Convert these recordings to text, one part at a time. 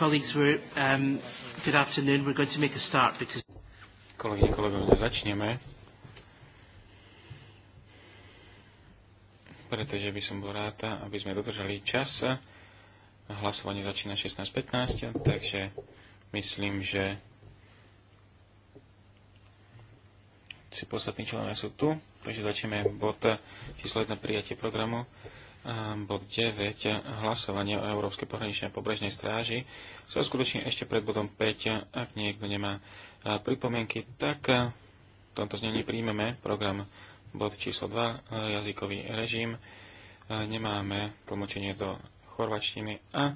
Colleagues, we're, um, good afternoon. We're going to make a start because... Kolegyne, kolegovia, začneme. Pretože by som bol ráta, aby sme dodržali čas. Hlasovanie začína 16.15, takže myslím, že si posledný členovia sú tu, takže začneme bod číslo 1 prijatie programu bod 9, hlasovanie o Európskej pohraničnej a pobrežnej stráži, sa skutočne ešte pred bodom 5. Ak niekto nemá eh, pripomienky, tak eh, v tomto znení príjmeme program bod číslo 2, eh, jazykový režim. Nemáme tlmočenie do chorvačtiny a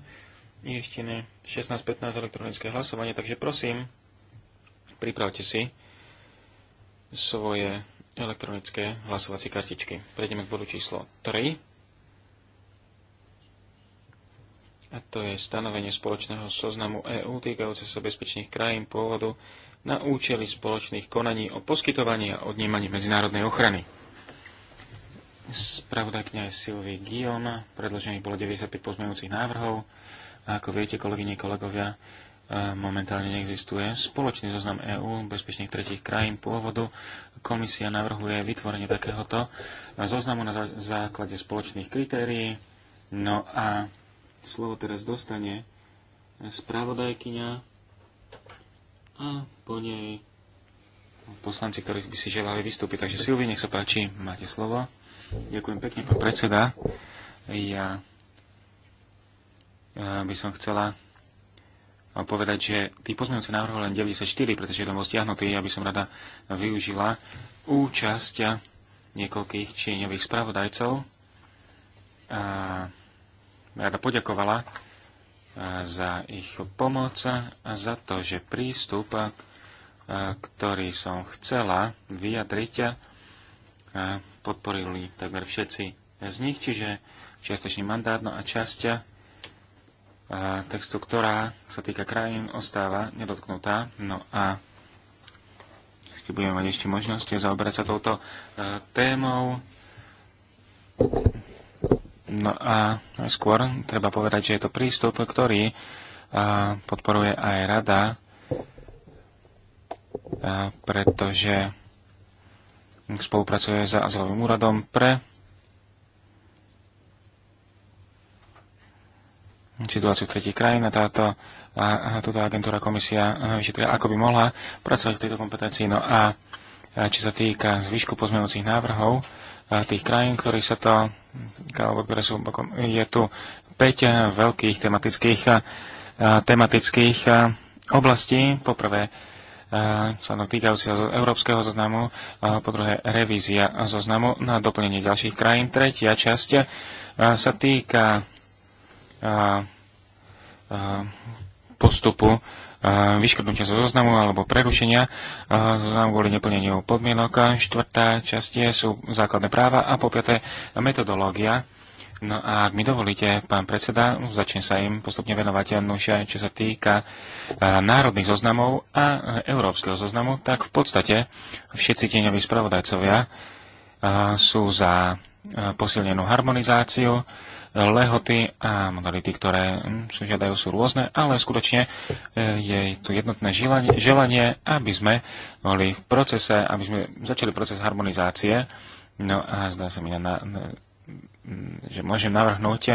írštiny 16.15 elektronické hlasovanie, takže prosím, pripravte si svoje elektronické hlasovacie kartičky. Prejdeme k bodu číslo 3 a to je stanovenie spoločného zoznamu EÚ týkajúce sa bezpečných krajín pôvodu na účely spoločných konaní o poskytovaní a odnímaní medzinárodnej ochrany. Spravodajkňa je Sylvie Guillaume, predložených bolo 95 pozmejúcich návrhov a ako viete, kolegyne, kolegovia, e, momentálne neexistuje. Spoločný zoznam EÚ bezpečných tretich krajín pôvodu komisia navrhuje vytvorenie takéhoto zoznamu na základe spoločných kritérií. No a Slovo teraz dostane spravodajkyňa a po nej poslanci, ktorí by si želali vystúpiť. Takže Silvi, nech sa páči, máte slovo. Ďakujem pekne, pán predseda. Ja, by som chcela povedať, že tí pozmeňujúci návrhu len 94, pretože je bol stiahnutý, ja by som rada využila účasť niekoľkých čieňových spravodajcov. A rada poďakovala eh, za ich pomoc a za to, že prístup, eh, ktorý som chcela vyjadriť, eh, podporili takmer všetci z nich, čiže čiastočný mandát, no a časť textu, ktorá sa týka krajín, ostáva nedotknutá. No a ste budeme mať ešte možnosť zaoberať sa touto témou No a skôr treba povedať, že je to prístup, ktorý podporuje aj rada, pretože spolupracuje s azylovým úradom pre situáciu v tretich krajín a táto a, túto agentúra komisia vyšetria, ako by mohla pracovať v tejto kompetencii. No a, a či sa týka zvyšku pozmeňujúcich návrhov, tých krajín, ktoré sa to, alebo ktoré sú bokom, je tu 5 veľkých tematických, tematických oblastí. Poprvé, to týkajúci sa európskeho zoznamu, po druhé revízia zoznamu na doplnenie ďalších krajín. Tretia časť sa týka postupu vyškrtnutia zo zoznamu alebo prerušenia zoznamu kvôli neplneniu podmienok. Štvrtá časť sú základné práva a po piaté metodológia. No a ak mi dovolíte, pán predseda, začne sa im postupne venovať, nušia, čo sa týka národných zoznamov a európskeho zoznamu, tak v podstate všetci tieňoví spravodajcovia sú za posilnenú harmonizáciu, lehoty a modality, ktoré hm, sa žiadajú, sú rôzne, ale skutočne e, je tu jednotné želanie, želanie, aby sme boli v procese, aby sme začali proces harmonizácie. No a zdá sa mi, na, na, že môžem navrhnúť e,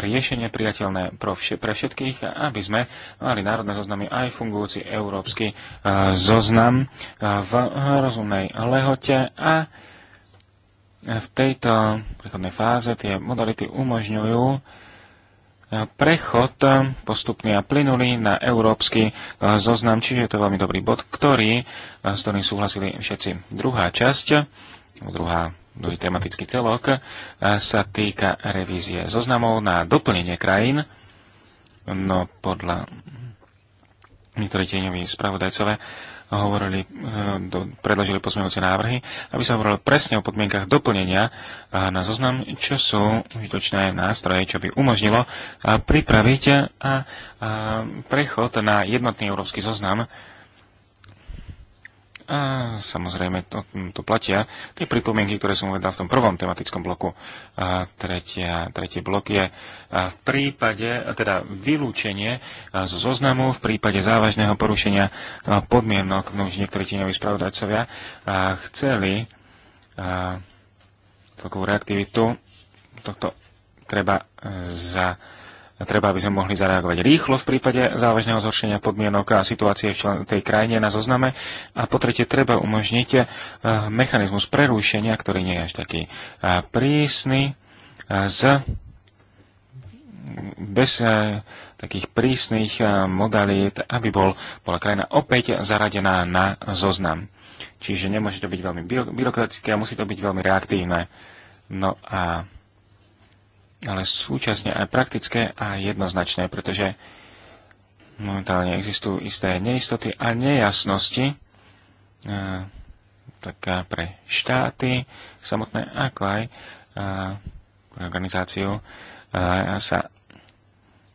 riešenie priateľné pre všetkých, aby sme mali národné zoznamy aj fungujúci európsky e, zoznam v rozumnej lehote a v tejto prechodnej fáze tie modality umožňujú eh, prechod eh, postupný a plynulý na európsky eh, zoznam, čiže je to veľmi dobrý bod, ktorý, s ktorým súhlasili všetci. Druhá časť, druhá, druhý tematický celok, sa týka revízie zoznamov na doplnenie krajín. No podľa niektorých tieňových spravodajcové hovorili, e, do, predložili pozmeňujúce návrhy, aby sa hovorilo presne o podmienkach doplnenia e, na zoznam, čo sú výtočné nástroje, čo by umožnilo e, pripraviť a, a prechod na jednotný európsky zoznam a samozrejme, to, to platia tie pripomienky, ktoré som uvedal v tom prvom tematickom bloku. A tretia, tretie blok je v prípade, teda vylúčenie zo zoznamu v prípade závažného porušenia podmienok, no už niektorí tieňoví spravodajcovia chceli a, celkovú reaktivitu tohto treba za treba, aby sme mohli zareagovať rýchlo v prípade závažného zhoršenia podmienok a situácie v člen- tej krajine na zozname. A po tretie, treba umožniť eh, mechanizmus prerušenia, ktorý nie je až taký eh, prísny, eh, z bez takých prísnych modalít, aby bol, bola krajina opäť zaradená na zoznam. Čiže nemôže to byť veľmi byrokratické a musí to byť veľmi reaktívne. No a ale súčasne aj praktické a jednoznačné, pretože momentálne existujú isté neistoty a nejasnosti, e, tak pre štáty samotné, ako aj e, pre organizáciu e, sa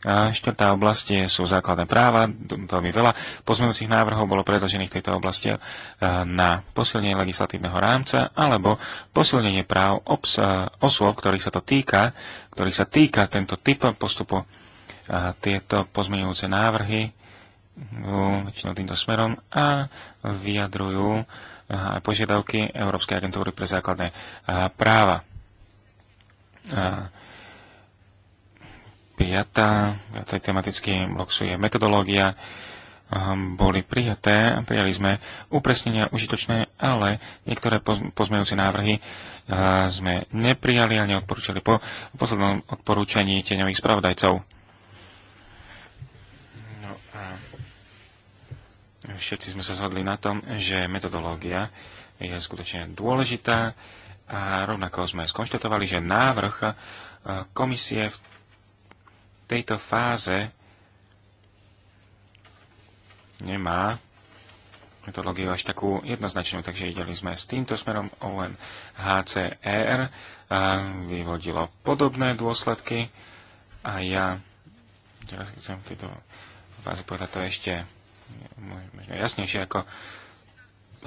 a štvrtá oblasť sú základné práva. Veľmi veľa pozmeňujúcich návrhov bolo predložených v tejto oblasti eh, na posilnenie legislatívneho rámca alebo posilnenie práv obs- eh, osôb, ktorých sa to týka, ktorých sa týka tento typ postupu. A tieto pozmeňujúce návrhy väčšinou týmto smerom a vyjadrujú aj eh, požiadavky Európskej agentúry pre základné práva. A Piatá, piatý tematický blok sú je metodológia. Boli prijaté, prijali sme upresnenia užitočné, ale niektoré pozmejúce návrhy sme neprijali a neodporúčali po poslednom odporúčaní tieňových spravodajcov. No a všetci sme sa zhodli na tom, že metodológia je skutočne dôležitá a rovnako sme skonštatovali, že návrh komisie v tejto fáze nemá metodológiu až takú jednoznačnú, takže ideli sme s týmto smerom ONHCR e a vyvodilo podobné dôsledky a ja teraz chcem v tejto fáze povedať to ešte možno jasnejšie ako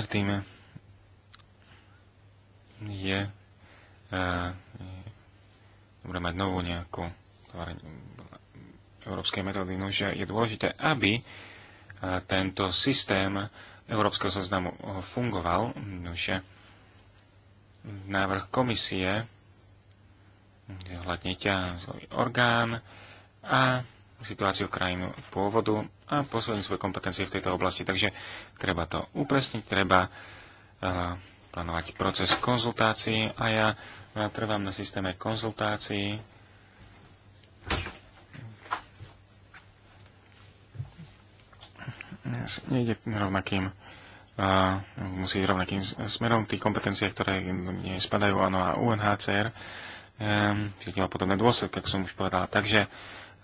tým je, uh, je, je budeme mať novú nejakú európskej metódy, no, že je dôležité, aby e, tento systém európskeho zoznamu e, fungoval, no, že návrh komisie zohľadne ťa orgán a situáciu krajinu pôvodu a posledný svoje kompetencie v tejto oblasti. Takže treba to upresniť, treba uh, plánovať proces konzultácií a ja, ja trvám na systéme konzultácií nejde rovnakým uh, musí rovnakým smerom. tých kompetencií, ktoré nie spadajú, áno, a UNHCR cítila ehm, podobné dôsledky, ako som už povedala. Takže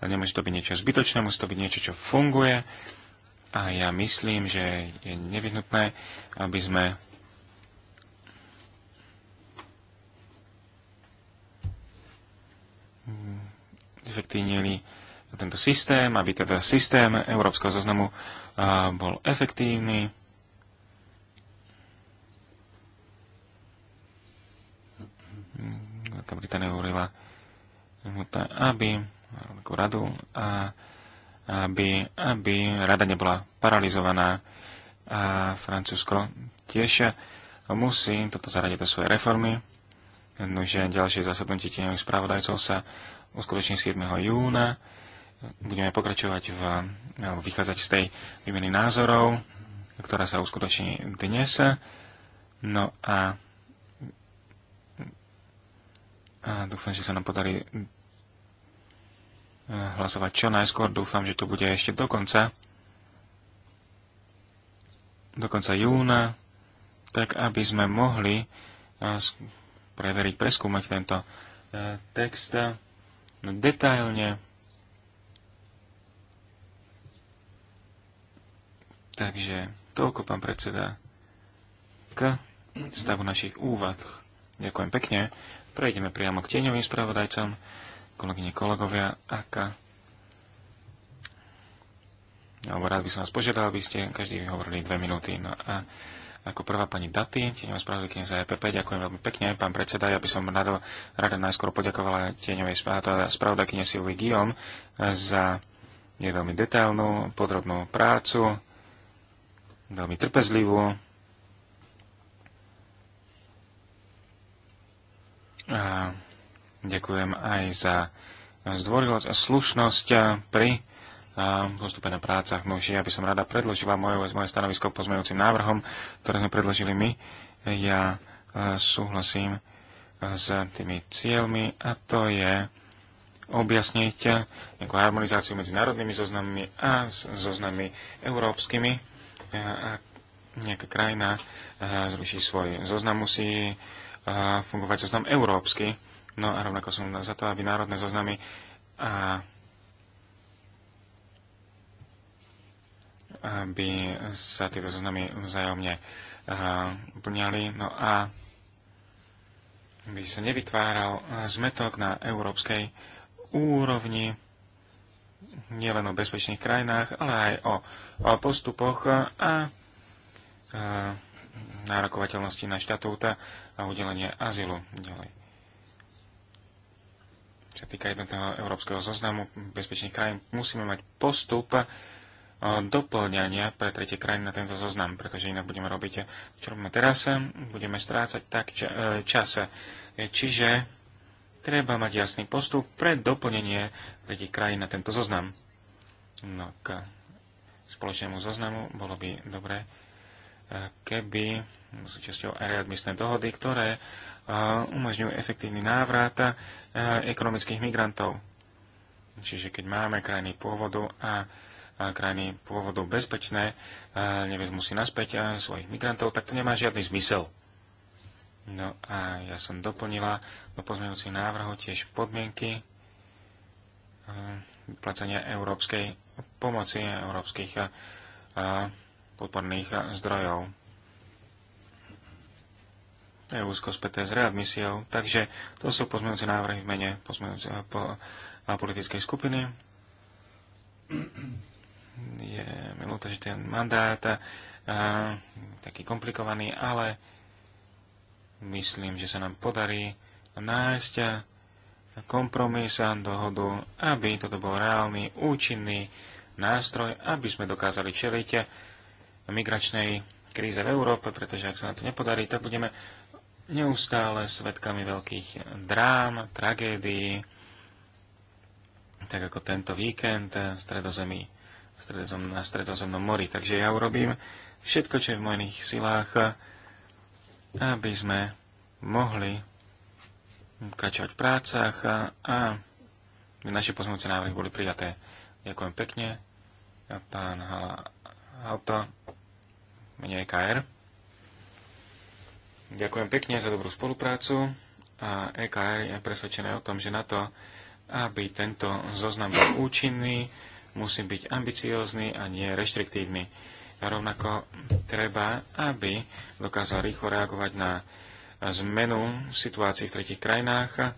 nemôže to byť niečo zbytočné, musí to byť niečo, čo funguje. A ja myslím, že je nevyhnutné, aby sme efektívnili tento systém, aby teda systém Európskeho zoznamu a bol efektívny. Veľká Británia hovorila, aby radu a aby, aby rada nebola paralizovaná a Francúzsko tiež musí toto zaradiť do svojej reformy. Nože ďalšie zasadnutie tieňových správodajcov sa uskutoční 7. júna budeme pokračovať v, vychádzať z tej výmeny názorov, ktorá sa uskutoční dnes. No a, a dúfam, že sa nám podarí e, hlasovať čo najskôr. Dúfam, že to bude ešte do konca, do konca júna, tak aby sme mohli e, preveriť, preskúmať tento e, text detailne Takže toľko, pán predseda, k stavu našich úvah. Ďakujem pekne. Prejdeme priamo k tieňovým spravodajcom, kolegyne, kolegovia, aká alebo rád by som vás požiadal, aby ste každý hovorili dve minúty. No a ako prvá pani Daty, tieňová spravodajkyňa za EPP, ďakujem veľmi pekne, pán predseda. Ja by som rada rada najskôr poďakovala tieňovej teda spravodajkyne Silvi Guillaume za je veľmi detailnú, podrobnú prácu veľmi trpezlivo. A ďakujem aj za zdvorilosť a slušnosť pri postupe na prácach. môži, aby by som rada predložila moje, moje stanovisko pozmeňujúcim návrhom, ktoré sme predložili my. Ja súhlasím s tými cieľmi a to je objasniť nejakú harmonizáciu medzi národnými zoznamami a zoznamami európskymi ak nejaká krajina zruší svoj zoznam, musí fungovať zoznam európsky. No a rovnako som za to, aby národné zoznamy a aby sa tieto zoznamy vzájomne plňali. No a by sa nevytváral zmetok na európskej úrovni nielen o bezpečných krajinách, ale aj o, o postupoch a, a nárokovateľnosti na štatúta a udelenie azylu ďalej. Čo sa týka jednotného európskeho zoznamu bezpečných krajín, musíme mať postup doplňania pre tretie krajiny na tento zoznam, pretože inak budeme robiť, čo robíme teraz, budeme strácať tak ča, e, e, Čiže treba mať jasný postup pre doplnenie tretich krajín na tento zoznam. No k spoločnému zoznamu bolo by dobre, eh, keby súčasťou readmisné dohody, ktoré eh, umožňujú efektívny návrat eh, ekonomických migrantov. Čiže keď máme krajiny pôvodu a krajiny pôvodu bezpečné, nevezmu si naspäť svojich migrantov, tak to nemá žiadny zmysel. No a ja som doplnila do pozmeňujúcich návrhu tiež podmienky eh, vyplacenia európskej pomoci, európskych eh, podporných zdrojov. je úzko späté s readmisiou. Takže to sú pozmeňujúce návrhy v mene eh, po, a politickej skupiny. Je milúto, že ten mandát a, taký komplikovaný, ale Myslím, že sa nám podarí nájsť kompromis a dohodu, aby toto bol reálny, účinný nástroj, aby sme dokázali čeliť migračnej kríze v Európe, pretože ak sa nám to nepodarí, tak budeme neustále svetkami veľkých drám, tragédií, tak ako tento víkend v stredozemí, v stredozem, na stredozemnom mori. Takže ja urobím všetko, čo je v mojich silách, aby sme mohli pokračovať v prácach a, a naše pozmúce návrhy boli prijaté. Ďakujem pekne. A pán Hala Auto, menej e KR. Ďakujem pekne za dobrú spoluprácu a EKR je presvedčené o tom, že na to, aby tento zoznam bol účinný, musí byť ambiciózny a nie reštriktívny. A rovnako treba, aby dokázal rýchlo reagovať na zmenu situácií v tretich krajinách,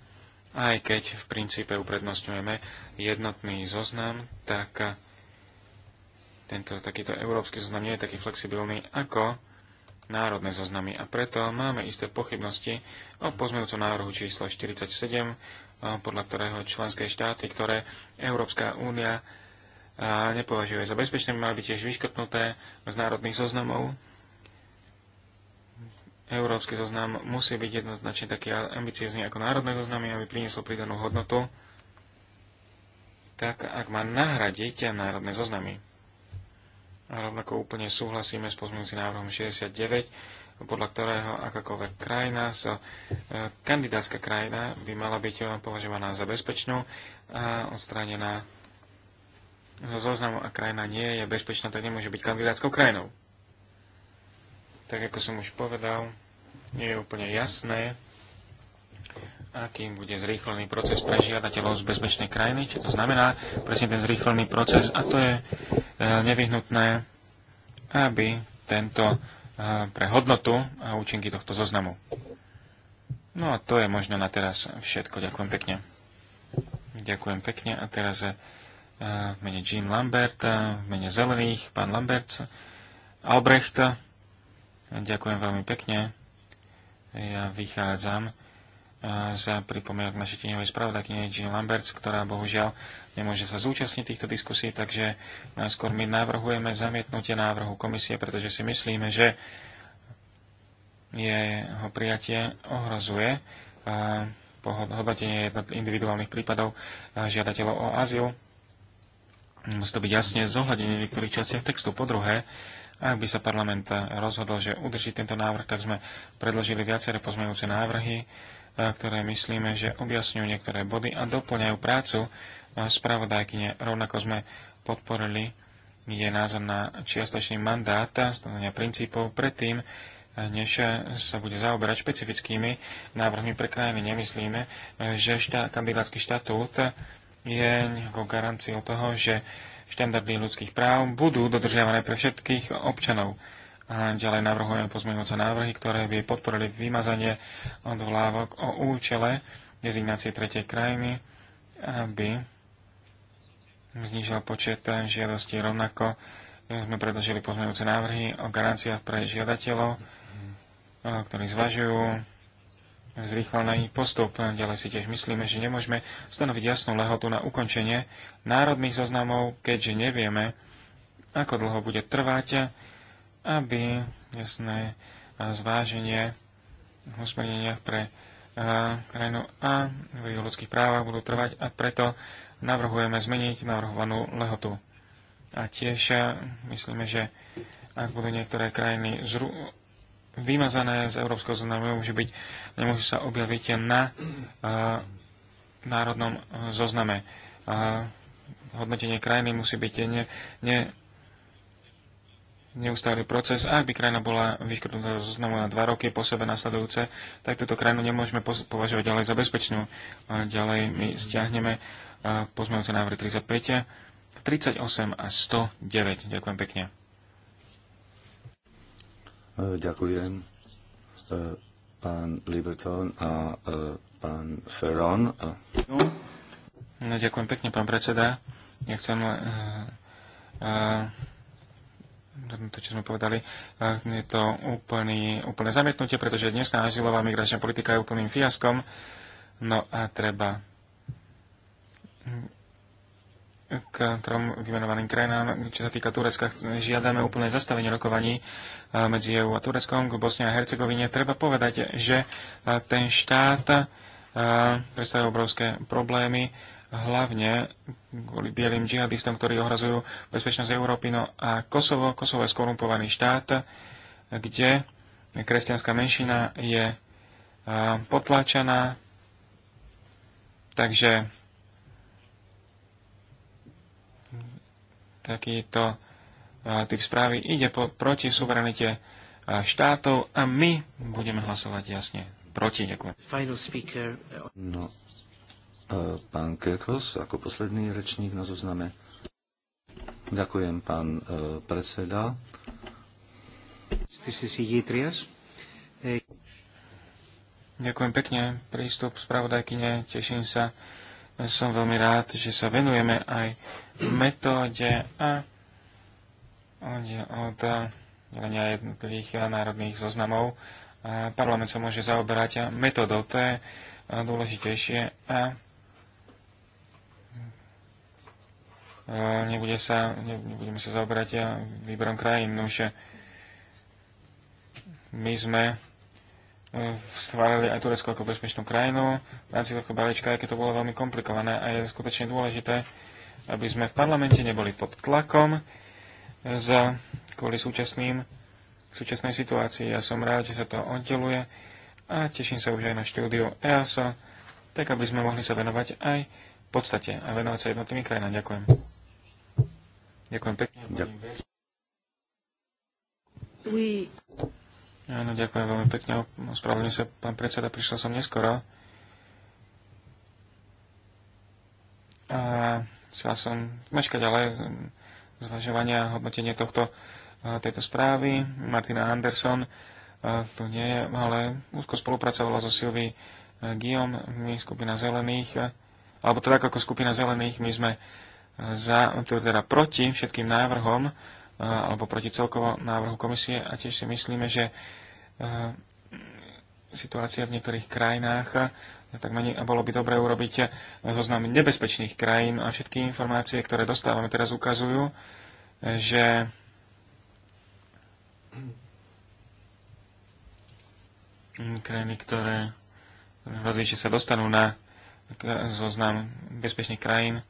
aj keď v princípe uprednostňujeme jednotný zoznam, tak tento takýto európsky zoznam nie je taký flexibilný ako národné zoznamy a preto máme isté pochybnosti o pozmeňujúcom návrhu číslo 47, podľa ktorého členské štáty, ktoré Európska únia a nepovažuje za bezpečné, mali by tiež vyškrtnuté z národných zoznamov. Európsky zoznam musí byť jednoznačne taký ambiciozný ako národné zoznamy, aby priniesol pridanú hodnotu, tak ak má nahradiť národné zoznamy. A rovnako úplne súhlasíme s pozmeňujúcim návrhom 69, podľa ktorého akákoľvek krajina, sa, e, kandidátska krajina by mala byť považovaná za bezpečnú a odstránená zo zoznamu a krajina nie je bezpečná, tak nemôže byť kandidátskou krajinou. Tak ako som už povedal, nie je úplne jasné, akým bude zrýchlený proces pre žiadateľov z bezpečnej krajiny, čo to znamená, presne ten zrýchlený proces a to je e, nevyhnutné, aby tento e, pre hodnotu a účinky tohto zoznamu. No a to je možno na teraz všetko. Ďakujem pekne. Ďakujem pekne a teraz e, v mene Jean Lambert, v mene Zelených, pán Lambert, Albrecht. Ďakujem veľmi pekne. Ja vychádzam za pripomienok našej tieňovej spravodajkyne Jean Lamberts, ktorá bohužiaľ nemôže sa zúčastniť týchto diskusí, takže najskôr my navrhujeme zamietnutie návrhu komisie, pretože si myslíme, že jeho prijatie ohrozuje pohodnotenie individuálnych prípadov žiadateľov o azyl Musí to byť jasne zohľadené v niektorých častiach textu. Po druhé, ak by sa parlament rozhodol, že udrží tento návrh, tak sme predložili viaceré pozmejúce návrhy, e, ktoré myslíme, že objasňujú niektoré body a doplňajú prácu e, spravodajkyne. Rovnako sme podporili je názor na čiastočný mandát stanovenia princípov predtým, e, než sa bude zaoberať špecifickými návrhmi pre krajiny. Nemyslíme, že štát kandidátsky štatút je nejakou garanciou toho, že štandardy ľudských práv budú dodržiavané pre všetkých občanov. A ďalej navrhujeme pozmeňujúce návrhy, ktoré by podporili vymazanie odvolávok o účele dezignácie tretej krajiny, aby znižil počet žiadostí rovnako. Sme predložili pozmeňujúce návrhy o garanciách pre žiadateľov, ktorí zvažujú zrýchlený postup. Ďalej si tiež myslíme, že nemôžeme stanoviť jasnú lehotu na ukončenie národných zoznamov, keďže nevieme, ako dlho bude trvať, aby jasné zváženie v usmerneniach pre eh, krajinu a v ľudských právach budú trvať a preto navrhujeme zmeniť navrhovanú lehotu. A tiež eh, myslíme, že ak budú niektoré krajiny zru- vymazané z európskeho zoznamu, nemôžu, byť, nemôžu sa objaviť na uh, národnom eh, zozname. Uh, hodnotenie krajiny musí byť ne, ne, neustály proces. A ak by krajina bola vyškrtnutá zoznamu na dva roky po sebe nasledujúce, tak túto krajinu nemôžeme považovať ďalej za bezpečnú. Uh, ďalej my stiahneme uh, eh, pozmejúce návrhy 35, 38 a 109. Ďakujem pekne. E, ďakujem e, pán Liberton a e, pán Ferron. No, ďakujem pekne, pán predseda. Ja chcem uh, uh, to, čo sme povedali, uh, je to úplný, úplné zamietnutie, pretože dnes azylová migračná politika je úplným fiaskom. No a treba k trom vymenovaným krajinám. Čo sa týka Turecka, žiadame úplné zastavenie rokovaní e, medzi EU a Tureckom. K Bosne a Hercegovine treba povedať, že e, ten štát e, predstavuje obrovské problémy, hlavne kvôli bielým džihadistom, ktorí ohrazujú bezpečnosť Európy. No a Kosovo, Kosovo je skorumpovaný štát, kde kresťanská menšina je potláčaná. Takže takýto e, typ správy ide po, proti suverenite e, štátov a my budeme hlasovať jasne proti. Ďakujem. E, no, pán Kirkos, ako posledný rečník na zozname. Ďakujem, pán predseda. Ďakujem pekne. Prístup spravodajkyne. Teším sa som veľmi rád, že sa venujeme aj metóde a od eh, delenia jednotlivých eh, národných zoznamov. A parlament sa môže zaoberať eh, metódou, to je dôležitejšie a nebude sa, nebudeme sa zaoberať výberom krajín. Nože my sme Hm, stvárali aj Turecko ako bezpečnú krajinu v rámci tohto balíčka, aké to bolo veľmi komplikované a je skutočne dôležité, aby sme v parlamente neboli pod tlakom za, kvôli súčasným, súčasnej situácii. Ja som rád, že sa to oddeluje a teším sa už aj na štúdiu EASO, tak aby sme mohli sa venovať aj v podstate a venovať sa jednotlivým krajinám. Ďakujem. Ďakujem pekne. Ďakujem. Áno, ďakujem veľmi pekne. Ospravedlňujem sa, pán predseda, prišiel som neskoro. A chcel som mačkať ďalej zvažovania a hodnotenie tohto, tejto správy. Martina Anderson tu nie je, ale úzko spolupracovala so Silvi Guillaume, my skupina zelených, alebo teda ako skupina zelených, my sme za, teda proti všetkým návrhom, alebo proti celkovo návrhu komisie a tiež si myslíme, že e, situácia v niektorých krajinách e, tak bolo by dobre urobiť e, zoznam nebezpečných krajín a všetky informácie, ktoré dostávame teraz ukazujú, že krajiny, ktoré hrozí, že sa dostanú na zoznam bezpečných krajín,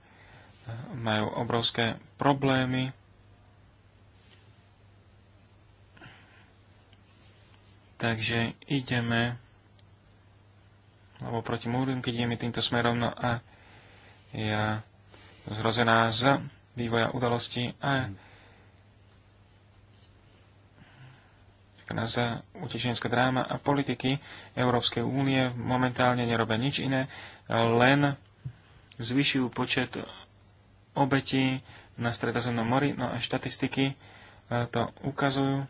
majú obrovské problémy Takže ideme lebo proti múrim, keď ideme týmto smerom. No a ja zrozená z vývoja udalosti a čaká utečenská dráma a politiky Európskej únie momentálne nerobia nič iné, len zvyšujú počet obetí na Stredozemnom mori, no a štatistiky e, to ukazujú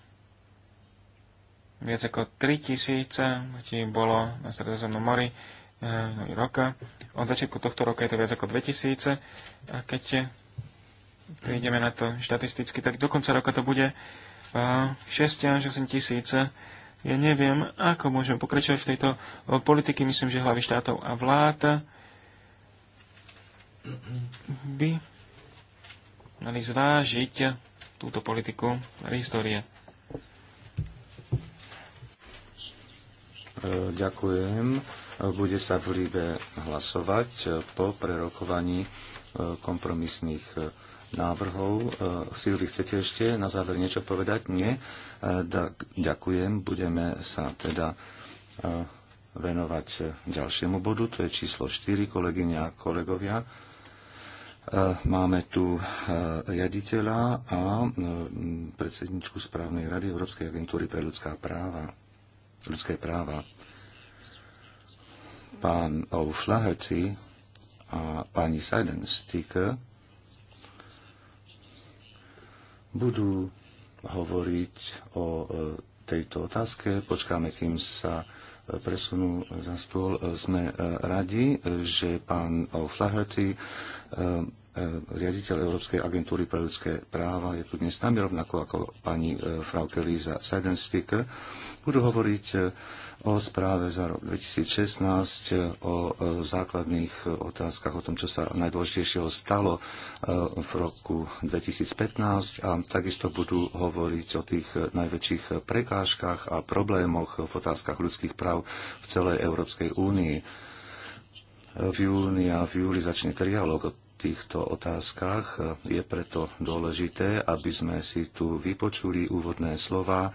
viac ako 3000 ľudí bolo na Stredozemnom mori e, eh, roka. Od začiatku tohto roka je to viac ako 2000. A keď prídeme na to štatisticky, tak do konca roka to bude 6 eh, až 8 tisíc. Ja neviem, ako môžeme pokračovať v tejto eh, politike. Myslím, že hlavy štátov a vlád by mali zvážiť túto politiku histórie. E, ďakujem. E, bude sa v Líbe hlasovať e, po prerokovaní kompromisných návrhov. Silvi, chcete ešte na záver niečo povedať? Nie? Ďakujem. Budeme sa teda venovať ďalšiemu bodu, to je číslo 4, kolegyne a kolegovia. Máme tu riaditeľa a predsedničku správnej rady Európskej agentúry pre ľudská práva ľudské práva. Pán O'Flaherty a pani Sticker budú hovoriť o e, tejto otázke. Počkáme, kým sa e, presunú za stôl. E, sme radi, že pán O'Flaherty E, riaditeľ Európskej agentúry pre ľudské práva, je tu dnes nami rovnako ako pani e, Frauke Líza Seidensticker. Budú hovoriť e, o správe za rok 2016, o základných otázkach, o tom, čo sa najdôležitejšieho stalo v roku 2015 a takisto budú hovoriť o tých najväčších prekážkach a problémoch v otázkach ľudských práv v celej Európskej únii. V júni a v júli začne trialog týchto otázkach. Je preto dôležité, aby sme si tu vypočuli úvodné slova.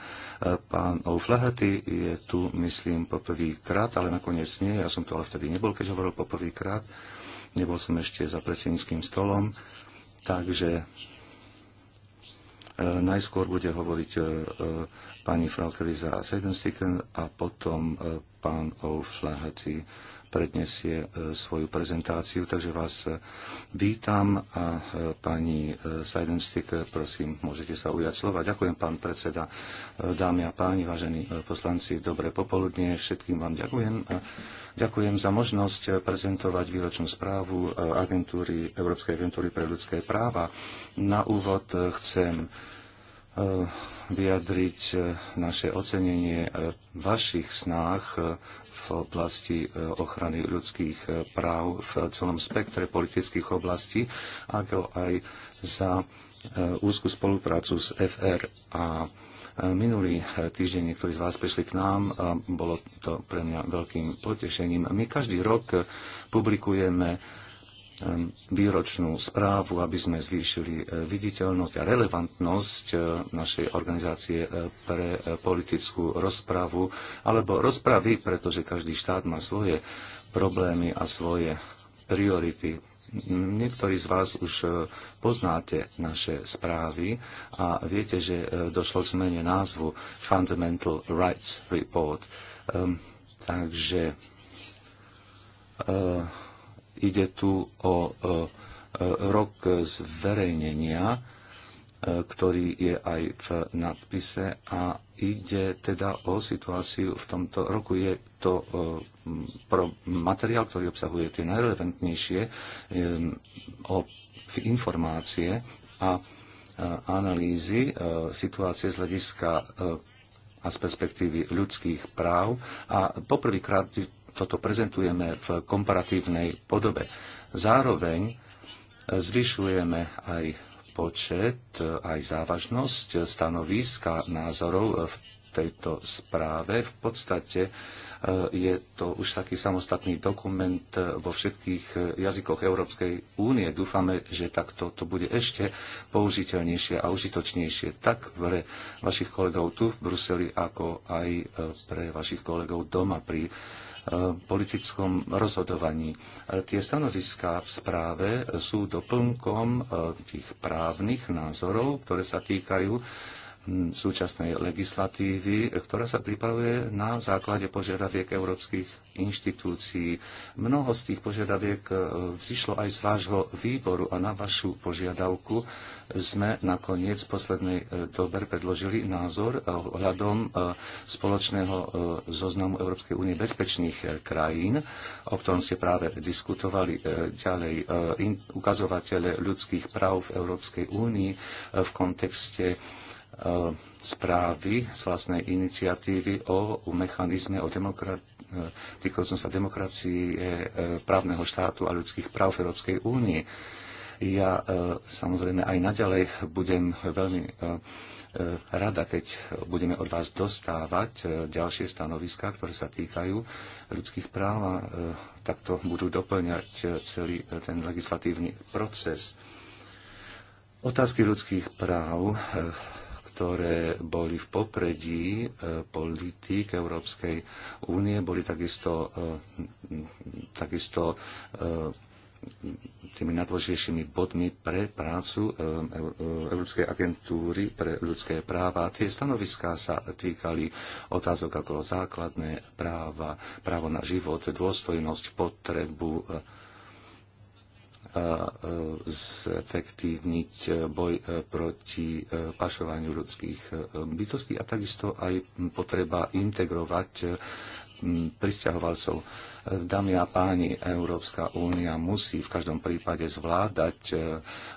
Pán O'Flaherty je tu, myslím, poprvýkrát, ale nakoniec nie. Ja som tu ale vtedy nebol, keď hovoril poprvýkrát. Nebol som ešte za predsedníckým stolom. Takže e, najskôr bude hovoriť e, pani Frau za Sedenstiken a potom e, pán O'Flaherty prednesie e, svoju prezentáciu, takže vás e, vítam a e, pani Seidenstick, prosím, môžete sa ujať slova. Ďakujem, pán predseda, dámy a páni, vážení poslanci, dobré popoludne, všetkým vám ďakujem. Ďakujem za možnosť prezentovať výročnú správu agentúry, Európskej agentúry pre ľudské práva. Na úvod chcem vyjadriť naše ocenenie vašich snách v oblasti eh, ochrany ľudských eh, práv v celom spektre politických oblastí, ako aj za eh, úzkú spoluprácu s FRA. Minulý týždeň niektorí z vás prišli k nám, a bolo to pre mňa veľkým potešením. My každý rok publikujeme výročnú správu, aby sme zvýšili e, viditeľnosť a relevantnosť e, našej organizácie e, pre politickú rozpravu alebo rozpravy, pretože každý štát má svoje problémy a svoje priority. Niektorí z vás už poznáte naše správy a viete, že došlo k zmene názvu Fundamental Rights Report. takže Ide tu o e, rok zverejnenia, e, ktorý je aj v nadpise a ide teda o situáciu v tomto roku. Je to e, materiál, ktorý obsahuje tie najrelevantnejšie informácie a analýzy situácie z hľadiska a z perspektívy ľudských práv. A poprvýkrát toto prezentujeme v komparatívnej podobe. Zároveň zvyšujeme aj počet, aj závažnosť stanoviska názorov v tejto správe. V podstate e, je to už taký samostatný dokument vo všetkých jazykoch Európskej únie. Dúfame, že takto to bude ešte použiteľnejšie a užitočnejšie tak pre vašich kolegov tu v Bruseli, ako aj e, pre vašich kolegov doma pri E, politickom rozhodovaní. E, tie stanoviská v správe sú doplnkom e, tých právnych názorov, ktoré sa týkajú Mm, súčasnej legislatívy, ktorá sa pripravuje na základe požiadaviek európskych inštitúcií. Mnoho z tých požiadaviek e, vzýšlo aj z vášho výboru a na vašu požiadavku sme nakoniec v poslednej e, dobe predložili názor e, ohľadom spoločného zoznamu Európskej únie bezpečných krajín, o ktorom ste práve diskutovali ďalej ukazovatele ľudských práv v Európskej únii v kontexte E, správy z vlastnej iniciatívy o mechanizme o demokrat, týkajúcom e, sa demokracii, e, právneho štátu a ľudských práv v Európskej únii. Ja samozrejme aj naďalej budem veľmi rada, keď budeme od vás dostávať ďalšie stanoviská, ktoré sa týkajú ľudských práv a takto budú doplňať celý ten legislatívny proces. Otázky ľudských práv ktoré boli v popredí e, politík Európskej únie, boli takisto, e, takisto e, tými najdôležitejšími bodmi pre prácu Európskej agentúry pre ľudské práva. Tie stanoviská sa týkali otázok ako základné práva, právo na život, dôstojnosť, potrebu E, zefektívniť e, boj e, proti pašovaniu ľudských bytostí a takisto aj potreba integrovať pristahovalcov. Dámy a páni, Európska únia musí v každom prípade zvládať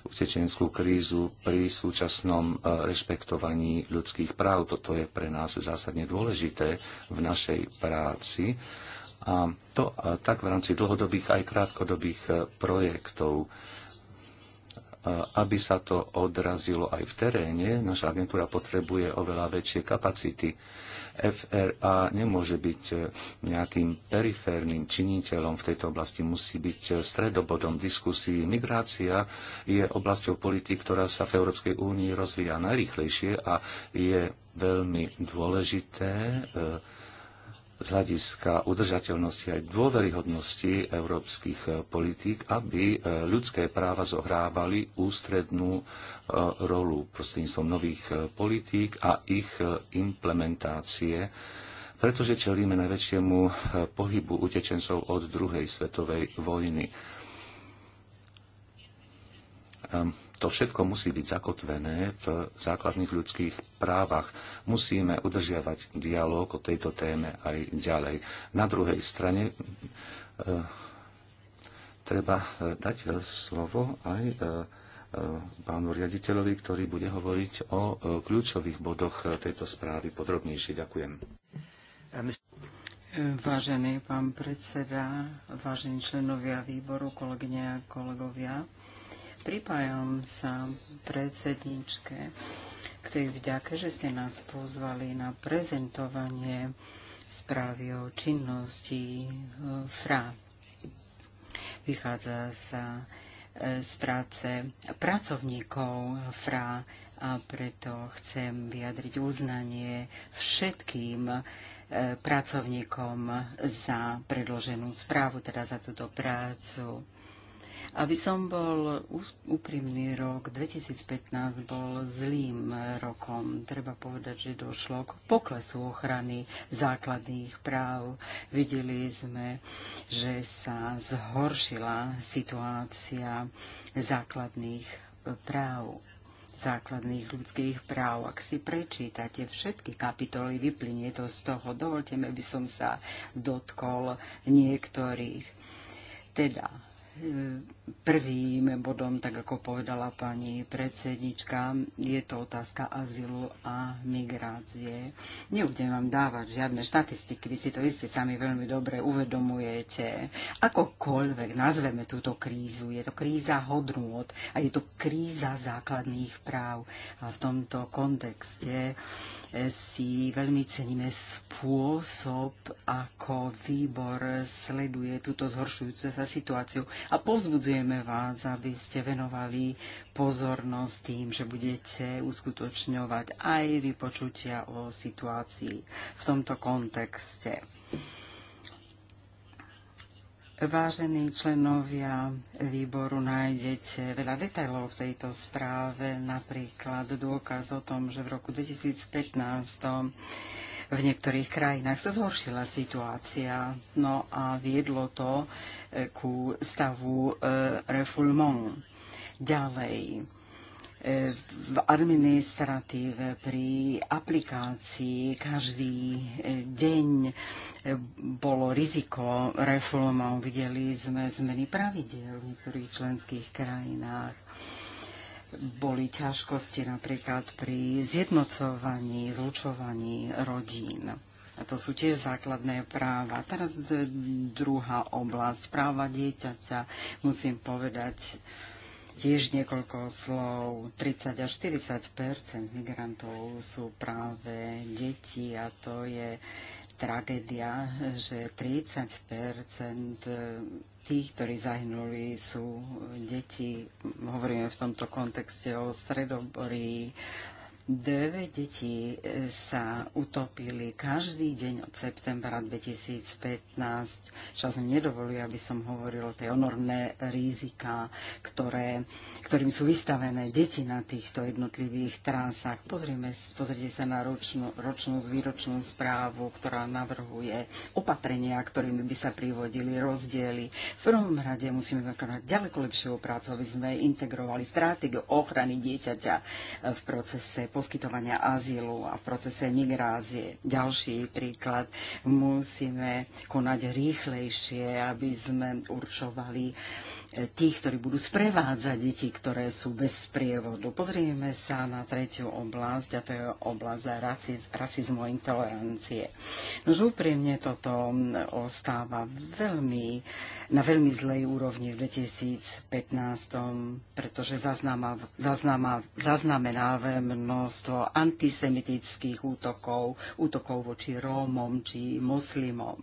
utečenskú krízu pri súčasnom rešpektovaní ľudských práv. Toto je pre nás zásadne dôležité v našej práci a to a tak v rámci dlhodobých aj krátkodobých e, projektov e, aby sa to odrazilo aj v teréne. Naša agentúra potrebuje oveľa väčšie kapacity. FRA nemôže byť e, nejakým periférnym činiteľom v tejto oblasti, musí byť stredobodom diskusí. Migrácia je oblasťou politik, ktorá sa v Európskej únii rozvíja najrýchlejšie a je veľmi dôležité z hľadiska udržateľnosti aj dôveryhodnosti európskych e, politík, aby e, ľudské práva zohrávali ústrednú e, rolu prostredníctvom nových politík a ich implementácie, pretože čelíme najväčšiemu pohybu utečencov od druhej svetovej vojny. Ehm, to všetko musí byť zakotvené v základných ľudských právach. Musíme udržiavať dialog o tejto téme aj ďalej. Na druhej strane e, treba eh, dať eh, slovo aj e, pánu riaditeľovi, ktorý bude hovoriť o kľúčových bodoch tejto správy podrobnejšie. Ďakujem. Vážený pán predseda, vážení členovia výboru, kolegyne a kolegovia, Pripájam sa predsedničke k tej vďake, že ste nás pozvali na prezentovanie správy o činnosti eh, FRA. Vychádza sa eh, z práce pracovníkov FRA a preto chcem vyjadriť uznanie všetkým eh, pracovníkom za predloženú správu, teda za túto prácu. Aby som bol úprimný, rok 2015 bol zlým rokom. Treba povedať, že došlo k poklesu ochrany základných práv. Videli sme, že sa zhoršila situácia základných e, práv základných ľudských práv. Ak si prečítate všetky kapitoly, vyplynie to z toho. Dovolte mi, by som sa dotkol niektorých. Teda e, Prvým bodom, tak ako povedala pani predsednička, je to otázka azylu a migrácie. Nebudem vám dávať žiadne štatistiky, vy si to isté sami veľmi dobre uvedomujete. Akokoľvek nazveme túto krízu, je to kríza hodnôt a je to kríza základných práv. A v tomto kontexte eh, si veľmi ceníme spôsob, ako výbor sleduje túto zhoršujúcu sa situáciu a povzbudzuje budeme vás, aby ste venovali pozornosť tým, že budete uskutočňovať aj vypočutia o situácii v tomto kontexte. Vážení členovia výboru, nájdete veľa detajlov v tejto správe, napríklad dôkaz o tom, že v roku 2015 v niektorých krajinách sa zhoršila situácia. No a viedlo to ku stavu e, refoulement. Ďalej, e, v administratíve, pri aplikácii každý e, deň bolo riziko reformov. Videli sme zmeny pravidel v niektorých členských krajinách. Boli ťažkosti napríklad pri zjednocovaní, zlučovaní rodín a to sú tiež základné práva. Teraz e, druhá oblasť, práva dieťaťa. Musím povedať tiež niekoľko slov. 30 až 40 migrantov sú práve deti a to je tragédia, že 30 e, tých, ktorí zahynuli, sú deti. Hovoríme v tomto kontexte o Stredoborí, Dve deti e, sa utopili každý deň od septembra 2015. Čas mi nedovoluje, aby som hovoril o tej enormné rizika, ktoré, ktorým sú vystavené deti na týchto jednotlivých trasách. Pozrieme, pozrite sa na ročnú, ročnú výročnú správu, ktorá navrhuje opatrenia, ktorými by sa privodili rozdiely. V prvom rade musíme vykonať ďaleko lepšiu prácu, aby sme integrovali stratégiu ochrany dieťaťa v procese poskytovania azylu a v procese migrácie. Ďalší príklad, musíme konať rýchlejšie, aby sme určovali tých, ktorí budú sprevádzať deti, ktoré sú bez sprievodu. Pozrieme sa na tretiu oblasť, a to je oblasť rasiz, rasizmu a intolerancie. No úprimne toto ostáva veľmi, na veľmi zlej úrovni v 2015, pretože zaznamenáva množstvo antisemitických útokov, útokov voči Rómom či moslimom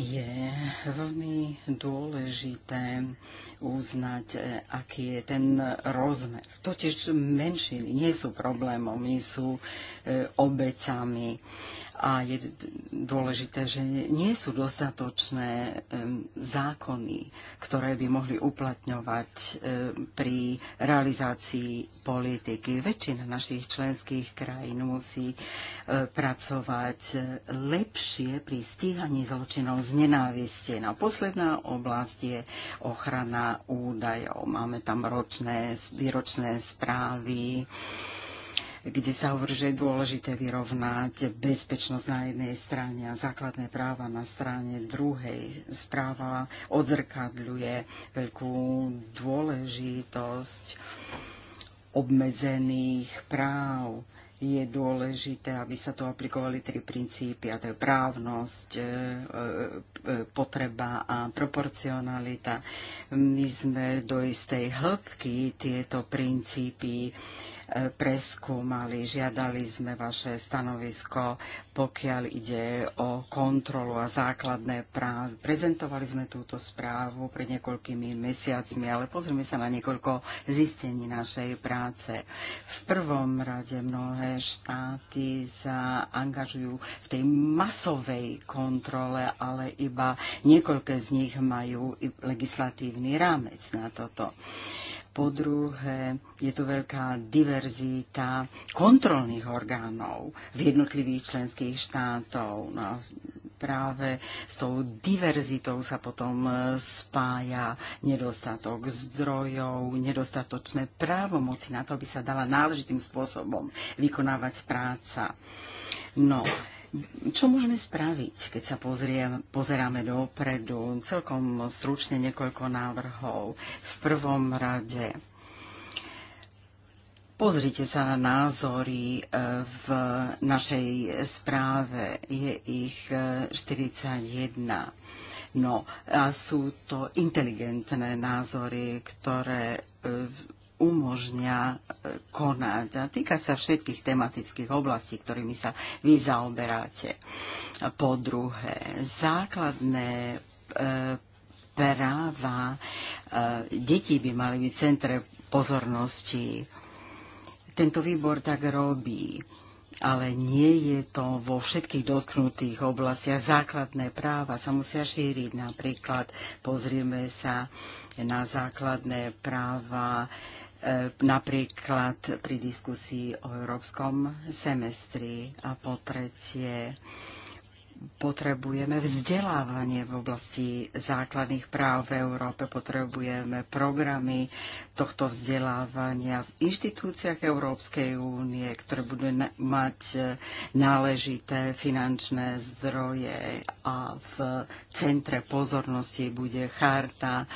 je veľmi dôležité uznať, e, aký je ten rozmer. Totiž menšiny nie sú problémom, nie sú e, obecami a je dôležité, že nie sú dostatočné zákony, ktoré by mohli uplatňovať pri realizácii politiky. Väčšina našich členských krajín musí pracovať lepšie pri stíhaní zločinov z nenávisti. Na no, posledná oblasť je ochrana údajov. Máme tam ročné, výročné správy kde sa hovorí, že je dôležité vyrovnať bezpečnosť na jednej strane a základné práva na strane druhej. Správa odzrkadľuje veľkú dôležitosť obmedzených práv je dôležité, aby sa tu aplikovali tri princípy, a to je právnosť, e, e, e, potreba a proporcionalita. My sme do istej hĺbky tieto princípy preskúmali. Žiadali sme vaše stanovisko, pokiaľ ide o kontrolu a základné právy. Prezentovali sme túto správu pred niekoľkými mesiacmi, ale pozrime sa na niekoľko zistení našej práce. V prvom rade mnohé štáty sa angažujú v tej masovej kontrole, ale iba niekoľké z nich majú legislatívny rámec na toto. Uh, po druhé, je tu veľká diverzita kontrolných orgánov v jednotlivých členských štátov. No, práve s tou diverzitou sa potom e, spája nedostatok zdrojov, nedostatočné právomoci na to, aby sa dala náležitým spôsobom vykonávať práca. No, čo môžeme spraviť, keď sa pozrie, pozeráme dopredu? Celkom stručne niekoľko návrhov. V prvom rade Pozrite sa na názory e, v našej správe. Je ich 41. E, no a sú to inteligentné názory, ktoré e, umožňa e, konať. A týka sa všetkých tematických oblastí, ktorými sa vy zaoberáte. Po druhé, základné e, práva e, detí by mali byť v centre pozornosti. Tento výbor tak robí ale nie je to vo všetkých dotknutých oblastiach. Základné práva sa musia šíriť. Napríklad pozrieme sa na základné práva E, napríklad pri diskusii o európskom semestri a po tretie potrebujeme vzdelávanie v oblasti základných práv v Európe, potrebujeme programy tohto vzdelávania v inštitúciách Európskej únie, ktoré budú mať e, náležité finančné zdroje a v centre pozornosti bude charta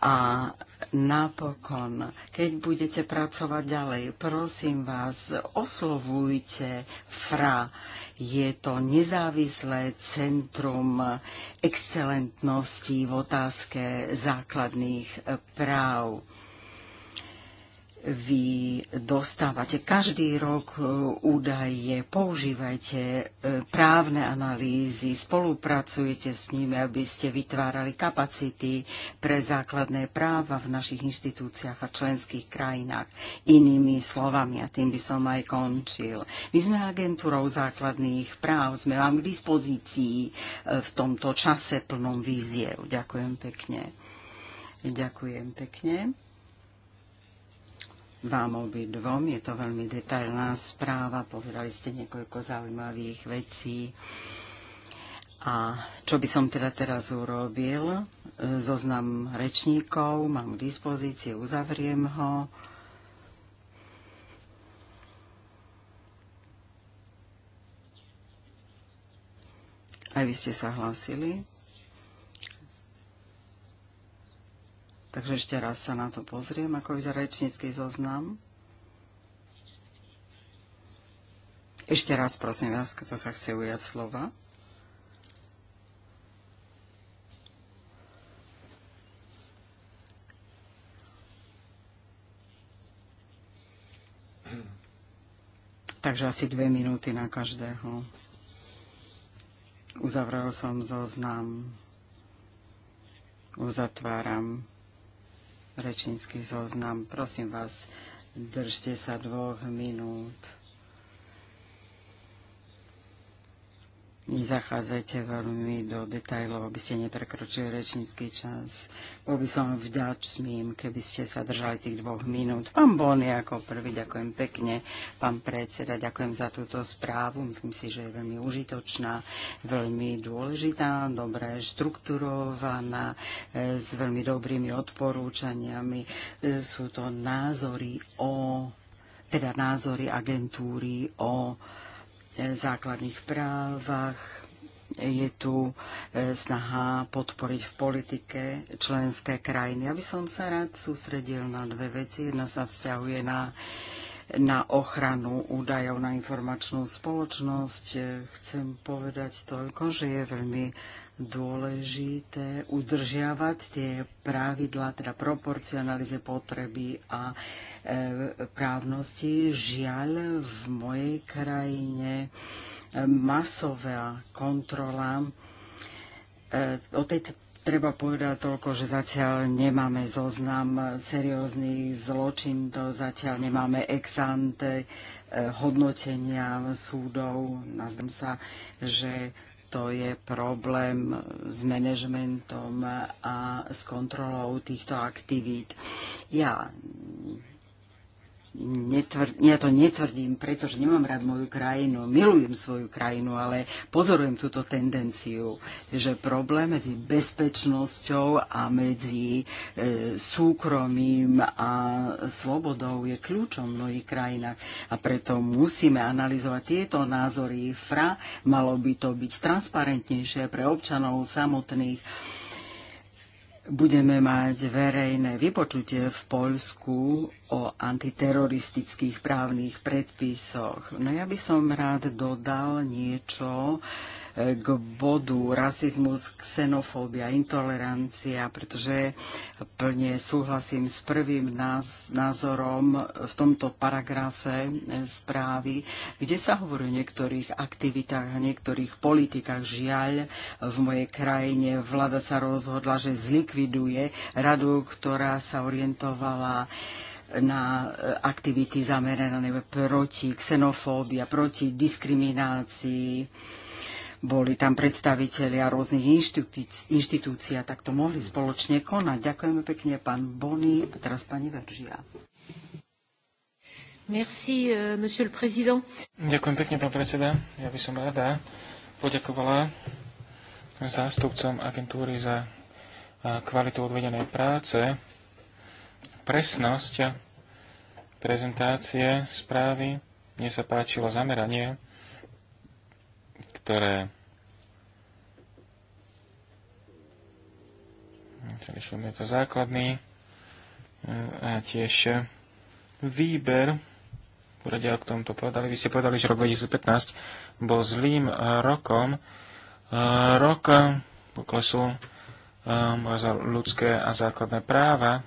a Napokon, keď budete pracovať ďalej, prosím vás, oslovujte FRA. Je to nezávislé centrum excelentnosti v otázke základných práv vy dostávate každý rok e, údaje, používajte e, právne analýzy, spolupracujete s nimi, aby ste vytvárali kapacity pre základné práva v našich inštitúciách a členských krajinách. Inými slovami, a tým by som aj končil. My sme agentúrou základných práv, sme vám k dispozícii e, v tomto čase plnom víziev. Ďakujem pekne. Ďakujem pekne vám obi dvom. Je to veľmi detailná správa, povedali ste niekoľko zaujímavých vecí. A čo by som teda teraz urobil? Zoznam rečníkov mám k dispozícii, uzavriem ho. Aj vy ste sa hlásili. Takže ešte raz sa na to pozriem, ako vyzerá rečnícky zoznam. Ešte raz prosím vás, kto sa chce ujať slova. Takže asi dve minúty na každého. Uzavrel som zoznam. Uzatváram rečnícky zoznam. Prosím vás, držte sa dvoch minút. nezachádzajte veľmi do detajlov, aby ste neprekročili rečnícky čas. Bol by som vďačným, keby ste sa držali tých dvoch minút. Pán Bony ako prvý, ďakujem pekne. Pán predseda, ďakujem za túto správu. Myslím si, že je veľmi užitočná, veľmi dôležitá, dobre štrukturovaná, e, s veľmi dobrými odporúčaniami. E, sú to názory o teda názory agentúry o základných právach, je tu e, snaha podporiť v politike členské krajiny. Aby som sa rád sústredil na dve veci. Jedna sa vzťahuje na na ochranu údajov na informačnú spoločnosť. E, chcem povedať toľko, že je veľmi dôležité udržiavať tie pravidlá, teda proporcionalize potreby a e, právnosti. Žiaľ, v mojej krajine e, masová kontrola. E, o tej treba povedať toľko, že zatiaľ nemáme zoznam serióznych to zatiaľ nemáme ex ante e, hodnotenia súdov. Nazdám sa, že to je problém s manažmentom a s kontrolou týchto aktivít. Ja netvr- ja to netvrdím, pretože nemám rád moju krajinu, milujem svoju krajinu, ale pozorujem túto tendenciu, že problém medzi bezpečnosťou a medzi e, súkromím a slobodou je kľúčom v mnohých krajinách. A preto musíme analyzovať tieto názory. FRA malo by to byť transparentnejšie pre občanov samotných budeme mať verejné vypočutie v Poľsku o antiteroristických právnych predpisoch. No ja by som rád dodal niečo k bodu rasizmus, xenofóbia, intolerancia, pretože plne súhlasím s prvým názorom v tomto paragrafe e, správy, kde sa hovorí o niektorých aktivitách a niektorých politikách. Žiaľ, v mojej krajine vláda sa rozhodla, že zlikviduje radu, ktorá sa orientovala na e, aktivity zamerané proti xenofóbii a proti diskriminácii boli tam predstavitelia rôznych inštitúcií, a tak to mohli spoločne konať. Ďakujeme pekne, pán Bony a teraz pani Veržia. Merci, euh, monsieur le président. Ďakujem pekne, pán predseda. Ja by som rada poďakovala zástupcom agentúry za kvalitu odvedenej práce, presnosť prezentácie správy. Mne sa páčilo zameranie, ktoré Je to základný a tiež výber poradia, k tomto povedali. Vy ste povedali, že rok 2015 bol zlým rokom, rok poklesu za ľudské a základné práva.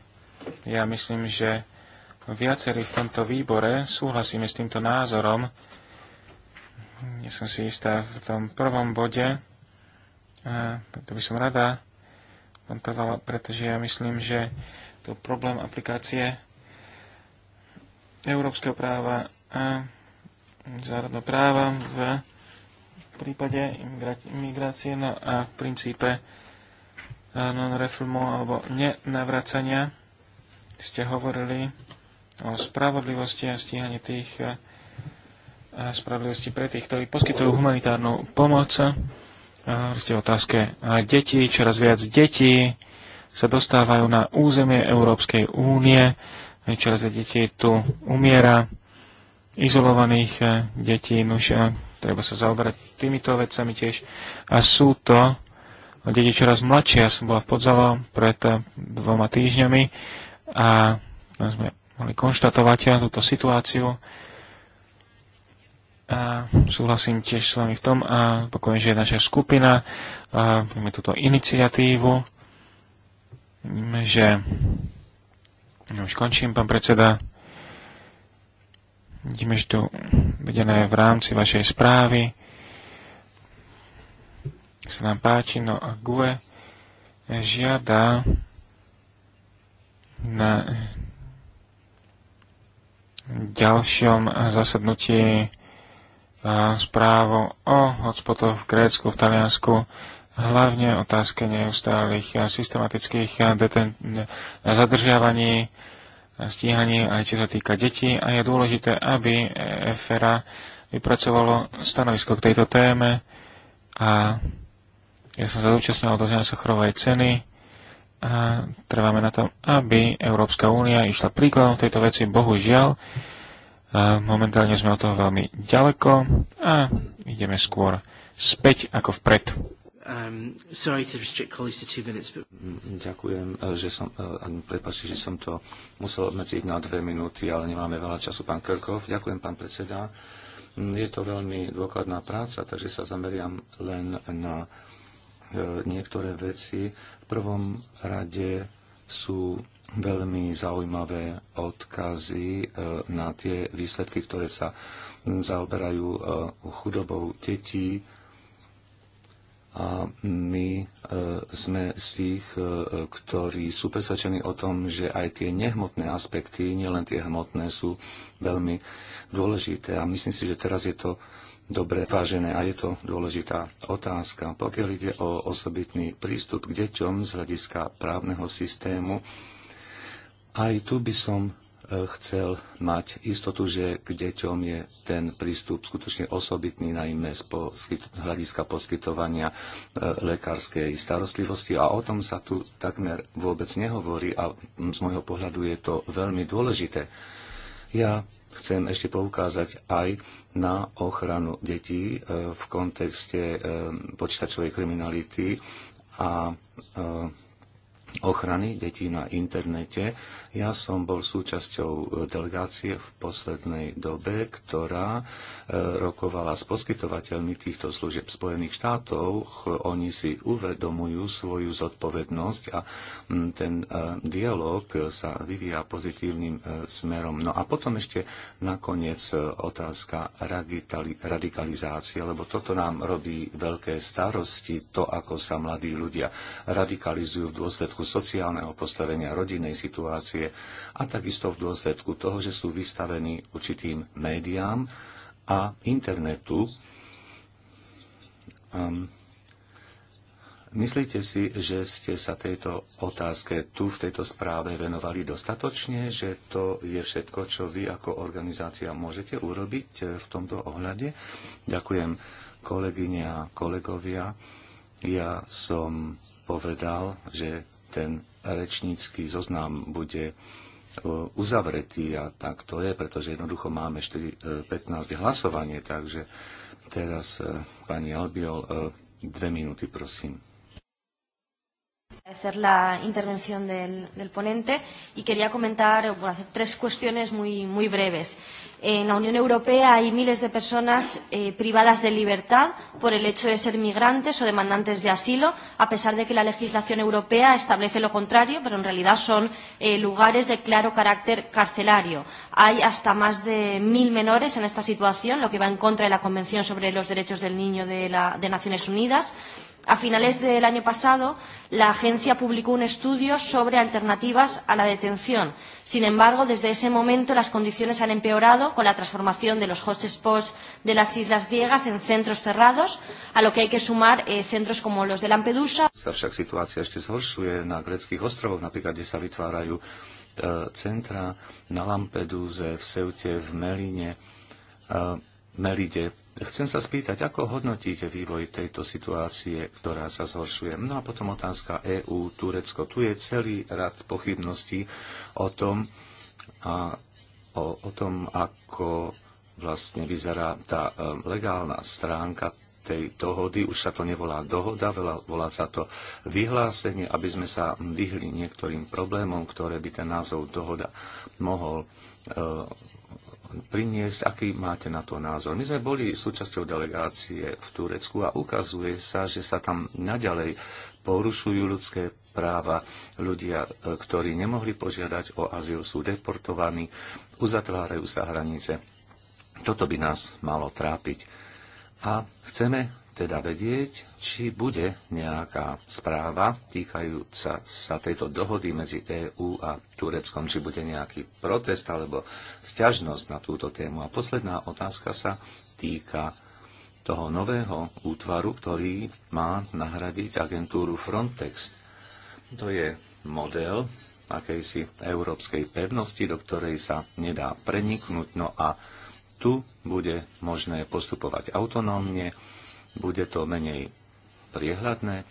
Ja myslím, že viacerí v tomto výbore súhlasíme s týmto názorom. Nie som si istá v tom prvom bode, To by som rada kontaktovala, pretože ja myslím, že to problém aplikácie európskeho práva a zárodného práva v prípade imigrácie no a v princípe eh, non-reformu alebo nenavracania ste hovorili o spravodlivosti a stíhaní tých eh, a spravodlivosti pre tých, ktorí poskytujú humanitárnu pomoc ste otázke deti, Čoraz viac detí sa dostávajú na územie Európskej únie. Čoraz viac detí tu umiera. Izolovaných e, detí, nuž, e, treba sa zaoberať týmito vecami tiež. A sú to deti čoraz mladšie. Ja som bola v Podzalo pred e, dvoma týždňami a sme mohli konštatovať túto situáciu. A súhlasím tiež s vami v tom, a pokojím, že je naša skupina, a máme túto iniciatívu, Víme, že No, už končím, pán predseda. Vidíme, že to vedené v rámci vašej správy sa nám páči, no a GUE žiada na ďalšom zasadnutí správu o hotspotoch v Grécku, v Taliansku, hlavne otázke neustálých systematických deten- zadržiavaní, stíhaní, aj čo sa týka detí. A je dôležité, aby EFRA vypracovalo stanovisko k tejto téme a ja som sa zúčastnil do Sochrovej ceny a trváme na tom, aby Európska únia išla príkladom v tejto veci. Bohužiaľ, Momentálne sme od toho veľmi ďaleko a ideme skôr späť ako vpred. Um, minutes, but... Mm, ďakujem, eh, že som, eh, prepáči, že som to musel obmedziť na dve minúty, ale nemáme veľa času, pán Krkov. Ďakujem, pán predseda. Mm, je to veľmi dôkladná práca, takže sa zameriam len na eh, niektoré veci. V prvom rade sú veľmi zaujímavé odkazy e, na tie výsledky, ktoré sa zaoberajú e, chudobou detí. A my e, sme z tých, ktorí sú presvedčení o tom, že aj tie nehmotné aspekty, nielen tie hmotné, sú veľmi dôležité. A myslím si, že teraz je to dobre vážené a je to dôležitá otázka. Pokiaľ ide o osobitný prístup k deťom z hľadiska právneho systému, aj tu by som e, chcel mať istotu, že k deťom je ten prístup skutočne osobitný, najmä z hľadiska poskytovania e, lekárskej starostlivosti. A o tom sa tu takmer vôbec nehovorí a z môjho pohľadu je to veľmi dôležité. Ja chcem ešte poukázať aj na ochranu detí e, v kontexte počítačovej kriminality a ochrany detí na internete. Ja som bol súčasťou e, delegácie v poslednej dobe, ktorá e, rokovala s poskytovateľmi týchto služieb Spojených štátov. Oni si uvedomujú svoju zodpovednosť a ten e, dialog sa vyvíja pozitívnym smerom. No a potom ešte nakoniec otázka radikalizácie, lebo toto nám robí veľké starosti, to, ako sa mladí ľudia radikalizujú v dôsledku dôsledku sociálneho postavenia, rodinnej situácie a takisto v dôsledku toho, že sú vystavení určitým médiám a internetu. Um, Myslíte si, že ste sa tejto otázke tu v tejto správe venovali dostatočne, že to je všetko, čo vy ako organizácia môžete urobiť eh, v tomto ohľade? Ďakujem kolegyne a kolegovia. Ja som povedal, že ten rečnícky zoznam bude e, uzavretý a tak to je, pretože jednoducho máme 4, 15 e, hlasovanie, takže teraz e, pani Albiol, dve minúty prosím agradecer la intervención del, del ponente y quería comentar, bueno, hacer tres cuestiones muy, muy breves. En la Unión Europea hay miles de personas eh, privadas de libertad por el hecho de ser migrantes o demandantes de asilo, a pesar de que la legislación europea establece lo contrario, pero en realidad son eh, lugares de claro carácter carcelario. Hay hasta más de mil menores en esta situación, lo que va en contra de la Convención sobre los Derechos del Niño de, la, de Naciones Unidas a finales del año pasado, la agencia publicó un estudio sobre alternativas a la detención. Sin embargo, desde ese momento las condiciones han empeorado con la transformación de los hotspots de las islas griegas en centros cerrados, a lo que hay que sumar eh, centros como los de Lampedusa. Sa však situácia zhoršuje na greckých ostrovoch, napríklad, kde sa vytvárajú e, centra na Lampedúze, v Seute, v Meline. E, Melide. Chcem sa spýtať, ako hodnotíte vývoj tejto situácie, ktorá sa zhoršuje? No a potom otázka EÚ, Turecko. Tu je celý rad pochybností o tom, a, o, o tom ako vlastne vyzerá tá e, legálna stránka tej dohody. Už sa to nevolá dohoda, volá sa to vyhlásenie, aby sme sa vyhli niektorým problémom, ktoré by ten názov dohoda mohol e, priniesť, aký máte na to názor. My sme boli súčasťou delegácie v Turecku a ukazuje sa, že sa tam naďalej porušujú ľudské práva. Ľudia, e, ktorí nemohli požiadať o azyl, sú deportovaní, uzatvárajú sa hranice. Toto by nás malo trápiť. A chceme teda vedieť, či bude nejaká správa týkajúca sa tejto dohody medzi EÚ a Tureckom, či bude nejaký protest alebo sťažnosť na túto tému. A posledná otázka sa týka toho nového útvaru, ktorý má nahradiť agentúru Frontex. To je model akejsi európskej pevnosti, do ktorej sa nedá preniknúť. No a tu bude možné postupovať autonómne, bude to menej priehľadné,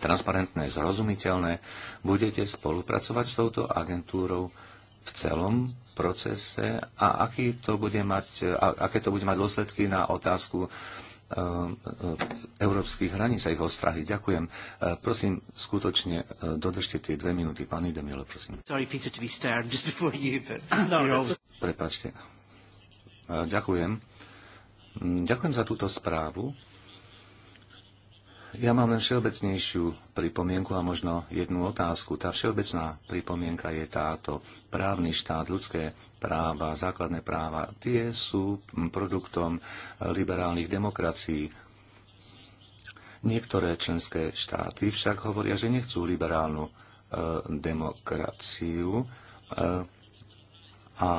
transparentné, zrozumiteľné. Budete spolupracovať s touto agentúrou v celom procese a aký to bude mať, aké to bude mať dôsledky na otázku eh, eh, európskych hraníc a ich ostrahy. Ďakujem. Eh, prosím, skutočne dodržte tie dve minúty. Pán Idemilo, prosím. Sorry, Peter, to be stern just before you, but... no, Prepačte. Ďakujem. Hm, ďakujem za túto správu. Ja mám len všeobecnejšiu pripomienku a možno jednu otázku. Tá všeobecná pripomienka je táto. Právny štát, ľudské práva, základné práva, tie sú hm, produktom eh, liberálnych demokracií. Niektoré členské štáty však hovoria, že nechcú liberálnu e, demokraciu e, a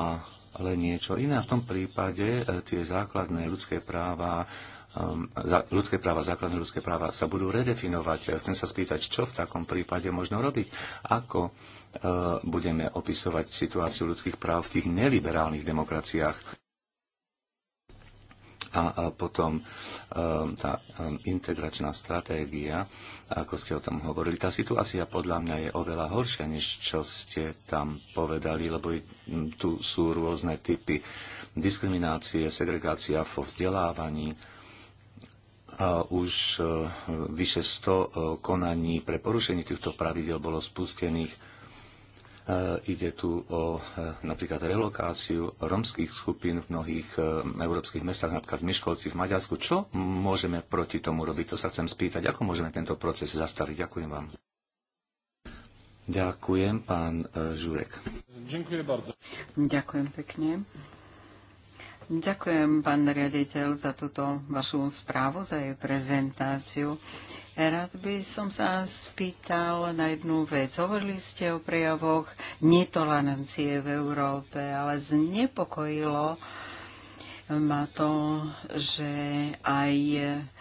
ale niečo iné. V tom prípade e, tie základné ľudské práva um, ľudské práva, základné ľudské práva sa budú redefinovať. E, chcem sa spýtať, čo v takom prípade možno robiť? Ako e, budeme opisovať situáciu ľudských práv v tých neliberálnych demokraciách? a potom e, tá e, integračná stratégia, ako ste o tom hovorili. Tá situácia podľa mňa je oveľa horšia, než čo ste tam povedali, lebo tu sú rôzne typy diskriminácie, segregácia vo vzdelávaní, e, už vyše 100 konaní pre porušenie týchto pravidel bolo spustených E, ide tu o e, napríklad relokáciu romských skupín v mnohých e, európskych mestách, napríklad v Miškolci, v Maďarsku. Čo môžeme proti tomu robiť? To sa chcem spýtať. Ako môžeme tento proces zastaviť? Ďakujem vám. Ďakujem, pán Žurek. Ďakujem bardzo. Ďakujem pekne. Ďakujem, pán riaditeľ, za túto vašu správu, za jej prezentáciu. Rád by som sa spýtal na jednu vec. Hovorili ste o prejavoch netolerancie v Európe, ale znepokojilo ma to, že aj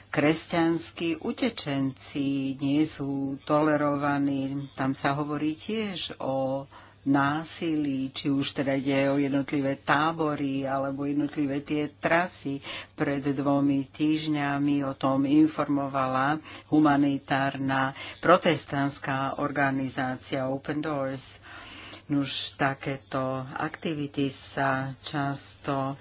kresťanskí utečenci nie sú tolerovaní. Tam sa hovorí tiež o násilí, či už teda ide o jednotlivé tábory alebo jednotlivé tie trasy. Pred dvomi týždňami o tom informovala humanitárna protestantská organizácia Open Doors. Nuž takéto aktivity sa často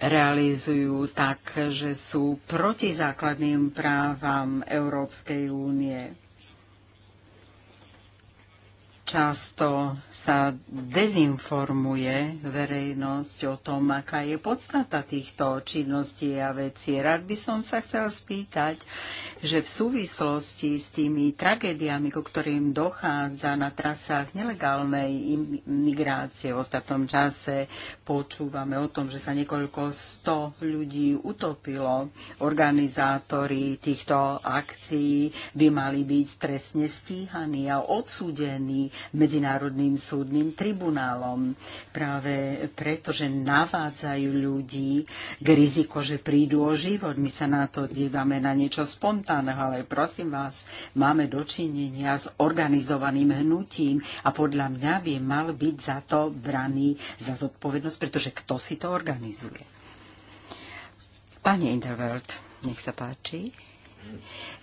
realizujú tak, že sú proti základným právam Európskej únie Často sa dezinformuje verejnosť o tom, aká je podstata týchto činností a vecí. Rád by som sa chcel spýtať, že v súvislosti s tými tragédiami, ku ktorým dochádza na trasách nelegálnej migrácie v ostatnom čase, počúvame o tom, že sa niekoľko sto ľudí utopilo. Organizátori týchto akcií by mali byť trestne stíhaní a odsúdení Medzinárodným súdnym tribunálom. Práve preto, že navádzajú ľudí k riziko, že prídu o život. My sa na to dívame na niečo spontánneho, ale prosím vás, máme dočinenia s organizovaným hnutím a podľa mňa by mal byť za to braný za zodpovednosť, pretože kto si to organizuje. Pani Intervelt, nech sa páči.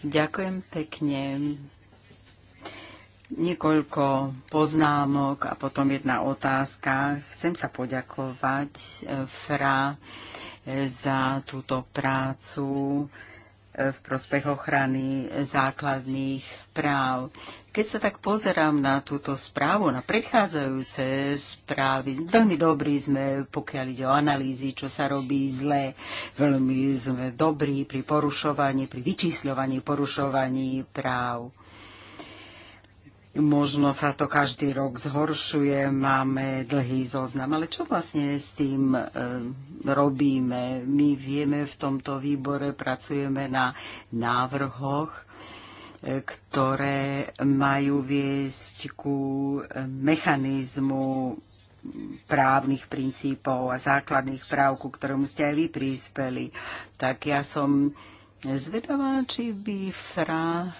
Ďakujem pekne. Niekoľko poznámok a potom jedna otázka. Chcem sa poďakovať e, Fra e, za túto prácu e, v prospech ochrany základných práv. Keď sa tak pozerám na túto správu, na predchádzajúce správy, veľmi dobrí sme, pokiaľ ide o analýzy, čo sa robí zle, veľmi sme dobrí pri porušovaní, pri vyčísľovaní porušovaní práv Možno sa to každý rok zhoršuje, máme dlhý zoznam, ale čo vlastne s tým e, robíme? My vieme, v tomto výbore pracujeme na návrhoch, e, ktoré majú viesť ku mechanizmu právnych princípov a základných práv, ku ktorému ste aj vy prispeli. Tak ja som zvedavá, či by Fra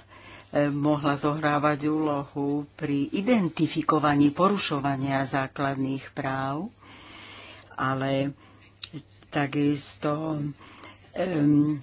mohla zohrávať úlohu pri identifikovaní porušovania základných práv, ale takisto um,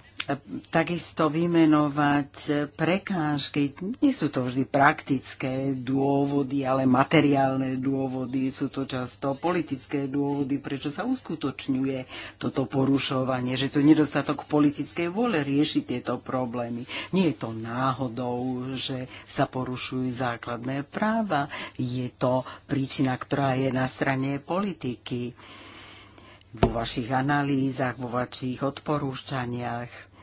takisto vymenovať prekážky. Nie sú to vždy praktické dôvody, ale materiálne dôvody. Sú to často politické dôvody, prečo sa uskutočňuje toto porušovanie, že tu nedostatok politickej vôle riešiť tieto problémy. Nie je to náhodou, že sa porušujú základné práva. Je to príčina, ktorá je na strane politiky vo vašich analýzach, vo vašich odporúčaniach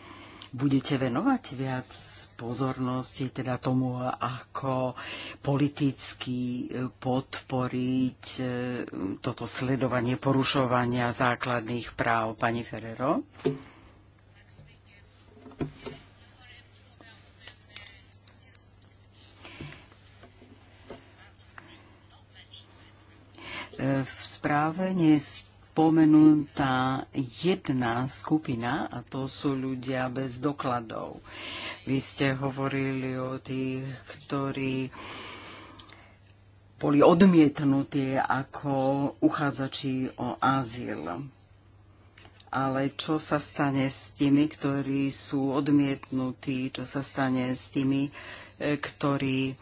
budete venovať viac pozornosti teda tomu, ako politicky e, podporiť e, toto sledovanie porušovania základných práv. Pani Ferrero? E, v správe nie spomenutá jedna skupina, a to sú ľudia bez dokladov. Vy ste hovorili o tých, ktorí boli odmietnutí ako uchádzači o azyl. Ale čo sa stane s tými, ktorí sú odmietnutí, čo sa stane s tými, eh, ktorí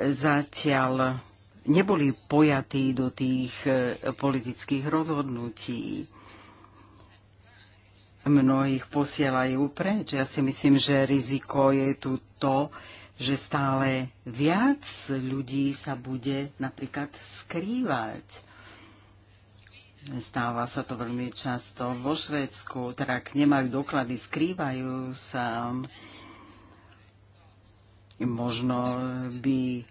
zatiaľ neboli pojatí do tých e, politických rozhodnutí. Mnohých posielajú preč. Ja si myslím, že riziko je tu to, že stále viac ľudí sa bude napríklad skrývať. Stáva sa to veľmi často vo Švedsku, teda ak nemajú doklady, skrývajú sa. Možno by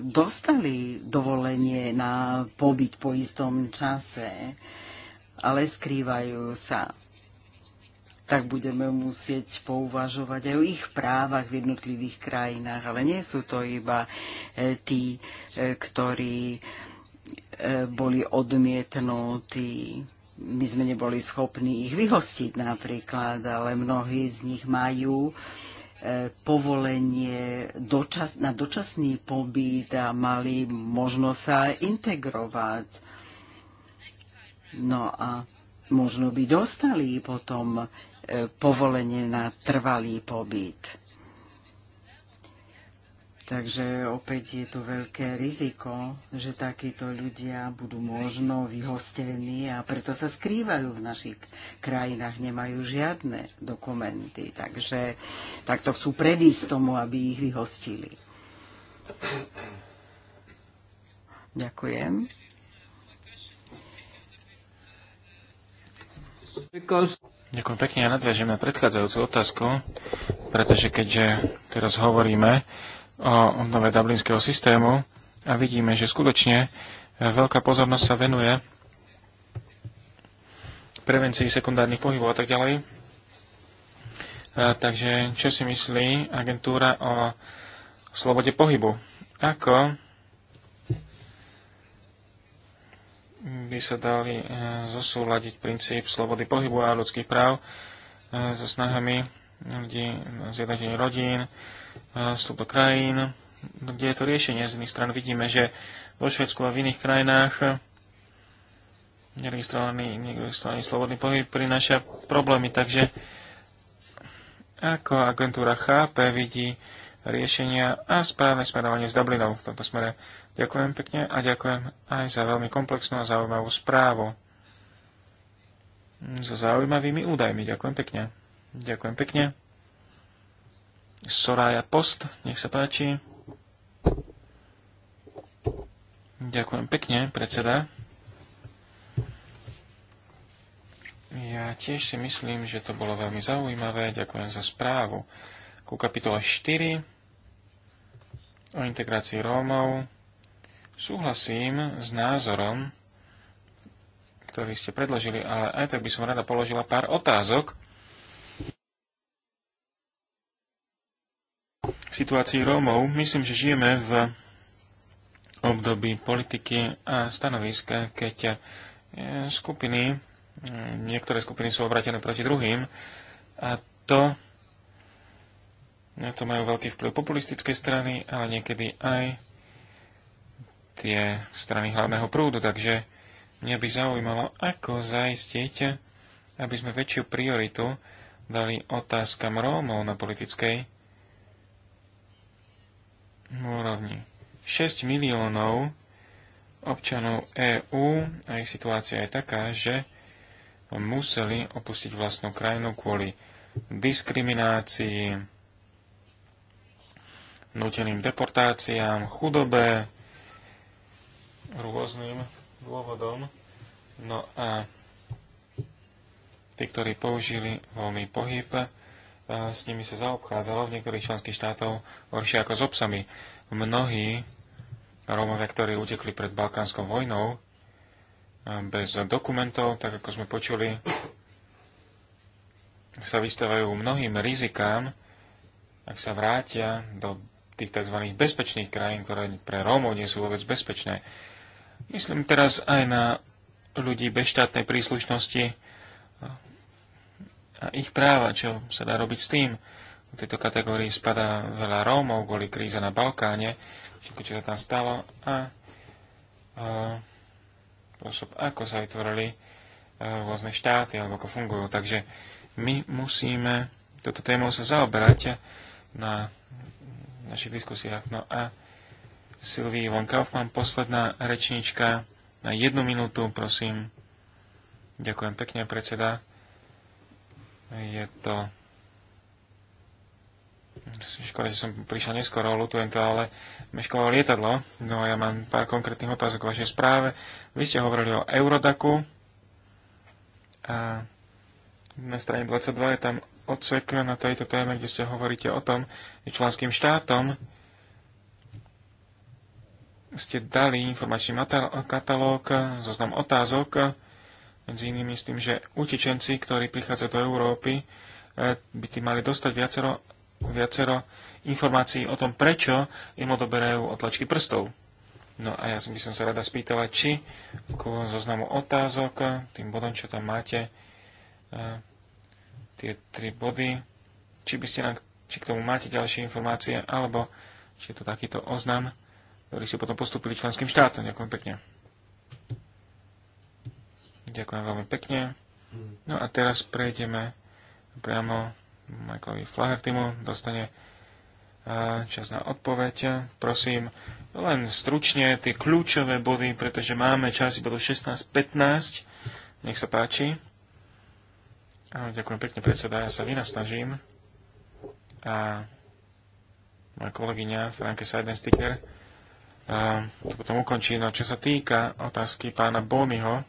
dostali dovolenie na pobyt po istom čase, ale skrývajú sa. Tak budeme musieť pouvažovať aj o ich právach v jednotlivých krajinách, ale nie sú to iba e, tí, e, ktorí e, boli odmietnutí. My sme neboli schopní ich vyhostiť napríklad, ale mnohí z nich majú povolenie dočas, na dočasný pobyt a mali možno sa integrovať. No a možno by dostali potom e, povolenie na trvalý pobyt. Takže opäť je tu veľké riziko, že takíto ľudia budú možno vyhostení a preto sa skrývajú v našich krajinách, nemajú žiadne dokumenty. Takže takto chcú predísť tomu, aby ich vyhostili. Ďakujem. Ďakujem pekne. Ja nadviažem na predchádzajúcu otázku, pretože keďže teraz hovoríme o obnove dublinského systému a vidíme, že skutočne e, veľká pozornosť sa venuje prevencii sekundárnych pohybov a tak ďalej. E, takže čo si myslí agentúra o slobode pohybu? Ako by sa dali e, zosúľadiť princíp slobody pohybu a ľudských práv so snahami ľudí na zjednotenie rodín, vstup do krajín, no, kde je to riešenie. Z jednej strany vidíme, že vo Švedsku a v iných krajinách neregistrovaný, neregistrovaný slobodný pohyb prináša problémy, takže ako agentúra chápe, vidí riešenia a správne smerovanie s Dublinou v tomto smere. Ďakujem pekne a ďakujem aj za veľmi komplexnú a zaujímavú správu. So zaujímavými údajmi. Ďakujem pekne. Ďakujem pekne. Soraya Post, nech sa páči. Ďakujem pekne, predseda. Ja tiež si myslím, že to bolo veľmi zaujímavé. Ďakujem za správu. Ku kapitole 4 o integrácii Rómov súhlasím s názorom, ktorý ste predložili, ale aj tak by som rada položila pár otázok situácii Rómov. Myslím, že žijeme v období politiky a stanoviska, keď eh, skupiny, eh, niektoré skupiny sú obratené proti druhým a to to majú veľký vplyv populistické strany, ale niekedy aj tie strany hlavného prúdu. Takže mňa by zaujímalo, ako zaistiť, aby sme väčšiu prioritu dali otázkam Rómov na politickej úrovni. 6 miliónov občanov EÚ a ich situácia je taká, že museli opustiť vlastnú krajinu kvôli diskriminácii, nuteným deportáciám, chudobe, rôznym dôvodom. No a tí, ktorí použili voľný pohyb, s nimi sa zaobchádzalo v niektorých členských štátov horšie ako s so obsami. Mnohí Rómovia, ktorí utekli pred Balkánskou vojnou bez dokumentov, tak ako sme počuli, sa vystávajú mnohým rizikám, ak sa vrátia do tých tzv. bezpečných krajín, ktoré pre Rómov nie sú vôbec bezpečné. Myslím teraz aj na ľudí bez štátnej príslušnosti, a ich práva, čo sa dá robiť s tým. V tejto kategórii spadá veľa Rómov kvôli kríze na Balkáne, všetko, čo sa tam stalo a, spôsob, ako sa vytvorili rôzne štáty alebo ako fungujú. Takže my musíme toto tému sa zaoberať na našich diskusiách. No a Silvii von Kaufmann, posledná rečníčka na jednu minútu, prosím. Ďakujem pekne, predseda. Je to... Škoda, že som prišiel neskoro, lutujem to, ale meškovalo lietadlo. No a ja mám pár konkrétnych otázok k vašej správe. Vy ste hovorili o Eurodaku. A na strane 22 je tam odsek na tejto téme, kde ste hovoríte o tom, že členským štátom ste dali informačný katalóg, zoznam otázok, medzi inými s tým, že utečenci, ktorí prichádzajú do Európy, e, by tí mali dostať viacero, viacero informácií o tom, prečo im odoberajú otlačky prstov. No a ja by som sa rada spýtala, či ku zoznamu otázok, tým bodom, čo tam máte, e, tie tri body, či by ste nám, či k tomu máte ďalšie informácie, alebo či je to takýto oznam, ktorý si potom postupili členským štátom. Ďakujem pekne. Ďakujem veľmi pekne. No a teraz prejdeme priamo Michaelovi Flahertymu. Dostane čas na odpoveď. Prosím, len stručne tie kľúčové body, pretože máme čas iba do 16.15. Nech sa páči. ďakujem pekne, predseda. Ja sa vynasnažím. A moja kolegyňa Franke Seidensticker to potom ukončí. No čo sa týka otázky pána Bonyho,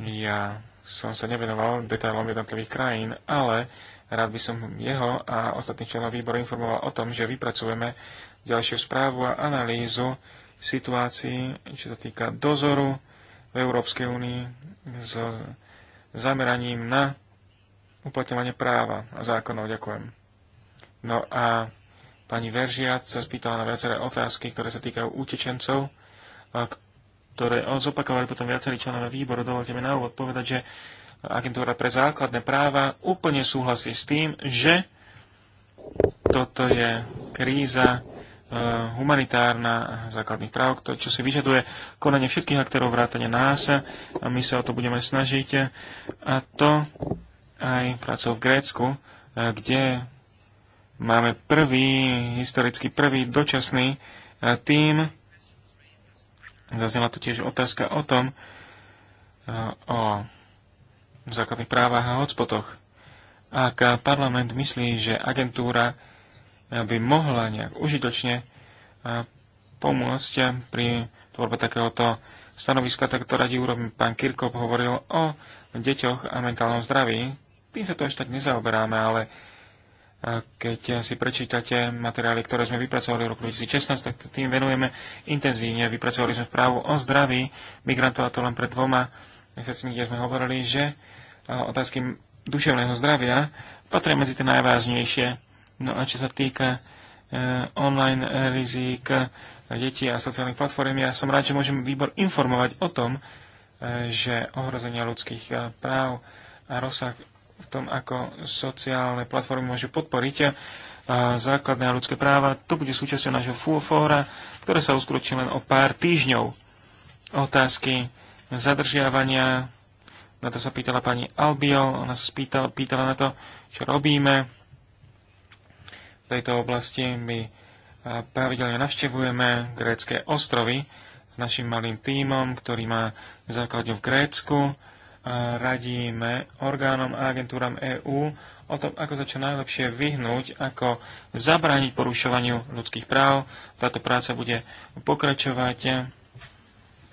ja som sa nevenoval detailom jednotlivých krajín, ale rád by som jeho a ostatných členov výboru informoval o tom, že vypracujeme ďalšiu správu a analýzu situácií, čo sa týka dozoru v Európskej únii s zameraním na uplatňovanie práva a zákonov. Ďakujem. No a pani Veržiac sa spýtala na viaceré otázky, ktoré sa týkajú utečencov, ktoré zopakovali potom viacerí členové výboru. Dovolte mi na úvod povedať, že agentúra pre základné práva úplne súhlasí s tým, že toto je kríza e, humanitárna základných práv, čo si vyžaduje konanie všetkých aktérov vrátane nás a my sa o to budeme snažiť a to aj pracov v Grécku, e, kde máme prvý, historicky prvý dočasný e, tým, Zaznela tu tiež otázka o tom, e, o základných právach a hotspotoch. Ak parlament myslí, že agentúra by mohla nejak užitočne e, pomôcť pri tvorbe takéhoto stanoviska, tak to radi urobím. Pán Kirkop hovoril o deťoch a mentálnom zdraví. Tým sa to ešte tak nezaoberáme, ale keď si prečítate materiály, ktoré sme vypracovali v roku 2016, tak tým venujeme intenzívne. Vypracovali sme správu o zdraví migrantov, a to len pred dvoma mesiacmi, kde sme hovorili, že otázky duševného zdravia patria medzi tie najvážnejšie. No a čo sa týka e, online rizik e, detí a sociálnych platform, ja som rád, že môžem výbor informovať o tom, e, že ohrozenia ľudských práv a rozsah v tom, ako sociálne platformy môžu podporiť eh, základné a ľudské práva. To bude súčasťou nášho fúfóra, ktoré sa uskutoční len o pár týždňov. Otázky zadržiavania, na to sa pýtala pani Albiol, ona sa spýtala, pýtala na to, čo robíme. V tejto oblasti my eh, pravidelne navštevujeme grécké ostrovy s našim malým tímom, ktorý má základňu v Grécku radíme orgánom a agentúram EÚ o tom, ako sa čo najlepšie vyhnúť, ako zabrániť porušovaniu ľudských práv. Táto práca bude pokračovať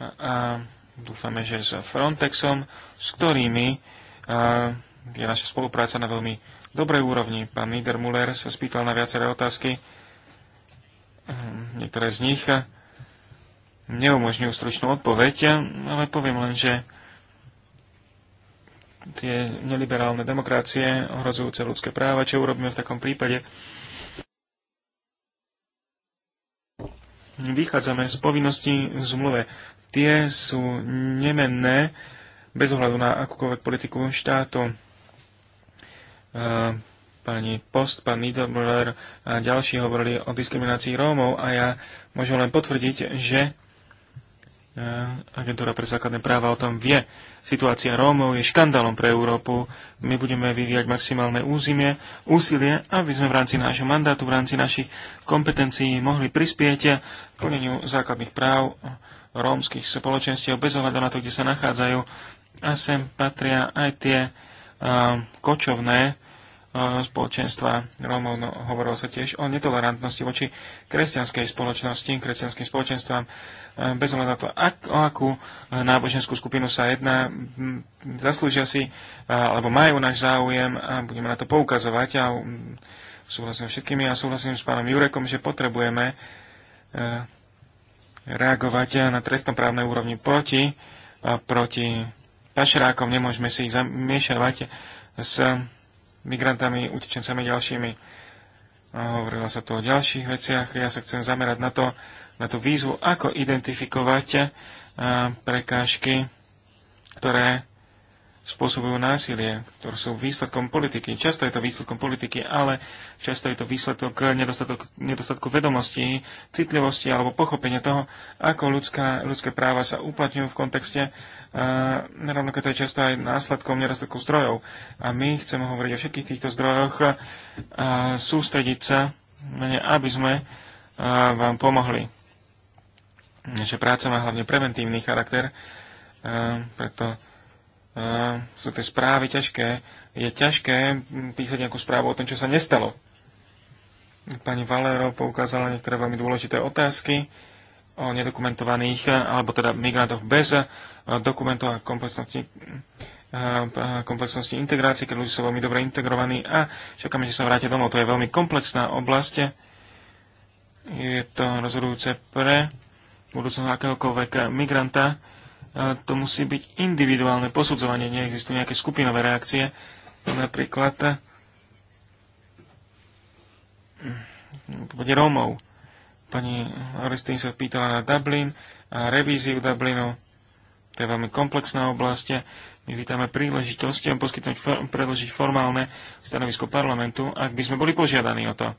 a dúfame, že s Frontexom, s ktorými je naša spolupráca na veľmi dobrej úrovni. Pán Muller sa spýtal na viaceré otázky. Niektoré z nich neumožňujú stručnú odpoveď, ale poviem len, že tie neliberálne demokracie ohrozujúce ľudské práva. Čo urobíme v takom prípade? Vychádzame z povinností v zmluve. Tie sú nemenné bez ohľadu na akúkoľvek politiku štátu. Pani Post, pán Niedermüller a ďalší hovorili o diskriminácii Rómov a ja môžem len potvrdiť, že Eh, agentúra pre základné práva o tom vie. Situácia Rómov je škandálom pre Európu. My budeme vyvíjať maximálne úzimie, úsilie, aby sme v rámci nášho mandátu, v rámci našich kompetencií mohli prispieť k plneniu základných práv rómskych spoločenstiev bez ohľadu na to, kde sa nachádzajú. A sem patria aj tie eh, kočovné spoločenstva Rómov. No, hovorilo sa tiež o netolerantnosti voči kresťanskej spoločnosti, kresťanským spoločenstvám, e, bez ohľadu na to, ak, o akú e, náboženskú skupinu sa jedná, zaslúžia si, e, alebo majú náš záujem a budeme na to poukazovať a súhlasím s všetkými a súhlasím s pánom Jurekom, že potrebujeme reagovať na trestnoprávnej úrovni proti, proti pašerákom, nemôžeme si ich zamiešavať s migrantami, utečencami ďalšími. Hovorilo sa tu o ďalších veciach. Ja sa chcem zamerať na to, na tú výzvu, ako identifikovať prekážky, ktoré spôsobujú násilie, ktoré sú výsledkom politiky. Často je to výsledkom politiky, ale často je to výsledok nedostatok, nedostatku vedomostí, citlivosti alebo pochopenia toho, ako ľudská, ľudské práva sa uplatňujú v kontexte rovnako to je často aj následkom nedostatku zdrojov. A my chceme hovoriť o všetkých týchto zdrojoch a sústrediť sa na ne, aby sme vám pomohli. Naša práca má hlavne preventívny charakter, preto sú tie správy ťažké. Je ťažké písať nejakú správu o tom, čo sa nestalo. Pani Valero poukázala niektoré veľmi dôležité otázky o nedokumentovaných, alebo teda migrantoch bez dokumentov a komplexnosti komplexnosti integrácie, keď ľudia sú veľmi dobre integrovaní a čakáme, že sa vráte domov. To je veľmi komplexná oblasť. Je to rozhodujúce pre budúcnosť akéhokoľvek migranta. To musí byť individuálne posudzovanie, neexistujú nejaké skupinové reakcie. Napríklad bude Rómov. Pani Aristín sa pýtala na Dublin a revíziu Dublinu to je veľmi komplexná oblasť. My vítame príležitosť poskytnúť predložiť formálne stanovisko parlamentu, ak by sme boli požiadaní o to.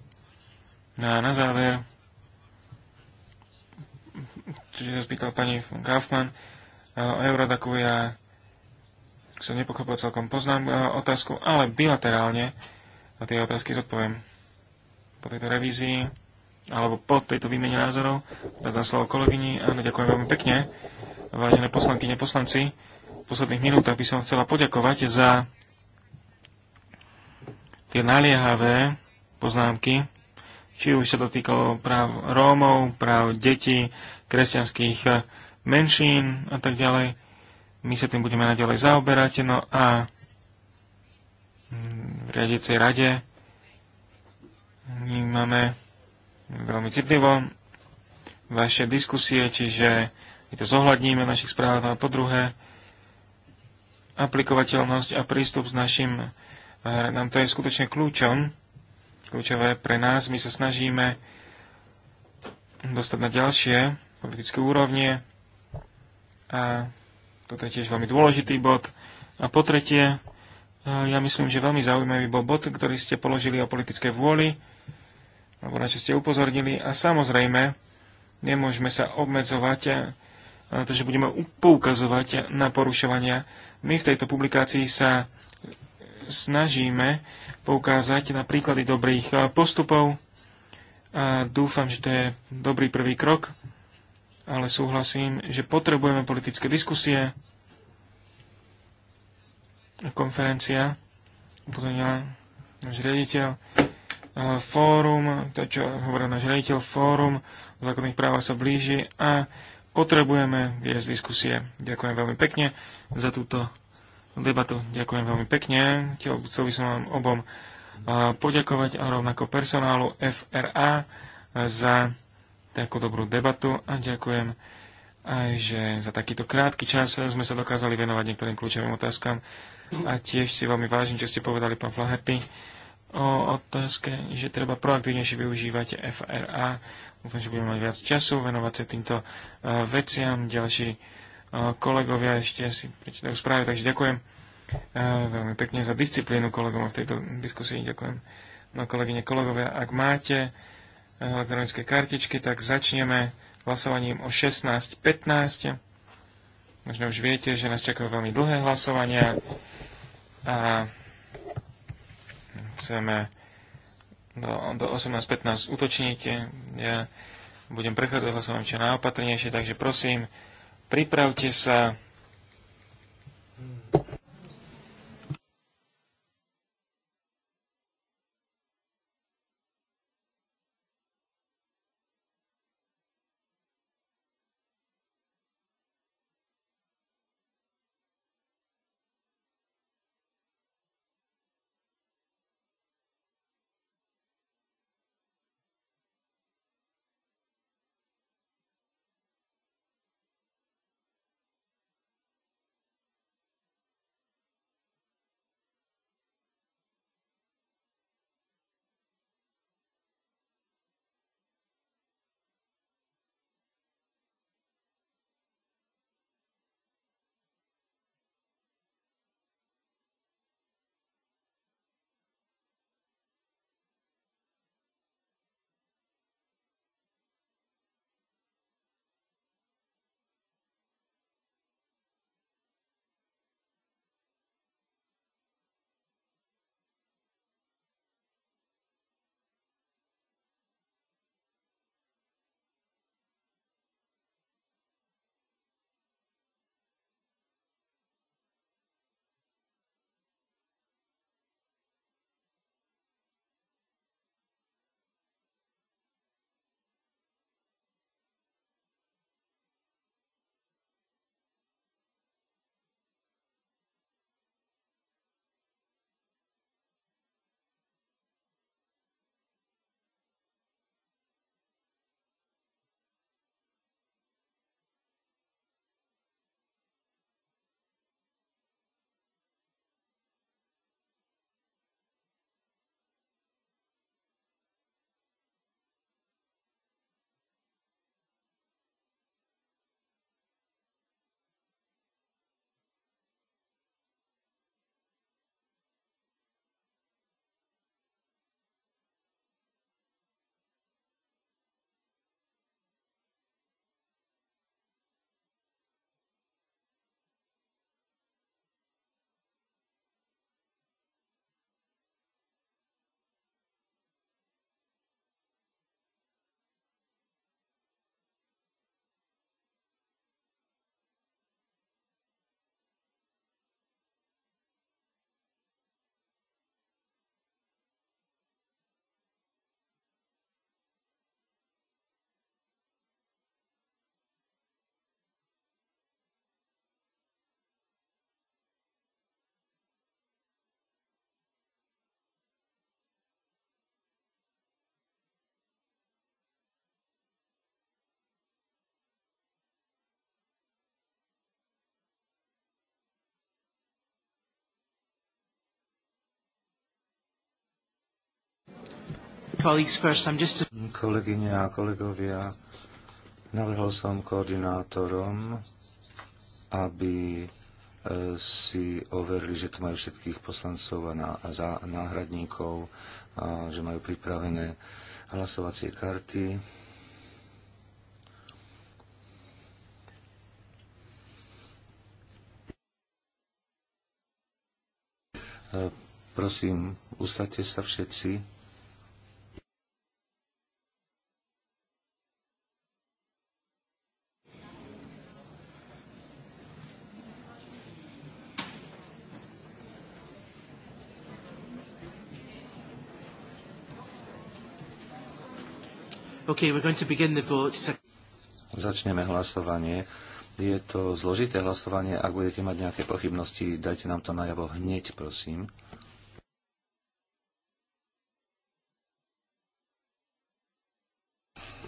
No a na záver, čiže sa spýtal pani Kaufmann eh, o Eurodaku, ja som nepochopil celkom, poznám eh, otázku, ale bilaterálne na tie otázky zodpoviem. Po tejto revízii, alebo po tejto výmene názorov, dám slovo kolegyni, áno, ďakujem veľmi pekne vážené poslanky, neposlanci. V posledných minútach by som chcela poďakovať za tie naliehavé poznámky, či už sa to týkalo práv Rómov, práv detí, kresťanských menšín a tak ďalej. My sa tým budeme naďalej zaoberať, no a v riadiacej rade my máme veľmi citlivo vaše diskusie, čiže my to zohľadníme v našich správach. No a po druhé, aplikovateľnosť a prístup s našim, eh, nám to je skutočne kľúčom, kľúčové pre nás. My sa snažíme dostať na ďalšie politické úrovne a toto je tiež veľmi dôležitý bod. A po tretie, eh, ja myslím, že veľmi zaujímavý bol bod, ktorý ste položili o politické vôli, alebo na čo ste upozornili. A samozrejme, nemôžeme sa obmedzovať eh, takže budeme poukazovať na porušovania. My v tejto publikácii sa snažíme poukázať na príklady dobrých eh, postupov a dúfam, že to je dobrý prvý krok, ale súhlasím, že potrebujeme politické diskusie. Konferencia upozornila náš riaditeľ eh, fórum, to čo hovoril náš riaditeľ, fórum o základných právach sa blíži a potrebujeme viesť diskusie. Ďakujem veľmi pekne za túto debatu. Ďakujem veľmi pekne. Chcel, chcel by som vám obom poďakovať a rovnako personálu FRA za takú dobrú debatu a ďakujem aj, že za takýto krátky čas sme sa dokázali venovať niektorým kľúčovým otázkam a tiež si veľmi vážim, čo ste povedali, pán Flaherty, o otázke, že treba proaktívnejšie využívať FRA Dúfam, že budeme mať viac času venovať sa týmto e, veciam. Ďalší e, kolegovia ešte si prečítajú správy, takže ďakujem e, veľmi pekne za disciplínu kolegom v tejto diskusii. Ďakujem. No kolegyne, kolegovia, ak máte elektronické kartičky, tak začneme hlasovaním o 16.15. Možno už viete, že nás čakajú veľmi dlhé hlasovania a chceme do, do 18.15 útočniť. Ja budem prechádzať hlasovaním čo najopatrnejšie, takže prosím, pripravte sa. Kolegyne a kolegovia, navrhol som koordinátorom, aby e, si overili, že tu majú všetkých poslancov a, a náhradníkov, a že majú pripravené hlasovacie karty. E, prosím, usadte sa všetci. Začneme hlasovanie. Je to zložité hlasovanie. Ak budete mať nejaké pochybnosti, dajte nám to najavo hneď, prosím.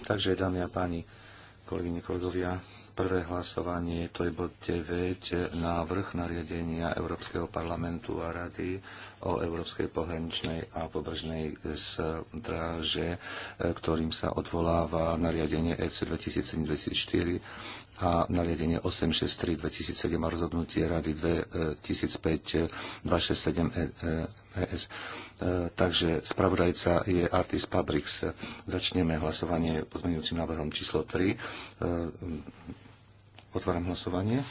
Takže, dámy a páni, kolegyne, kolegovia. Prvé hlasovanie, to je bod 9, návrh nariadenia Európskeho parlamentu a rady o Európskej pohraničnej a pobržnej zdráže, ktorým sa odvoláva nariadenie EC 2007-2004 a nariadenie 863 2007 a rozhodnutie Rady 2005 267 ES. E, takže spravodajca je Artis Pabrix. Začneme hlasovanie pozmeňujúcim návrhom číslo 3. E, otváram hlasovanie.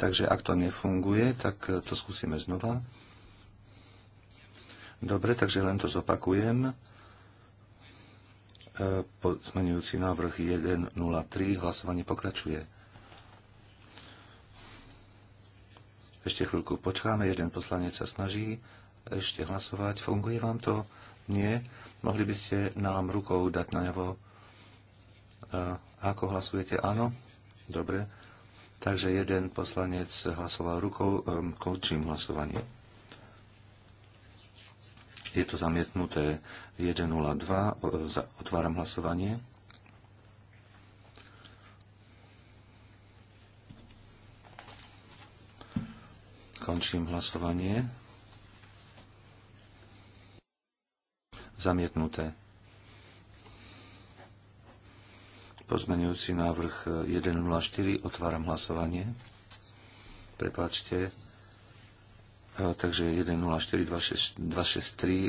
Takže ak to nefunguje, tak to skúsime znova. Dobre, takže len to zopakujem. Pozmenujúci návrh 103. Hlasovanie pokračuje. Ešte chvíľku počkáme, jeden poslanec sa snaží ešte hlasovať. Funguje vám to? Nie? Mohli by ste nám rukou dať najavo, e, ako hlasujete? Áno? Dobre. Takže jeden poslanec hlasoval rukou, končím hlasovanie je to zamietnuté 1.02. Otváram hlasovanie. Končím hlasovanie. Zamietnuté. Pozmenujúci návrh 1.04. Otváram hlasovanie. Prepáčte, E, takže 104263 e, e,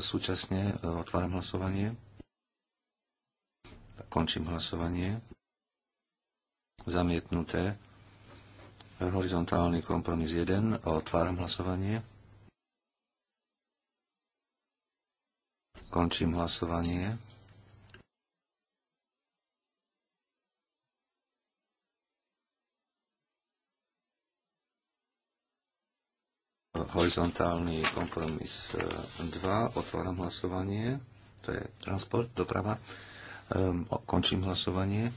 súčasne otváram hlasovanie. Končím hlasovanie. Zamietnuté. Horizontálny kompromis 1. Otváram hlasovanie. Končím hlasovanie. horizontálny kompromis 2. E, Otváram hlasovanie. To je transport, doprava. Ehm, končím hlasovanie.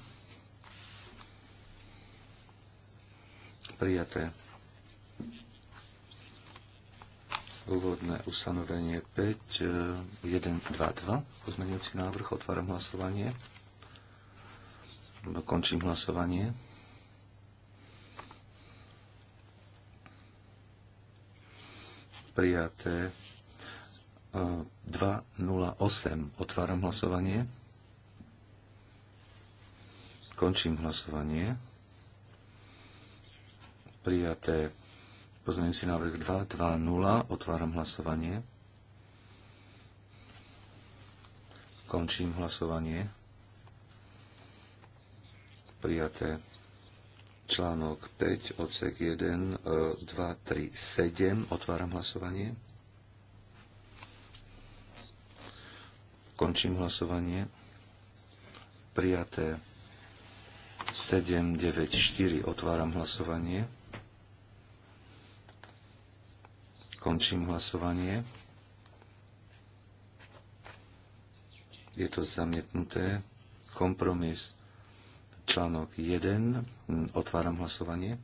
Prijaté. Úvodné ustanovenie 5, 1, 2, 2. Pozmeňujúci návrh. Otváram hlasovanie. Končím hlasovanie. prijaté 208. E, Otváram hlasovanie. Končím hlasovanie. Prijaté si návrh 220. Otváram hlasovanie. Končím hlasovanie. Prijaté Článok 5, odsek 1, 2, 3, 7. Otváram hlasovanie. Končím hlasovanie. Prijaté 7, 9, 4. Otváram hlasovanie. Končím hlasovanie. Je to zamietnuté. Kompromis Článok 1. Otváram hlasovanie.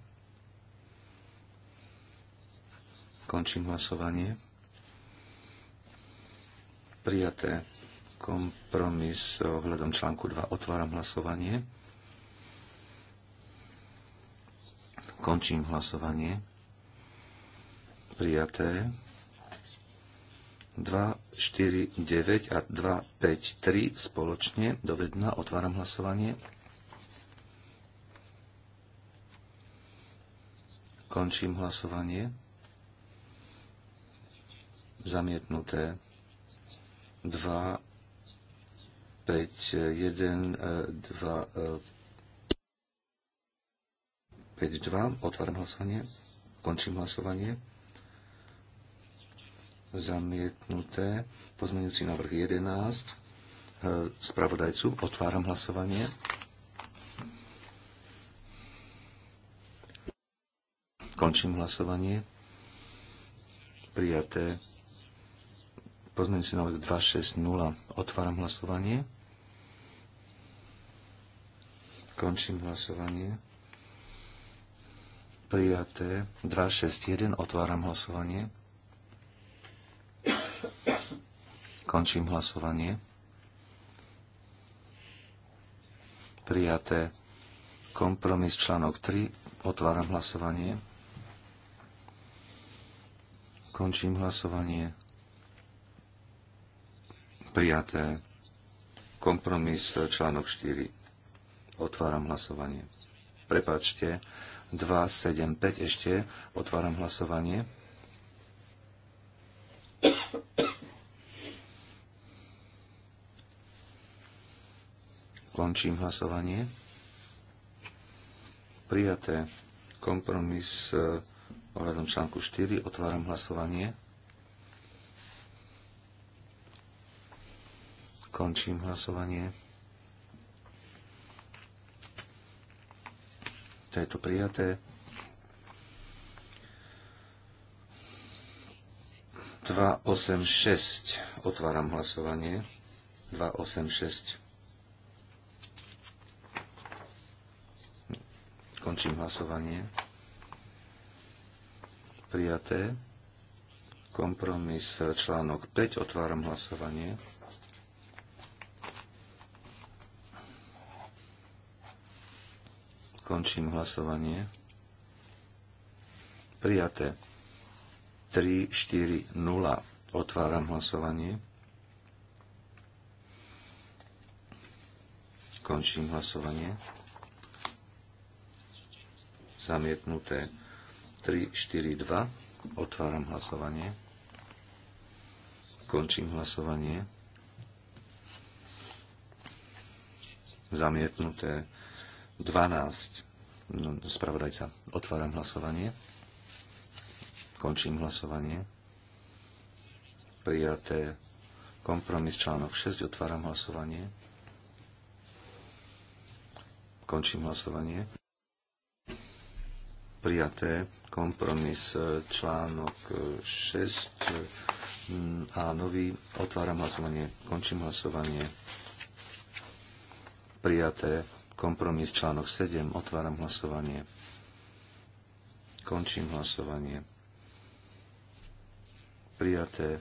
Končím hlasovanie. Prijaté kompromis ohľadom článku 2. Otváram hlasovanie. Končím hlasovanie. Prijaté. 2, 4, 9 a 2, 5, 3 spoločne do vedna. Otváram hlasovanie. Končím hlasovanie. Zamietnuté. 2, 5, 1, 2, 5, 2. Otváram hlasovanie. Končím hlasovanie. Zamietnuté. Pozmeňujúci návrh 11. Spravodajcu. Otváram hlasovanie. Končím hlasovanie. Prijaté. Pozmeňujúci návrh 260. Otváram hlasovanie. Končím hlasovanie. Prijaté. 261. Otváram hlasovanie. Končím hlasovanie. Prijaté. Kompromis článok 3. Otváram hlasovanie. Končím hlasovanie. Prijaté. Kompromis e, článok 4. Otváram hlasovanie. Prepačte. 2, 7, 5 ešte. Otváram hlasovanie. Končím hlasovanie. Prijaté kompromis e, ohľadom článku 4. Otváram hlasovanie. Končím hlasovanie. To je to prijaté. šesť. Otváram hlasovanie. šesť. Končím hlasovanie prijaté. Kompromis e, článok 5. Otváram hlasovanie. Končím hlasovanie. Prijaté. 3, 4, 0. Otváram hlasovanie. Končím hlasovanie. Zamietnuté. 342. Otváram hlasovanie. Končím hlasovanie. Zamietnuté 12. No, spravodajca. Otváram hlasovanie. Končím hlasovanie. Prijaté kompromis článok 6. Otváram hlasovanie. Končím hlasovanie prijaté kompromis e, článok 6 e, mm, a nový. Otváram hlasovanie, končím hlasovanie. Prijaté kompromis článok 7. Otváram hlasovanie. Končím hlasovanie. Prijaté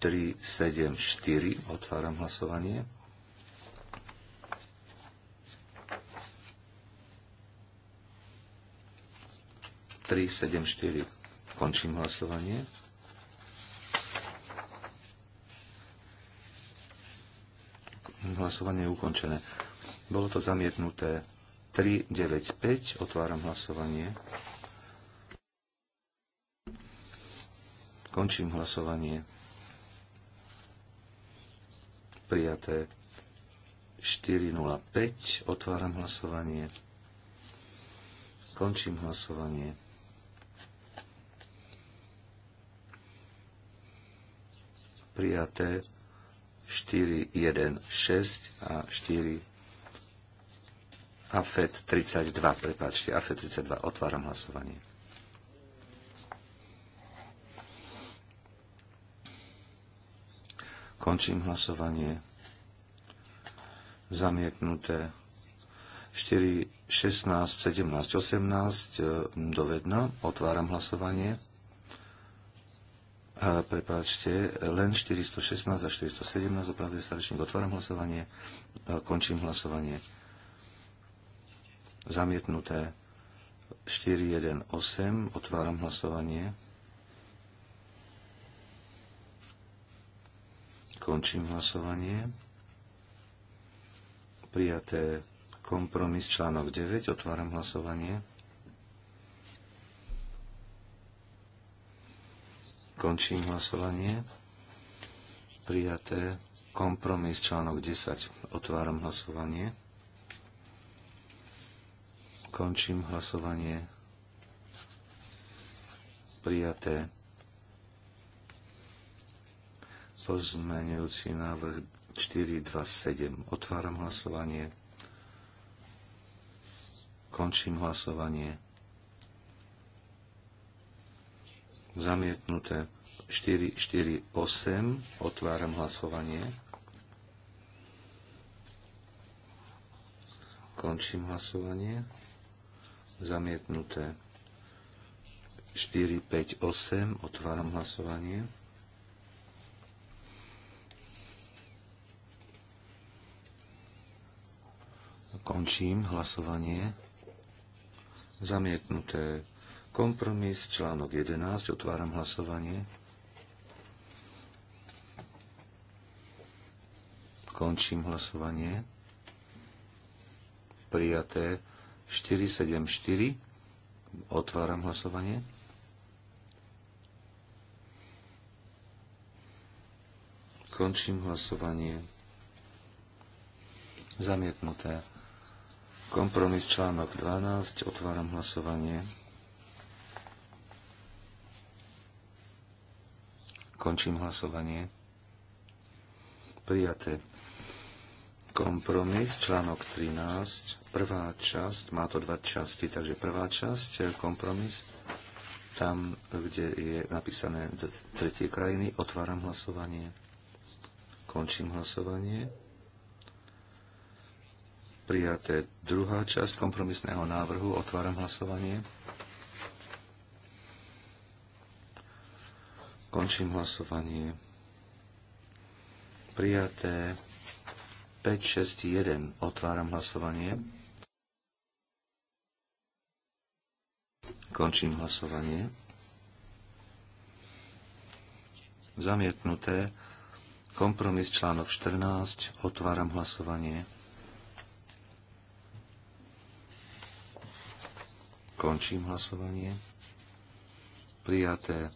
tri, sedem, štyri. Otváram hlasovanie. 3, 7, 4. Končím hlasovanie. Hlasovanie je ukončené. Bolo to zamietnuté 3, 9, 5. Otváram hlasovanie. Končím hlasovanie. Prijaté 4, 0, 5. Otváram hlasovanie. Končím hlasovanie. prijaté 4, 1, 6 a 4 AFET 32, prepáčte, AFET 32, otváram hlasovanie. Končím hlasovanie. Zamietnuté 4, 16, 17, 18 do Otváram hlasovanie. A prepáčte, len 416 a 417 opravuje sa rečník. Otváram hlasovanie, končím hlasovanie. Zamietnuté 418, otváram hlasovanie. Končím hlasovanie. Prijaté kompromis článok 9, otváram hlasovanie. Končím hlasovanie. Prijaté. Kompromis článok 10. Otváram hlasovanie. Končím hlasovanie. Prijaté. pozmeňujúci návrh 427. Otváram hlasovanie. Končím hlasovanie zamietnuté 448. Otváram hlasovanie. Končím hlasovanie. Zamietnuté 458. Otváram hlasovanie. Končím hlasovanie. Zamietnuté Kompromis článok 11. Otváram hlasovanie. Končím hlasovanie. Prijaté 474. Otváram hlasovanie. Končím hlasovanie. Zamietnuté. Kompromis článok 12. Otváram hlasovanie. Končím hlasovanie. Prijaté. Kompromis, článok 13, prvá časť, má to dva časti, takže prvá časť, e, kompromis, tam, kde je napísané tretie krajiny, otváram hlasovanie, končím hlasovanie. Prijaté druhá časť kompromisného návrhu, otváram hlasovanie. Končím hlasovanie. Prijaté 561. Otváram hlasovanie. Končím hlasovanie. Zamietnuté. Kompromis článok 14. Otváram hlasovanie. Končím hlasovanie. Prijaté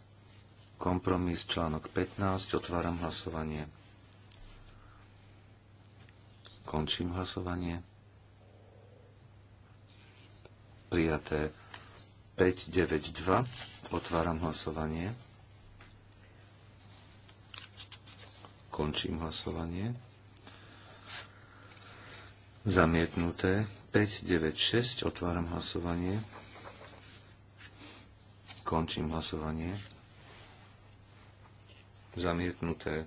Kompromis článok 15. Otváram hlasovanie. Končím hlasovanie. Prijaté 592. Otváram hlasovanie. Končím hlasovanie. Zamietnuté 596. Otváram hlasovanie. Končím hlasovanie. Zamietnuté.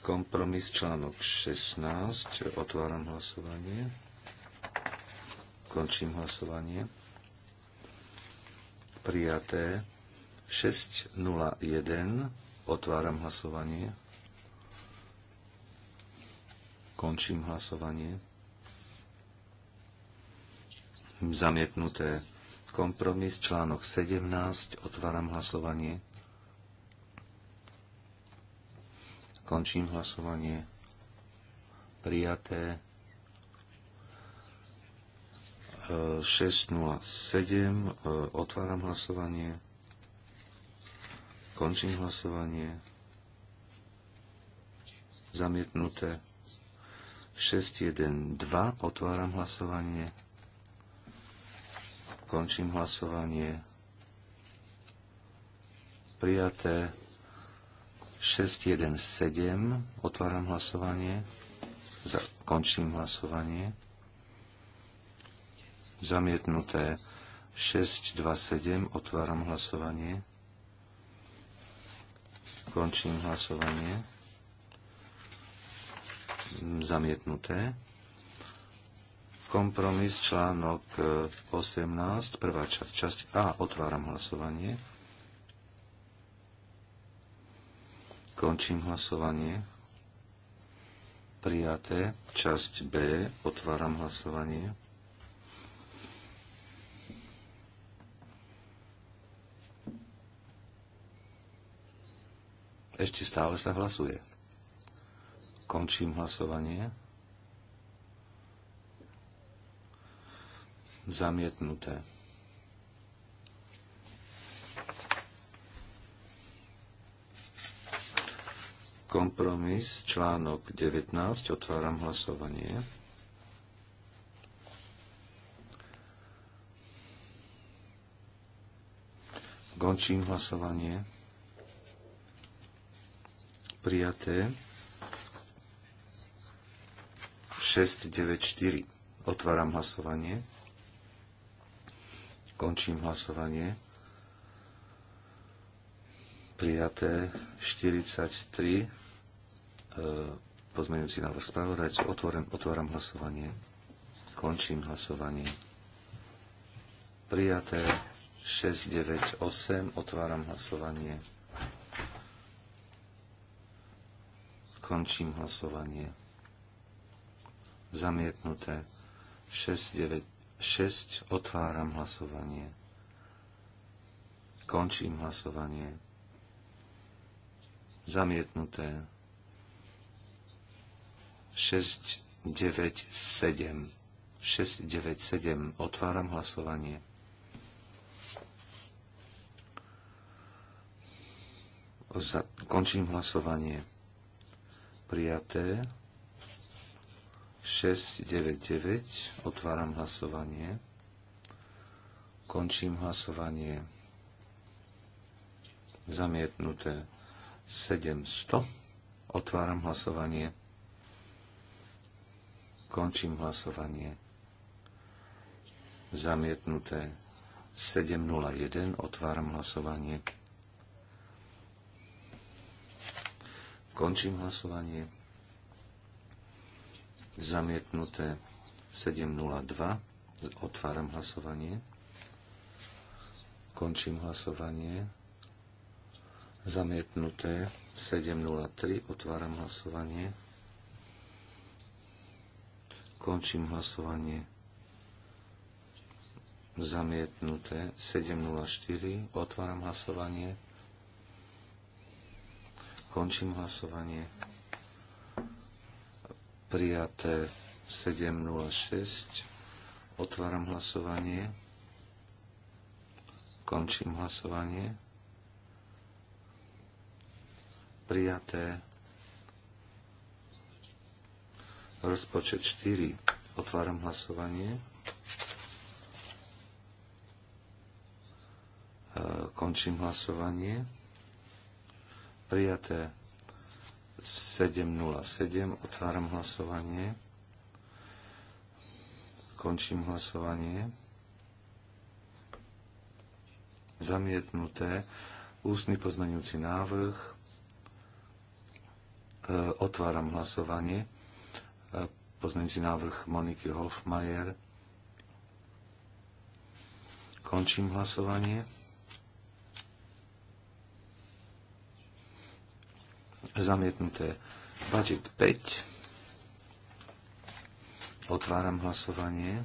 Kompromis článok 16. Otváram hlasovanie. Končím hlasovanie. Prijaté. 601. Otváram hlasovanie. Končím hlasovanie. Zamietnuté kompromis, článok 17. Otváram hlasovanie. Končím hlasovanie. Prijaté 6.07. E, e, otváram hlasovanie. Končím hlasovanie. Zamietnuté 6.1.2. Otváram hlasovanie. Končím hlasovanie. Prijaté 617. Otváram hlasovanie. Končím hlasovanie. Zamietnuté 627. Otváram hlasovanie. Končím hlasovanie. Zamietnuté. Kompromis článok 18, eh, prvá časť, časť A. Otváram hlasovanie. Končím hlasovanie. Prijaté. Časť B. Otváram hlasovanie. Ešte stále sa hlasuje. Končím hlasovanie. Zamietnuté. Kompromis, článok 19, otváram hlasovanie. Končím hlasovanie. Prijaté. 694. Otváram hlasovanie. Končím hlasovanie. Prijaté 43 E, pozmeňujúci návrh spravodajcu. Otvorem, otváram hlasovanie. Končím hlasovanie. Prijaté 698. Otváram hlasovanie. Končím hlasovanie. Zamietnuté 696. Otváram hlasovanie. Končím hlasovanie. Zamietnuté 697. 697. Otváram hlasovanie. Za, končím hlasovanie. Prijaté. 699. Otváram hlasovanie. Končím hlasovanie. Zamietnuté. 700. Otváram hlasovanie. Končím hlasovanie. Zamietnuté 701. Otváram hlasovanie. Končím hlasovanie. Zamietnuté 702. Otváram hlasovanie. Končím hlasovanie. Zamietnuté 703. Otváram hlasovanie. Končím hlasovanie. Zamietnuté 704. Otváram hlasovanie. Končím hlasovanie. Prijaté 706. Otváram hlasovanie. Končím hlasovanie. Prijaté Rozpočet 4. Otváram hlasovanie. E, končím hlasovanie. Prijaté 707. Otváram hlasovanie. Končím hlasovanie. Zamietnuté. Ústny pozmenujúci návrh. E, otváram hlasovanie pozmeňujúci návrh Moniky Hofmajer. Končím hlasovanie. Zamietnuté budget 5. Otváram hlasovanie.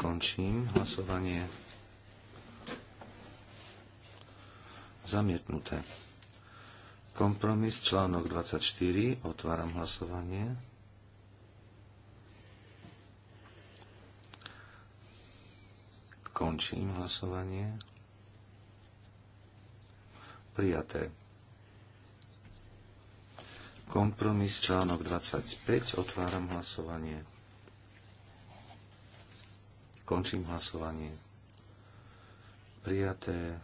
Končím hlasovanie. Zamietnuté. Kompromis článok 24. Otváram hlasovanie. Končím hlasovanie. Prijaté. Kompromis článok 25. Otváram hlasovanie. Končím hlasovanie. Prijaté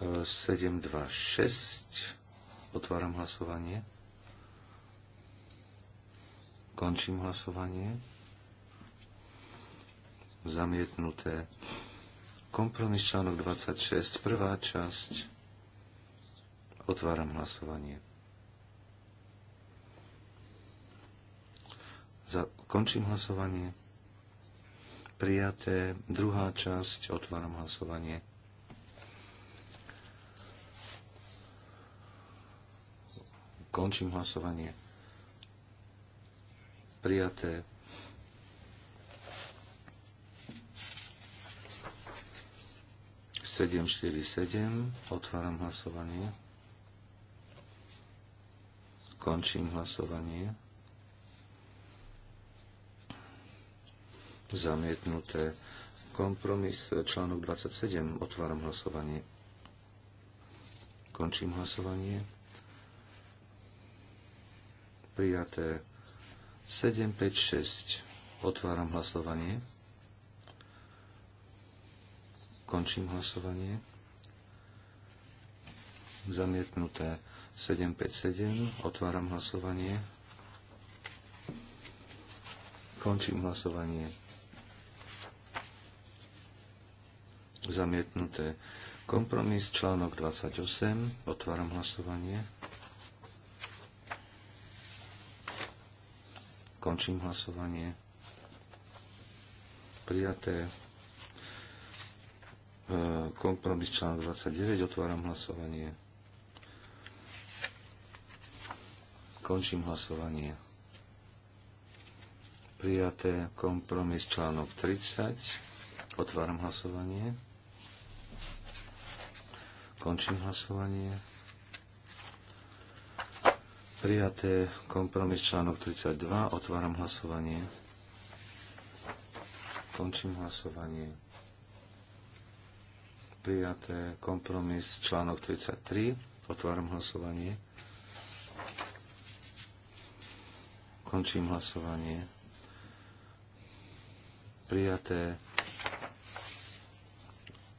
726. Otváram hlasovanie. Končím hlasovanie. Zamietnuté. Kompromis článok 26, prvá časť. Otváram hlasovanie. Za, končím hlasovanie. Prijaté. Druhá časť. Otváram hlasovanie. Končím hlasovanie. Prijaté. Sedem, štyri, sedem. Otváram hlasovanie. Končím hlasovanie. Zamietnuté. Kompromis e, článok 27. Otváram hlasovanie. Končím hlasovanie prijaté 756. Otváram hlasovanie. Končím hlasovanie. Zamietnuté 757. Otváram hlasovanie. Končím hlasovanie. Zamietnuté. Kompromis článok 28. Otváram hlasovanie. Končím hlasovanie. Prijaté. E, kompromis článok 29. Otváram hlasovanie. Končím hlasovanie. Prijaté. Kompromis článok 30. Otváram hlasovanie. Končím hlasovanie Prijaté kompromis článok 32. Otváram hlasovanie. Končím hlasovanie. Prijaté kompromis článok 33. Otváram hlasovanie. Končím hlasovanie. Prijaté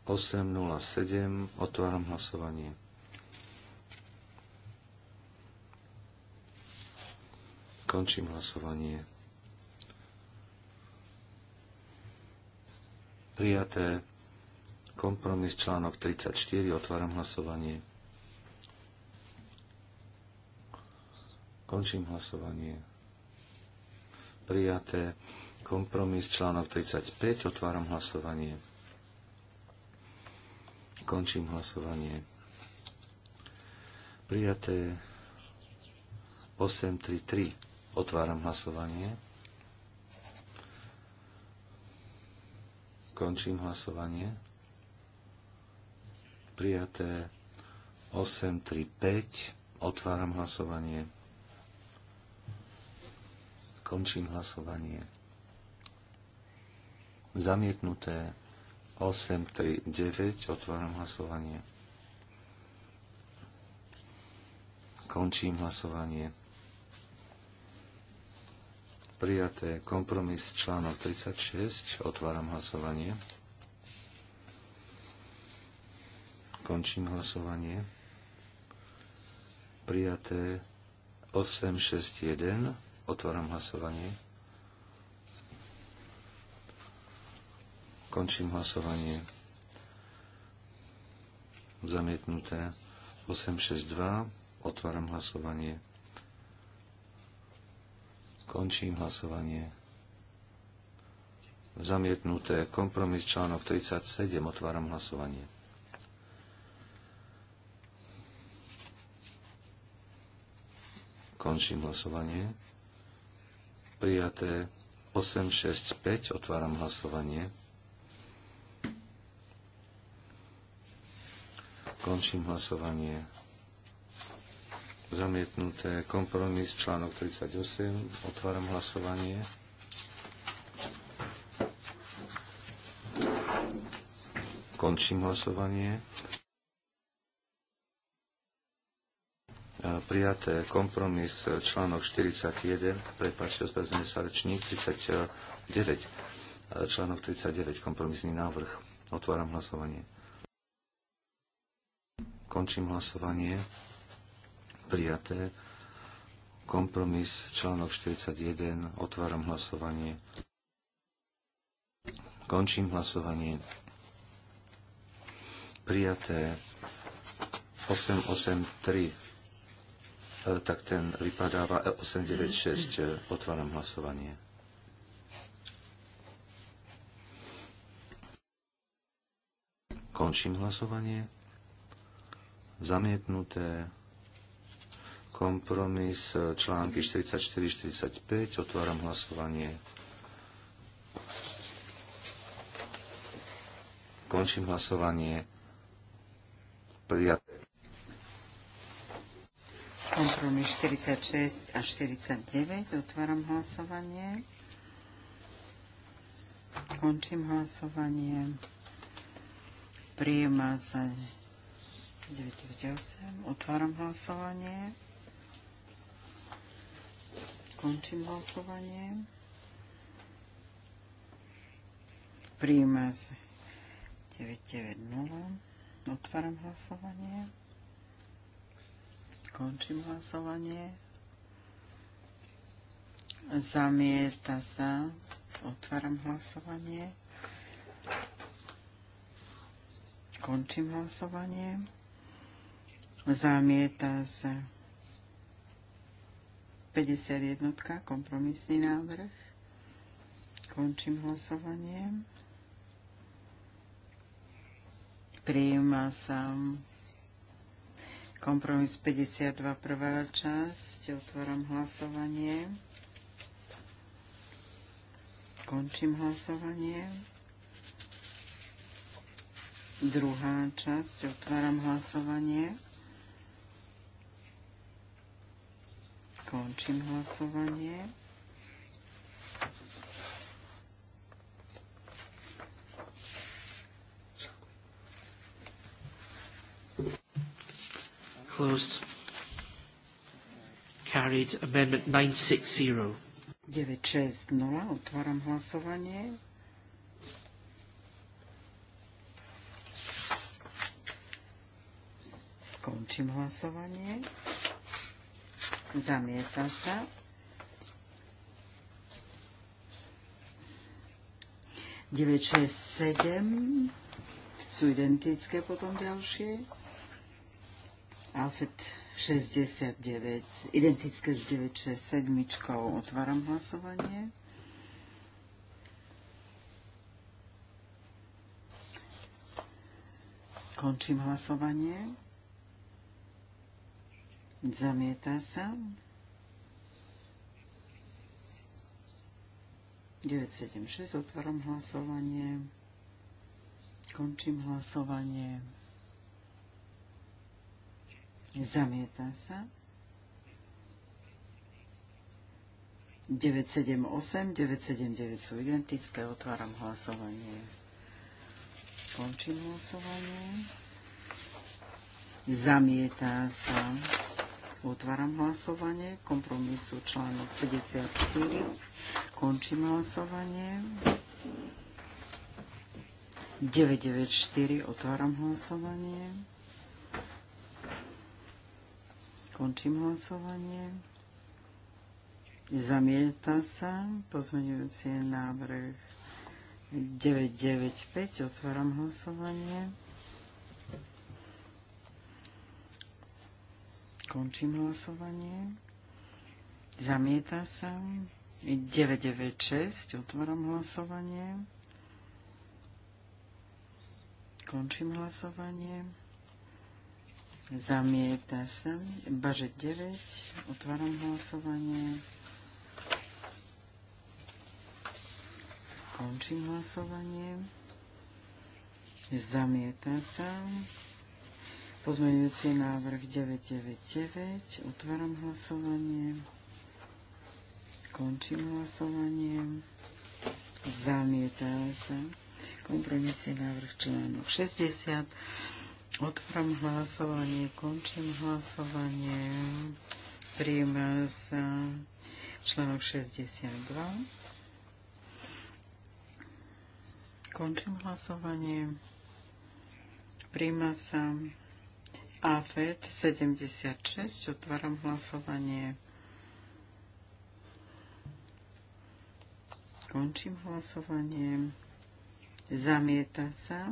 807. Otváram hlasovanie. Končím hlasovanie. Prijaté. Kompromis článok 34. Otváram hlasovanie. Končím hlasovanie. Prijaté. Kompromis článok 35. Otváram hlasovanie. Končím hlasovanie. Prijaté 833. Otváram hlasovanie. Končím hlasovanie. Prijaté 835. Otváram hlasovanie. Končím hlasovanie. Zamietnuté 839. Otváram hlasovanie. Končím hlasovanie prijaté kompromis článok 36. Otváram hlasovanie. Končím hlasovanie. Prijaté 861. Otváram hlasovanie. Končím hlasovanie. Zamietnuté 862. Otváram hlasovanie. Končím hlasovanie. Zamietnuté kompromis článok 37. Otváram hlasovanie. Končím hlasovanie. Prijaté 865. Otváram hlasovanie. Končím hlasovanie zamietnuté kompromis článok 38. Otváram hlasovanie. Končím hlasovanie. Prijaté kompromis článok 41, prepáčte, ospravedlňujem sa rečník, 39, článok 39, kompromisný návrh. Otváram hlasovanie. Končím hlasovanie prijaté. Kompromis článok 41. Otváram hlasovanie. Končím hlasovanie. Prijaté 883. E, tak ten vypadáva 896. E, otváram hlasovanie. Končím hlasovanie. Zamietnuté kompromis e, články 44-45. Otváram hlasovanie. Končím hlasovanie. Prijaté. Kompromis 46 a 49. Otváram hlasovanie. Končím hlasovanie. Prijíma sa 998. Otváram hlasovanie. Končím hlasovanie. Príjme 990. Otváram hlasovanie. Končím hlasovanie. Zamieta sa. Otváram hlasovanie. Končím hlasovanie. Zamieta sa. 51. Kompromisný návrh. Končím hlasovanie. Prijíma sa kompromis 52. Prvá časť. Otváram hlasovanie. Končím hlasovanie. Druhá časť. Otváram hlasovanie. Končím hlasovanie. Closed. Carried. Amendment 960. 960. Otváram hlasovanie. Končím hlasovanie. Zamieta sa. Devet, šest, sedem sú identické potom ďalšie. Alfred 69, identické s sedmičkou. Otváram hlasovanie. Končím hlasovanie. Zamieta sa. 976, otvorom hlasovanie. Končím hlasovanie. Zamieta sa. 978, 979 sú identické, otváram hlasovanie. Končím hlasovanie. Zamietá sa. Otváram hlasovanie. Kompromisu článok 54. Končím hlasovanie. 994. Otváram hlasovanie. Končím hlasovanie. Zamieta sa pozmeňujúci návrh 995. Otváram hlasovanie. Končím hlasovanie. Zamieta sa. 996. Otváram hlasovanie. Končím hlasovanie. Zamieta sa. Baže 9. Otváram hlasovanie. Končím hlasovanie. Zamieta sa. Pozmeňujúci návrh 999. Otváram hlasovanie. Končím hlasovanie. Zamietá sa. Kompromisný návrh článok 60. Otváram hlasovanie. Končím hlasovanie. Prijíma sa článok 62. Končím hlasovanie. Príjma sa AFED 76. Otváram hlasovanie. Končím hlasovanie. Zamieta sa.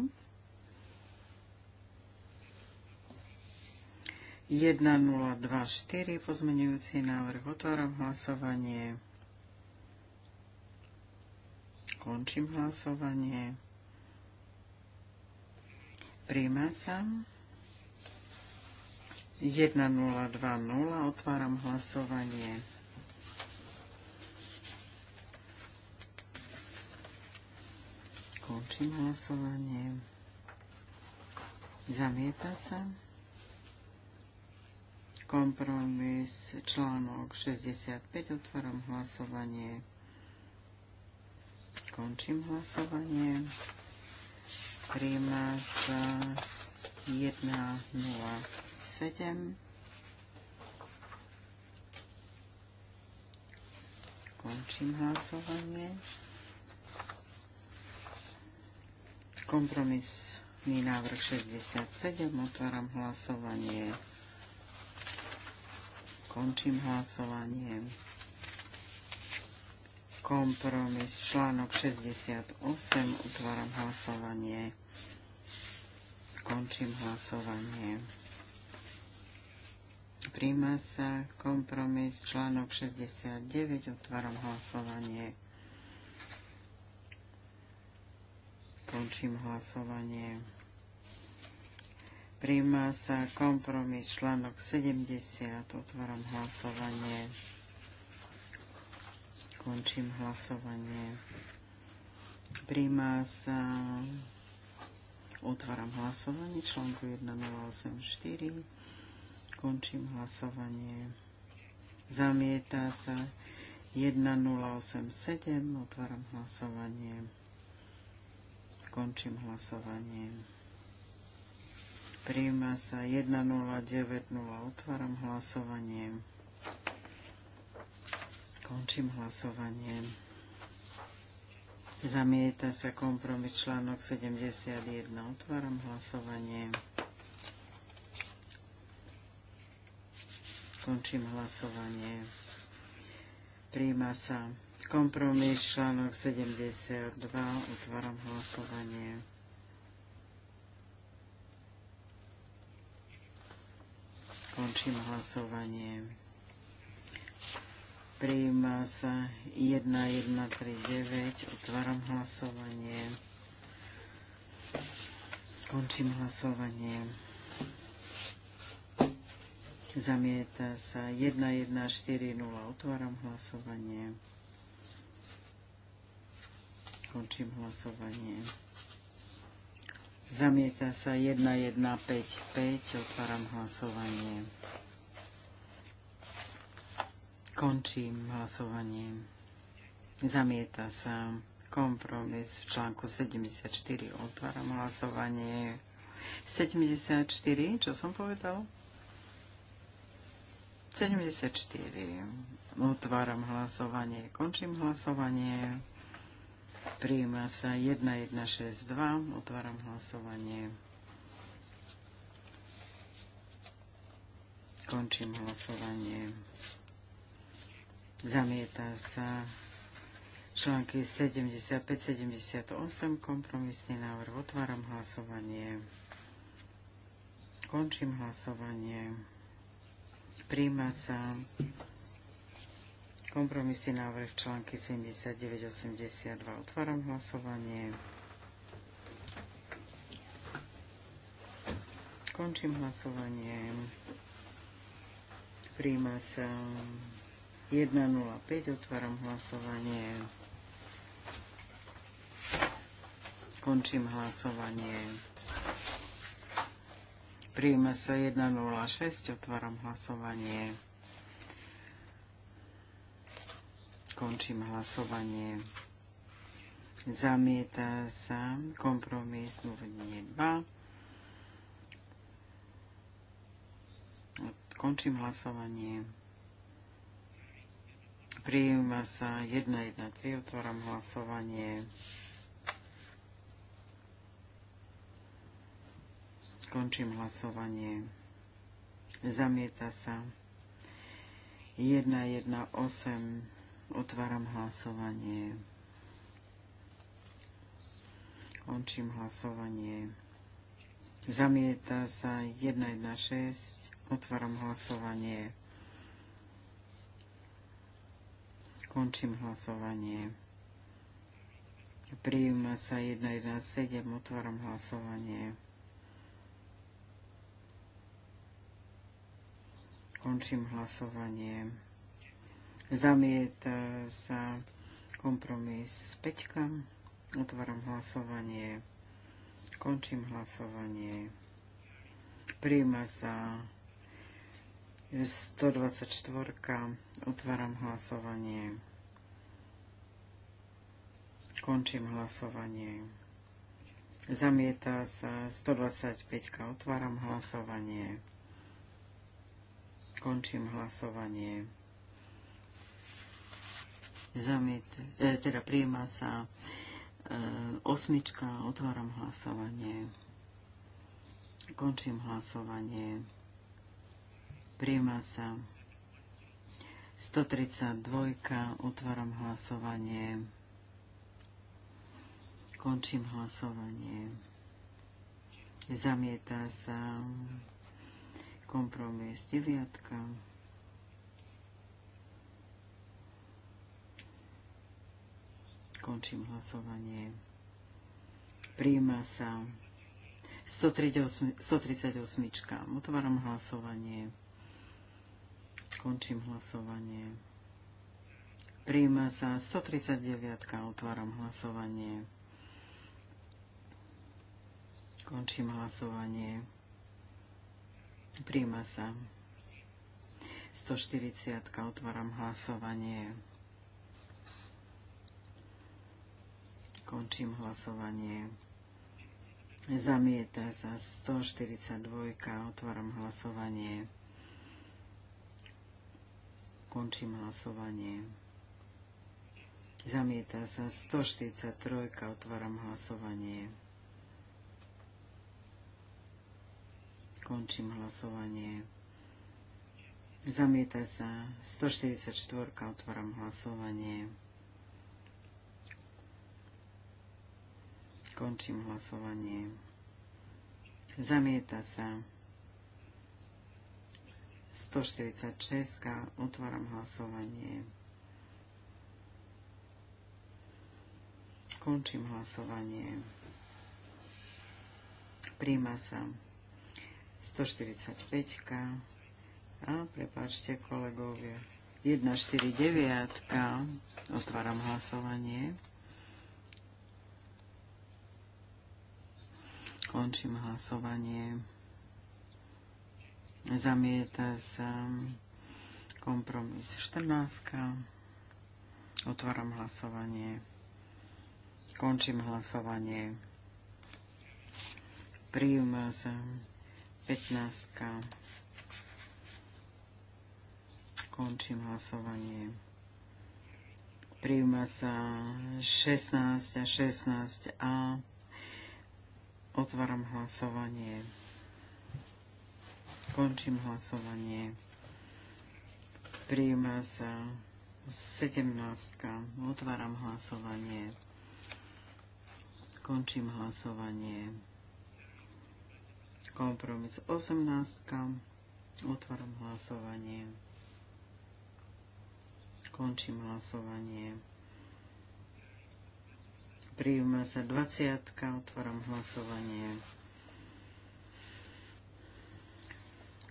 jedna nula dva štyri pozmenujúci návrh. Otváram hlasovanie. Končím hlasovanie. Príjma sa. 1020. Otváram hlasovanie. Končím hlasovanie. Zamieta sa. Kompromis článok 65. Otváram hlasovanie. Končím hlasovanie. Príjma sa 1.0. 7. Končím hlasovanie. Kompromisný návrh 67. Otváram hlasovanie. Končím hlasovanie. Kompromis článok 68. Otváram hlasovanie. Končím hlasovanie. Príjma sa kompromis článok 69, otváram hlasovanie. Končím hlasovanie. Príjma sa kompromis článok 70, otváram hlasovanie. Končím hlasovanie. Príjma sa Otváram hlasovanie článku 1084. Končím hlasovanie. Zamieta sa 1087. Otváram hlasovanie. Končím hlasovanie. Príjma sa 1090. Otváram hlasovanie. Končím hlasovanie. Zamieta sa kompromis článok 71. Otváram hlasovanie. Končím hlasovanie. Príjma sa kompromis článok 72. Otváram hlasovanie. Končím hlasovanie. Príjma sa 1139. Otváram hlasovanie. Končím hlasovanie. Zamieta sa 1140. Otváram hlasovanie. Končím hlasovanie. Zamieta sa 1155. Otváram hlasovanie. Končím hlasovanie. Zamieta sa kompromis v článku 74. Otváram hlasovanie. 74, čo som povedal? 74. Otváram hlasovanie, končím hlasovanie. Prijíma sa 1162. Otváram hlasovanie. Končím hlasovanie. Zamieta sa články 75-78, kompromisný návrh. Otváram hlasovanie. Končím hlasovanie. Príjma sa kompromisný návrh články 79-82. Otváram hlasovanie. Končím hlasovanie. Príjma sa 1.05. Otváram hlasovanie. Končím hlasovanie príjme sa 1.06, otváram hlasovanie. Končím hlasovanie. Zamieta sa kompromis 0.2. 2. Končím hlasovanie. Prijíma sa 1.1.3, otváram hlasovanie. Končím hlasovanie. Zamieta sa. 118. Otváram hlasovanie. Končím hlasovanie. Zamieta sa 116. Otváram hlasovanie. Končím hlasovanie. Prijíma sa 117. Otváram hlasovanie. Končím hlasovanie. Zamieta sa kompromis 5. Otváram hlasovanie. Končím hlasovanie. Príjma sa 124. Otváram hlasovanie. Končím hlasovanie. Zamieta sa 125. Otváram hlasovanie. Končím hlasovanie. Zamiet, e, teda prijíma sa e, osmička, otváram hlasovanie. Končím hlasovanie. Prijíma sa 132, otváram hlasovanie. Končím hlasovanie. Zamieta sa kompromis deviatka. Končím hlasovanie. Príjma sa 138. Otváram hlasovanie. Končím hlasovanie. Príjma sa 139. Otváram hlasovanie. Končím hlasovanie. Príjma sa. 140. Otváram hlasovanie. Končím hlasovanie. Zamieta sa 142. Otváram hlasovanie. Končím hlasovanie. Zamieta sa 143. Otváram hlasovanie. Končím hlasovanie. Zamieta sa 144. Otváram hlasovanie. Končím hlasovanie. Zamieta sa 146. Otváram hlasovanie. Končím hlasovanie. Príjma sa 145 a prepáčte kolegovia 149 otváram hlasovanie končím hlasovanie zamieta sa kompromis 14 otváram hlasovanie končím hlasovanie prijíma sa 15. Končím hlasovanie. Príjma sa 16 a 16 a otváram hlasovanie. Končím hlasovanie. Príjma sa 17. Otváram hlasovanie. Končím hlasovanie Kompromis 18. Otváram hlasovanie. Končím hlasovanie. Prijíma sa 20. Otváram hlasovanie.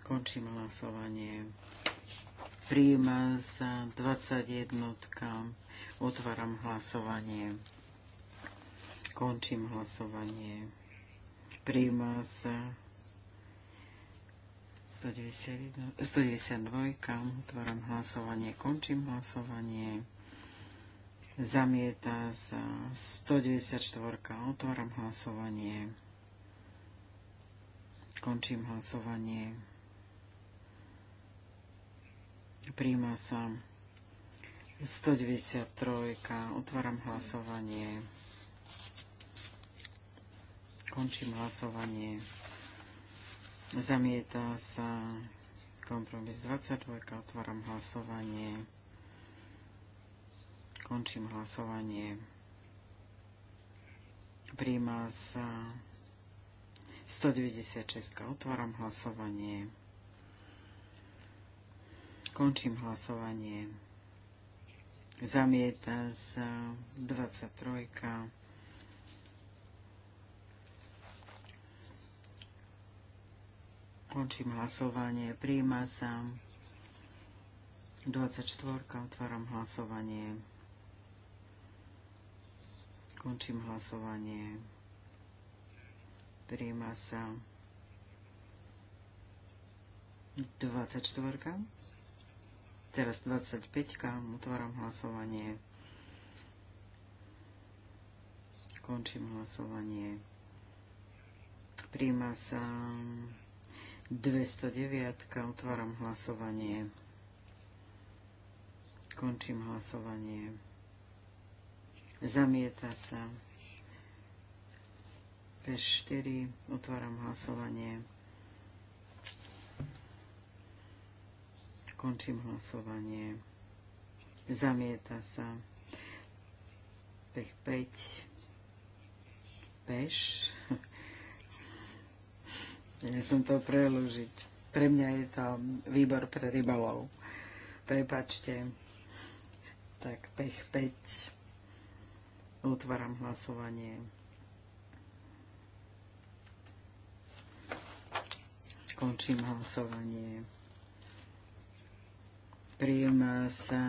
Končím hlasovanie. Prijíma sa 21. Otváram hlasovanie. Končím hlasovanie. Prijíma sa 192, otváram hlasovanie, končím hlasovanie. Zamieta sa 194, otváram hlasovanie. Končím hlasovanie. Príjma sa 193, otváram hlasovanie. Končím hlasovanie Zamieta sa kompromis 22. Otváram hlasovanie. Končím hlasovanie. Príjma sa 196. Otváram hlasovanie. Končím hlasovanie. Zamieta sa 23. Končím hlasovanie. Príjma sa 24. Otváram hlasovanie. Končím hlasovanie. Príjma sa 24. Teraz 25. Otváram hlasovanie. Končím hlasovanie. Príjma sa 209. Otváram hlasovanie. Končím hlasovanie. Zamieta sa. p 4. Otváram hlasovanie. Končím hlasovanie. Zamieta sa. p 5. Peš. Ja som to preložiť. Pre mňa je to výbor pre rybalov. Prepačte. Tak pech 5. Otváram hlasovanie. Končím hlasovanie. Prijíma sa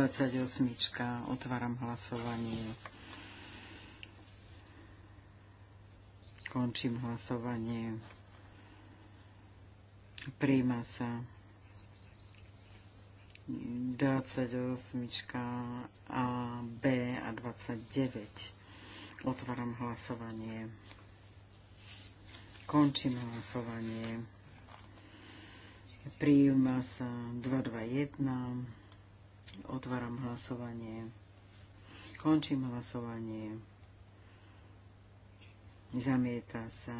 28. Otváram hlasovanie. Končím hlasovanie. Príjma sa. 28 a B a 29. Otváram hlasovanie. Končím hlasovanie. Príjma sa 221. Otváram hlasovanie. Končím hlasovanie. Zamieta sa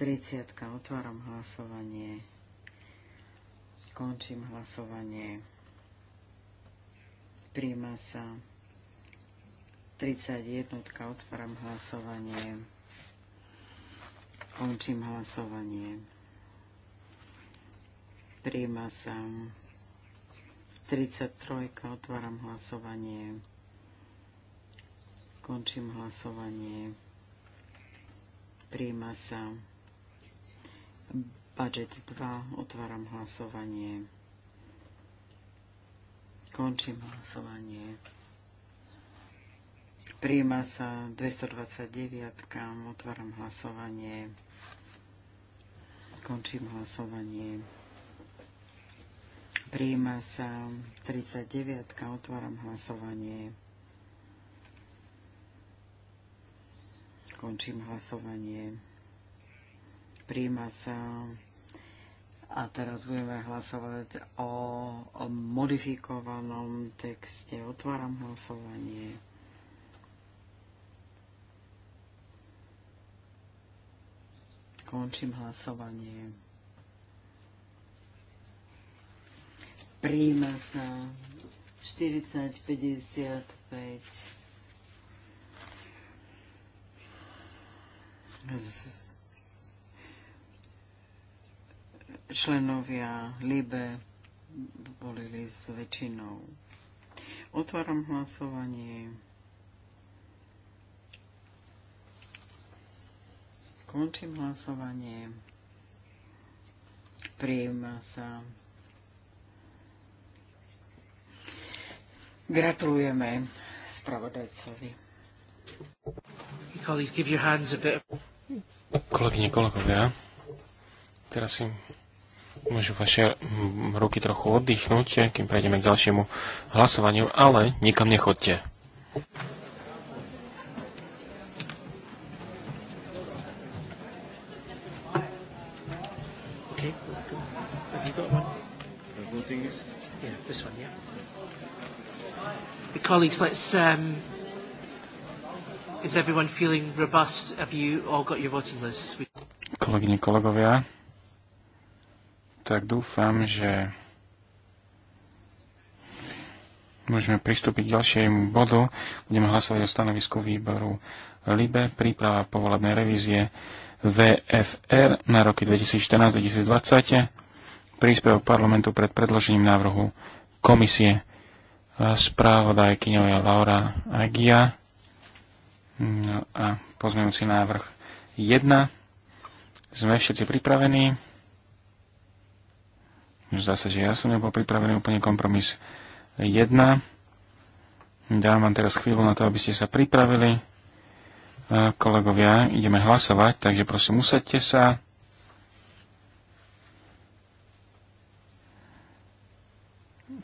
30. Otváram hlasovanie. Končím hlasovanie. Príjma sa. 31. Otváram hlasovanie. Končím hlasovanie. Príjma sa. 33. Otváram hlasovanie. Končím hlasovanie. Príjma sa. Budget 2. Otváram hlasovanie. Končím hlasovanie. Príjma sa 229. Otváram hlasovanie. Končím hlasovanie. Príjma sa 39. Otváram hlasovanie. Končím hlasovanie príjma sa. A teraz budeme hlasovať o, modifikovanom texte. Otváram hlasovanie. Končím hlasovanie. Príjma sa 40, 55. členovia LIBE volili s väčšinou. Otváram hlasovanie. Končím hlasovanie. Prijíma sa. Gratulujeme spravodajcovi. Kolegyne, kolegovia, teraz si môžu vaše mm, ruky trochu oddychnúť, eh, kým prejdeme k ďalšiemu hlasovaniu, ale nikam nechodte. colleagues, let's... Um, is everyone feeling robust? Have you all got your voting lists? Kolegyne, kolegovia, tak dúfam, že môžeme pristúpiť k ďalšiemu bodu. Budeme hlasovať o stanovisku výboru LIBE, príprava povolebnej revízie VFR na roky 2014-2020, príspevok parlamentu pred predložením návrhu komisie správodajkyňou je Laura Agia no a pozmeňujúci návrh 1. Sme všetci pripravení. Zdá sa, že ja som nebol pripravený úplne kompromis 1. Dám vám teraz chvíľu na to, aby ste sa pripravili. Kolegovia, ideme hlasovať, takže prosím, usadte sa.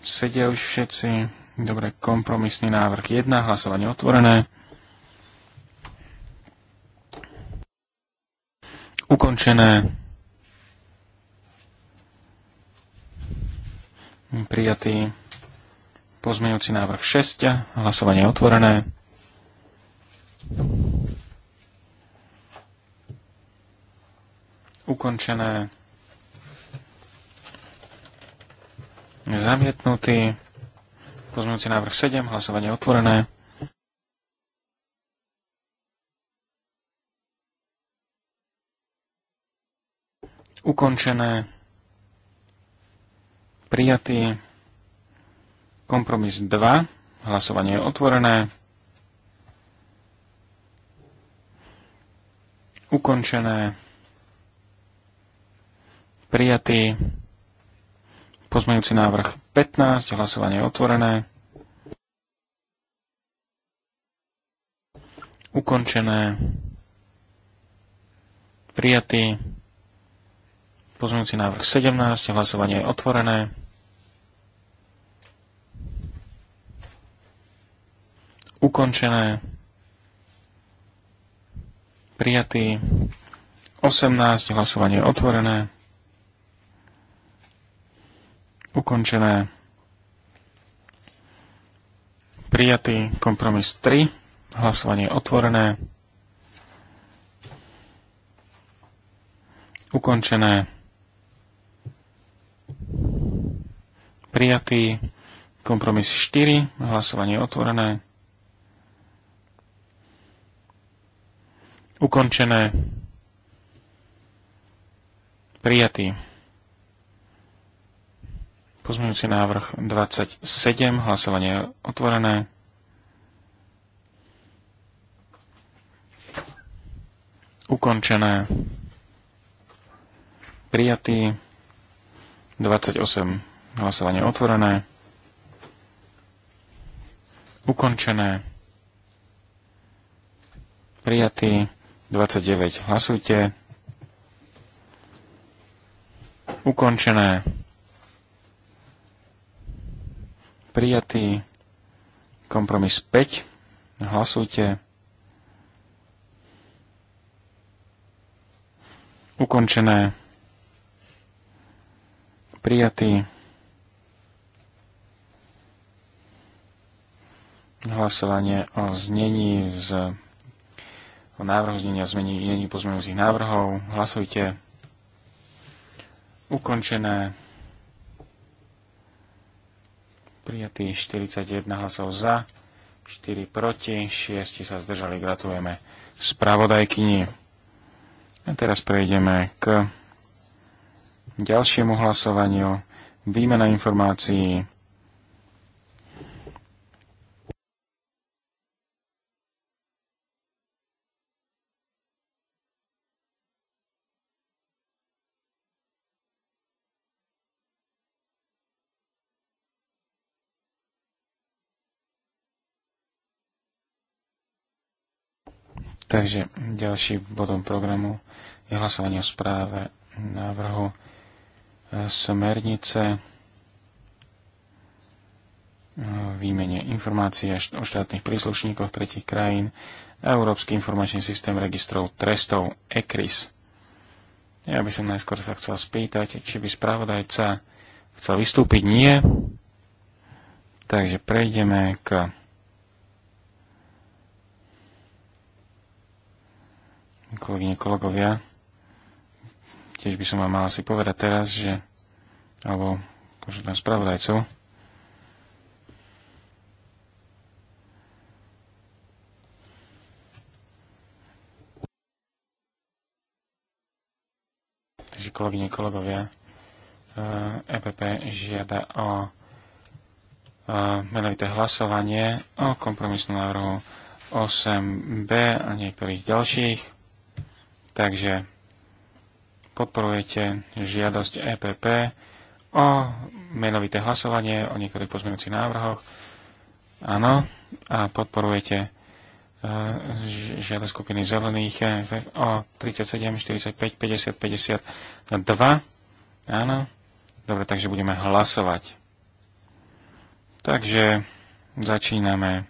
Sedia už všetci. Dobre, kompromisný návrh 1, hlasovanie otvorené. Ukončené. Prijatý pozmeňujúci návrh 6. Hlasovanie je otvorené. Ukončené. Zamietnutý. Pozmeňujúci návrh 7. Hlasovanie je otvorené. ukončené prijatý. Kompromis 2. Hlasovanie je otvorené. Ukončené. Prijatý. Pozmejúci návrh 15. Hlasovanie je otvorené. Ukončené. Prijatý Pozmeňujúci návrh 17, hlasovanie je otvorené. Ukončené. Prijatý. 18, hlasovanie je otvorené. Ukončené. Prijatý kompromis 3, hlasovanie je otvorené. Ukončené prijatý. Kompromis 4, hlasovanie otvorené. Ukončené. Prijatý. Pozmeňujúci návrh 27, hlasovanie je otvorené. Ukončené. Prijatý. 28 Hlasovanie otvorené. Ukončené. Prijatý. 29. Hlasujte. Ukončené. Prijatý. Kompromis 5. Hlasujte. Ukončené. Prijatý hlasovanie o znení z o návrhu znenia znení pozmeňujúcich návrhov. Hlasujte. Ukončené. Prijatý 41 hlasov za, 4 proti, 6 sa zdržali. Gratulujeme spravodajkyni. A teraz prejdeme k ďalšiemu hlasovaniu. Výmena informácií Takže ďalší bodom programu je hlasovanie o správe návrhu e, smernice výmene informácií o štátnych príslušníkoch tretich krajín a Európsky informačný systém registrov trestov ECRIS. Ja by som najskôr sa chcel spýtať, či by spravodajca chcel vystúpiť. Nie. Takže prejdeme k kolegyne, kolegovia, tiež by som vám mal asi povedať teraz, že, alebo požiadam spravodajcov, Takže kolegyne, kolegovia, EPP eh, e žiada o eh, menovité hlasovanie o kompromisnom návrhu 8b a niektorých ďalších. Takže podporujete žiadosť EPP o menovité hlasovanie o niektorých pozmeňujúcich návrhoch. Áno. A podporujete e, žiadosť skupiny zelených e, o 37, 45, 50, 52. Áno. Dobre, takže budeme hlasovať. Takže začíname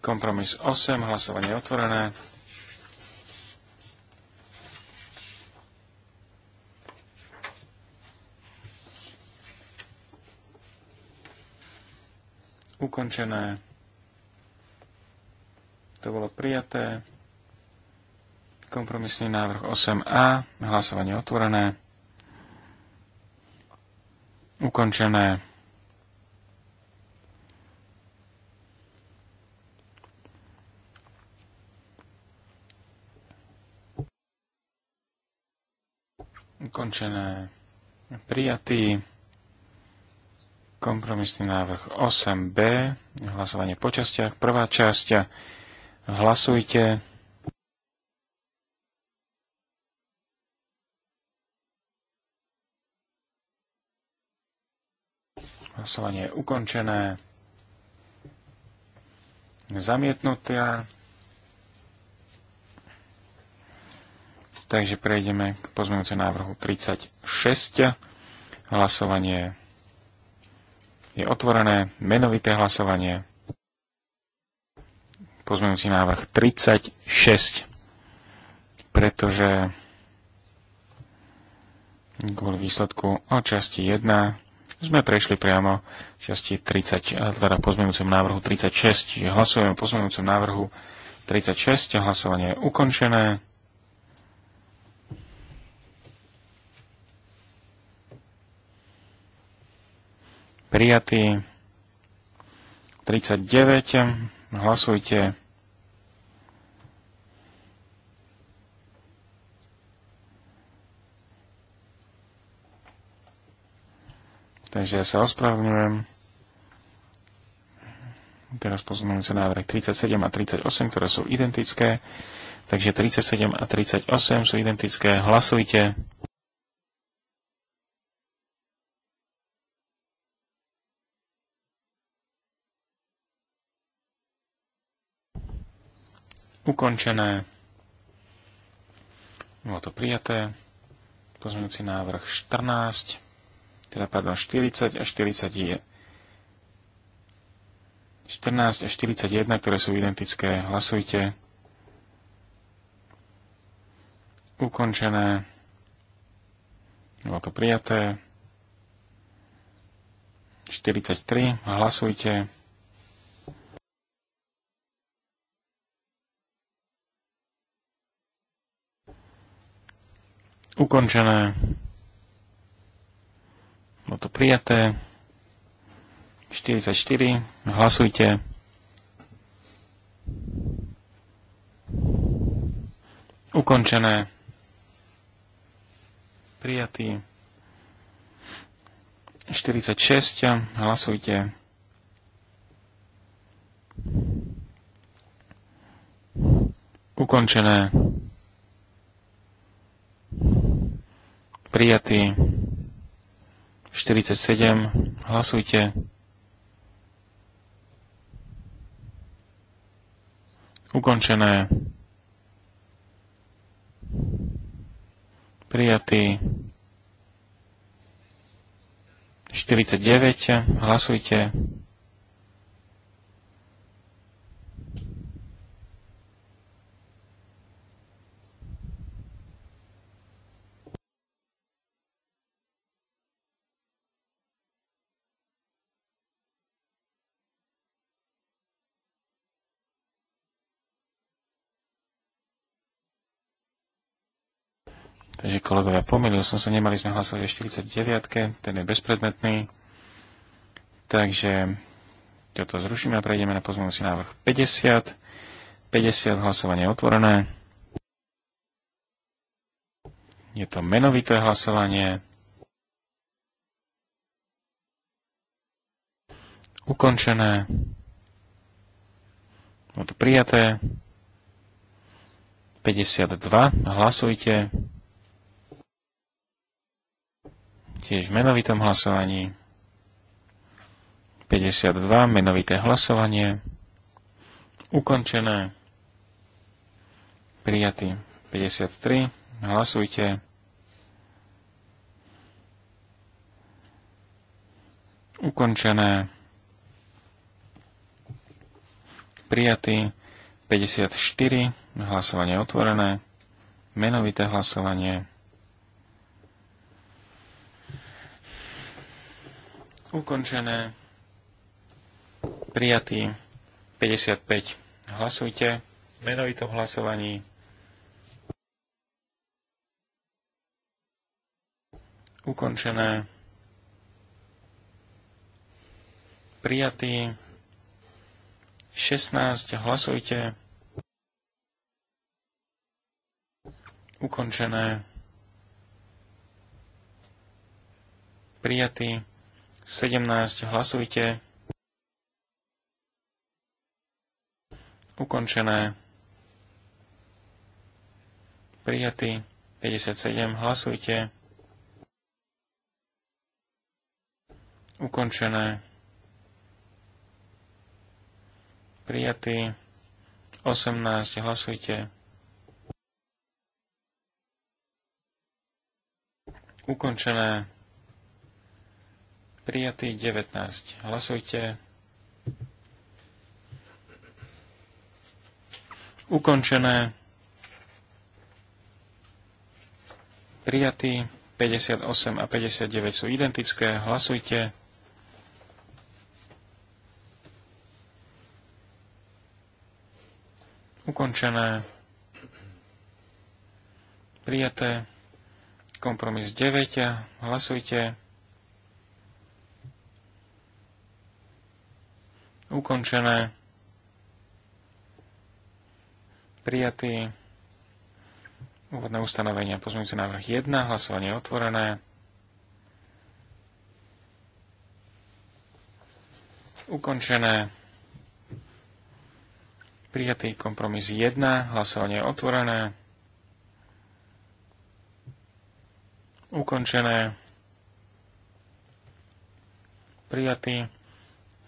Kompromis 8, hlasovanie otvorené. Ukončené. To bolo prijaté. Kompromisný návrh 8a, hlasovanie otvorené. Ukončené. ukončené, prijatý. Kompromisný návrh 8b, hlasovanie po častiach. Prvá časť, hlasujte. Hlasovanie je ukončené. Zamietnuté. Takže prejdeme k pozmeňujúcemu návrhu 36. Hlasovanie je otvorené, menovité hlasovanie. Pozmeňujúci návrh 36, pretože kvôli výsledku o časti 1 sme prešli priamo v časti 30, teda pozmeňujúcom návrhu 36, čiže hlasujeme o pozmeňujúcom návrhu 36, hlasovanie je ukončené. prijatý. 39. Hlasujte. Takže ja sa ospravňujem. Teraz sa návrh 37 a 38, ktoré sú identické. Takže 37 a 38 sú identické. Hlasujte. ukončené. Bolo to prijaté. Pozmeňujúci návrh 14, teda pardon, 40 a 40 je 14 a 41, ktoré sú identické. Hlasujte. Ukončené. Bolo to prijaté. 43. Hlasujte. ukončené. Bolo to prijaté. 44. Hlasujte. Ukončené. Prijatý. 46. Hlasujte. Ukončené. prijatý. 47, hlasujte. Ukončené. Prijatý. 49, hlasujte. Takže kolegovia, pomýlil som sa, nemali sme hlasovať 49, ten je bezpredmetný. Takže toto zrušíme a prejdeme na pozmeňujúci návrh 50. 50 hlasovanie otvorené. Je to menovité hlasovanie. Ukončené. Bolo to prijaté. 52. Hlasujte tiež v menovitom hlasovaní. 52, menovité hlasovanie. Ukončené. Prijatý. 53, hlasujte. Ukončené. Prijatý. 54, hlasovanie otvorené. Menovité hlasovanie. ukončené, prijatý 55. Hlasujte v menovitom hlasovaní. Ukončené. Prijatý 16. Hlasujte. Ukončené. Prijatý 17. Hlasujte. Ukončené. Prijatý. 57. Hlasujte. Ukončené. Prijatý. 18. Hlasujte. Ukončené Prijatý 19. Hlasujte. Ukončené. Prijatý 58 a 59 sú identické. Hlasujte. Ukončené. Prijaté. Kompromis 9. Hlasujte. ukončené, prijatý, úvodné ustanovenia, pozmeňujúci návrh 1, hlasovanie otvorené, ukončené, prijatý kompromis 1, hlasovanie otvorené, ukončené, prijatý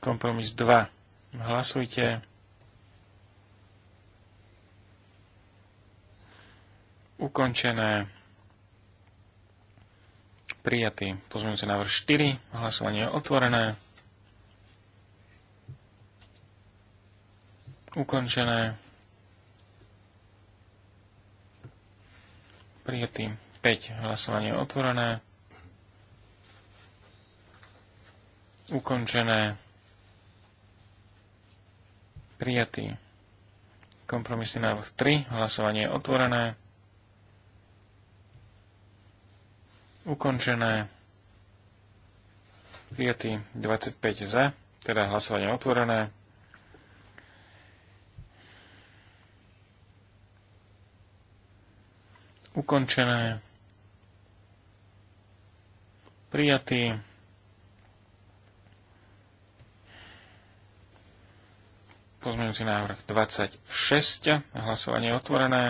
kompromis 2, Hlasujte. Ukončené. Prijatý pozmeňujúci návrh 4. Hlasovanie je otvorené. Ukončené. Prijatý 5. Hlasovanie je otvorené. Ukončené prijatý. Kompromisný návrh 3, hlasovanie je otvorené, ukončené, prijatý 25 za, teda hlasovanie je otvorené, ukončené, prijatý Pozmeňujúci návrh 26. Hlasovanie je otvorené.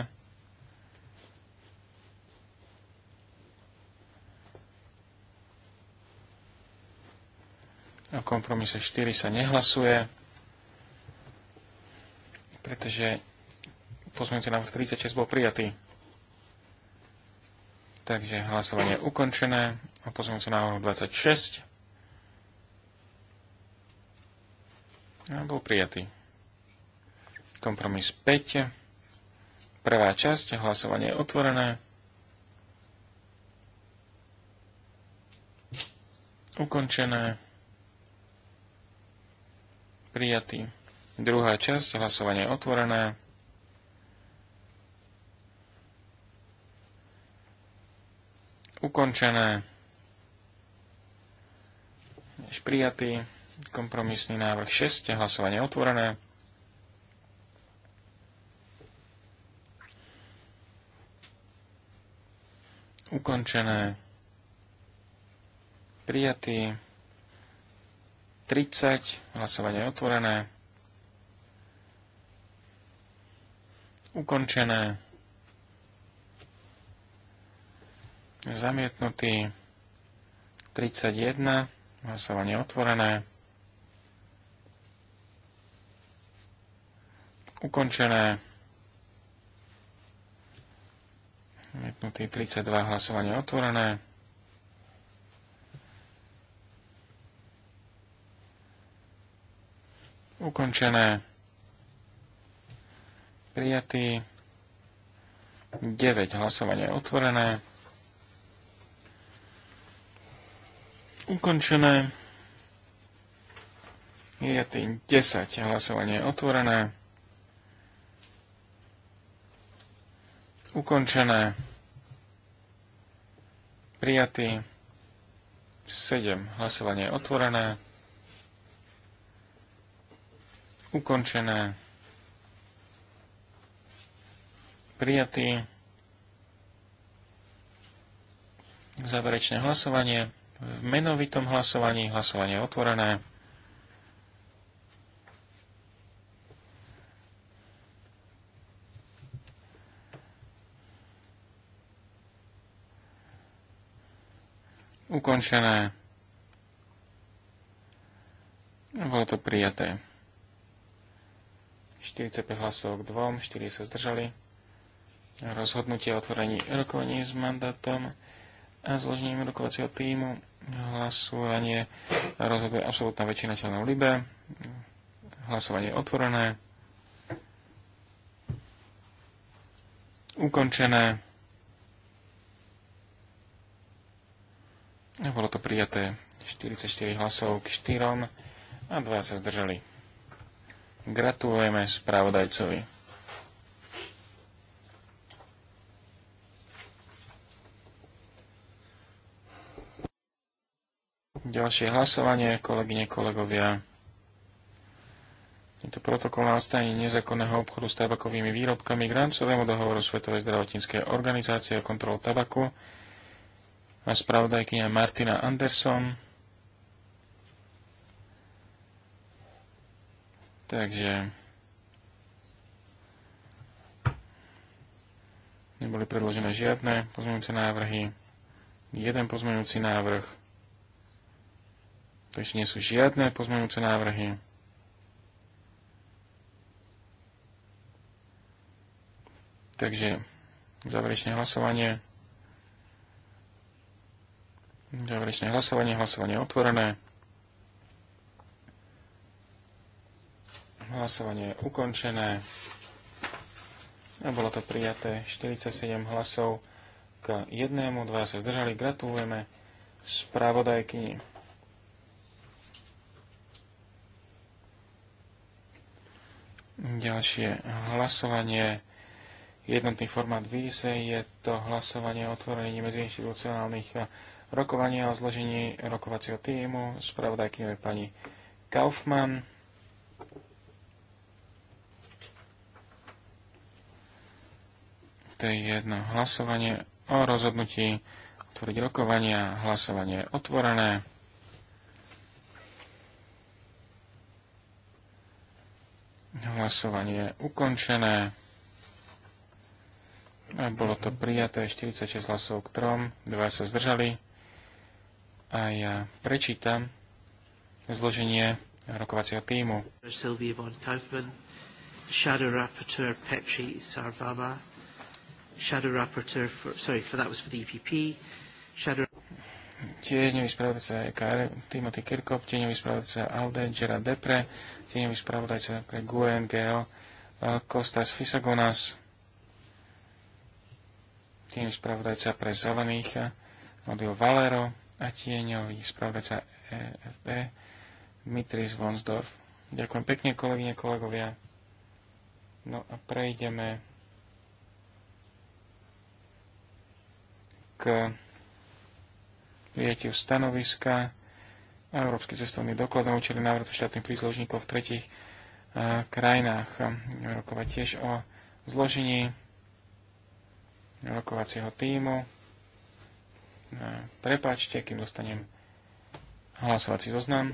O kompromise 4 sa nehlasuje, pretože pozmeňujúci návrh 36 bol prijatý. Takže hlasovanie je ukončené o pozmeňujúci návrh 26. A bol prijatý. Kompromis 5. Prvá časť. Hlasovanie je otvorené. Ukončené. Prijatý. Druhá časť. Hlasovanie je otvorené. Ukončené. Prijatý. Kompromisný návrh 6. Hlasovanie je otvorené. ukončené, prijatý, 30, hlasovanie otvorené, ukončené, zamietnutý, 31, hlasovanie otvorené, ukončené, vypnutý 32, hlasovanie otvorené. Ukončené. Prijatý. 9, hlasovanie otvorené. Ukončené. Prijatý 10, hlasovanie otvorené. ukončené, prijatý, 7 hlasovanie je otvorené, ukončené, prijatý, záverečné hlasovanie, v menovitom hlasovaní, hlasovanie je otvorené, ukončené. Bolo to prijaté. 45 hlasov k 2, 4 sa zdržali. Rozhodnutie o otvorení rokovaní s mandátom a zložením rokovacieho týmu. Hlasovanie rozhoduje absolútna väčšina členov LIBE. Hlasovanie je otvorené. Ukončené. A bolo to prijaté 44 hlasov k 4 a 2 sa zdržali. Gratulujeme spravodajcovi. Ďalšie hlasovanie, kolegyne, kolegovia. Je to protokol na odstranenie nezákonného obchodu s tabakovými výrobkami k rámcovému dohovoru Svetovej zdravotníckej organizácie o kontrolu tabaku a spravodajkynia Martina Anderson. Takže neboli predložené žiadne pozmeňujúce návrhy. Jeden pozmeňujúci návrh. Takže nie sú žiadne pozmeňujúce návrhy. Takže záverečné hlasovanie. Záverečné hlasovanie, hlasovanie otvorené. Hlasovanie je ukončené. A bolo to prijaté 47 hlasov k jednému, dva sa zdržali. Gratulujeme spravodajkyni. Ďalšie hlasovanie jednotný formát výse je to hlasovanie o otvorení medziinstitucionálnych rokovania o zložení rokovacieho týmu. Spravodajkyňou je pani Kaufmann. To je jedno hlasovanie o rozhodnutí otvoriť rokovania. Hlasovanie je otvorené. Hlasovanie je ukončené. A bolo to prijaté 46 hlasov k 3, 2 sa zdržali a ja prečítam zloženie rokovacieho týmu. Sylvie von Kaufmann, Shadow Rapporteur Petri Sarvama, Shadow Rapporteur, for, sorry, for that was for the EPP, Shadow... Tieňový spravodajca EKR, Timothy Kirkop, tieňový spravodajca ALDE, Gerard Depre, tieňový spravodajca pre GUNGL, Kostas Fisagonas, tieňový spravodajca pre Zelených, Odil Valero, a tieňový spravodajca EFD Dmitris Vonsdorf. Ďakujem pekne, kolegyne, kolegovia. No a prejdeme k prijatiu stanoviska Európsky cestovný doklad na účely návratu štátnych príslušníkov v tretich krajinách. Rokovať tiež o zložení rokovacieho týmu. Prepáčte, kým dostanem hlasovací zoznam.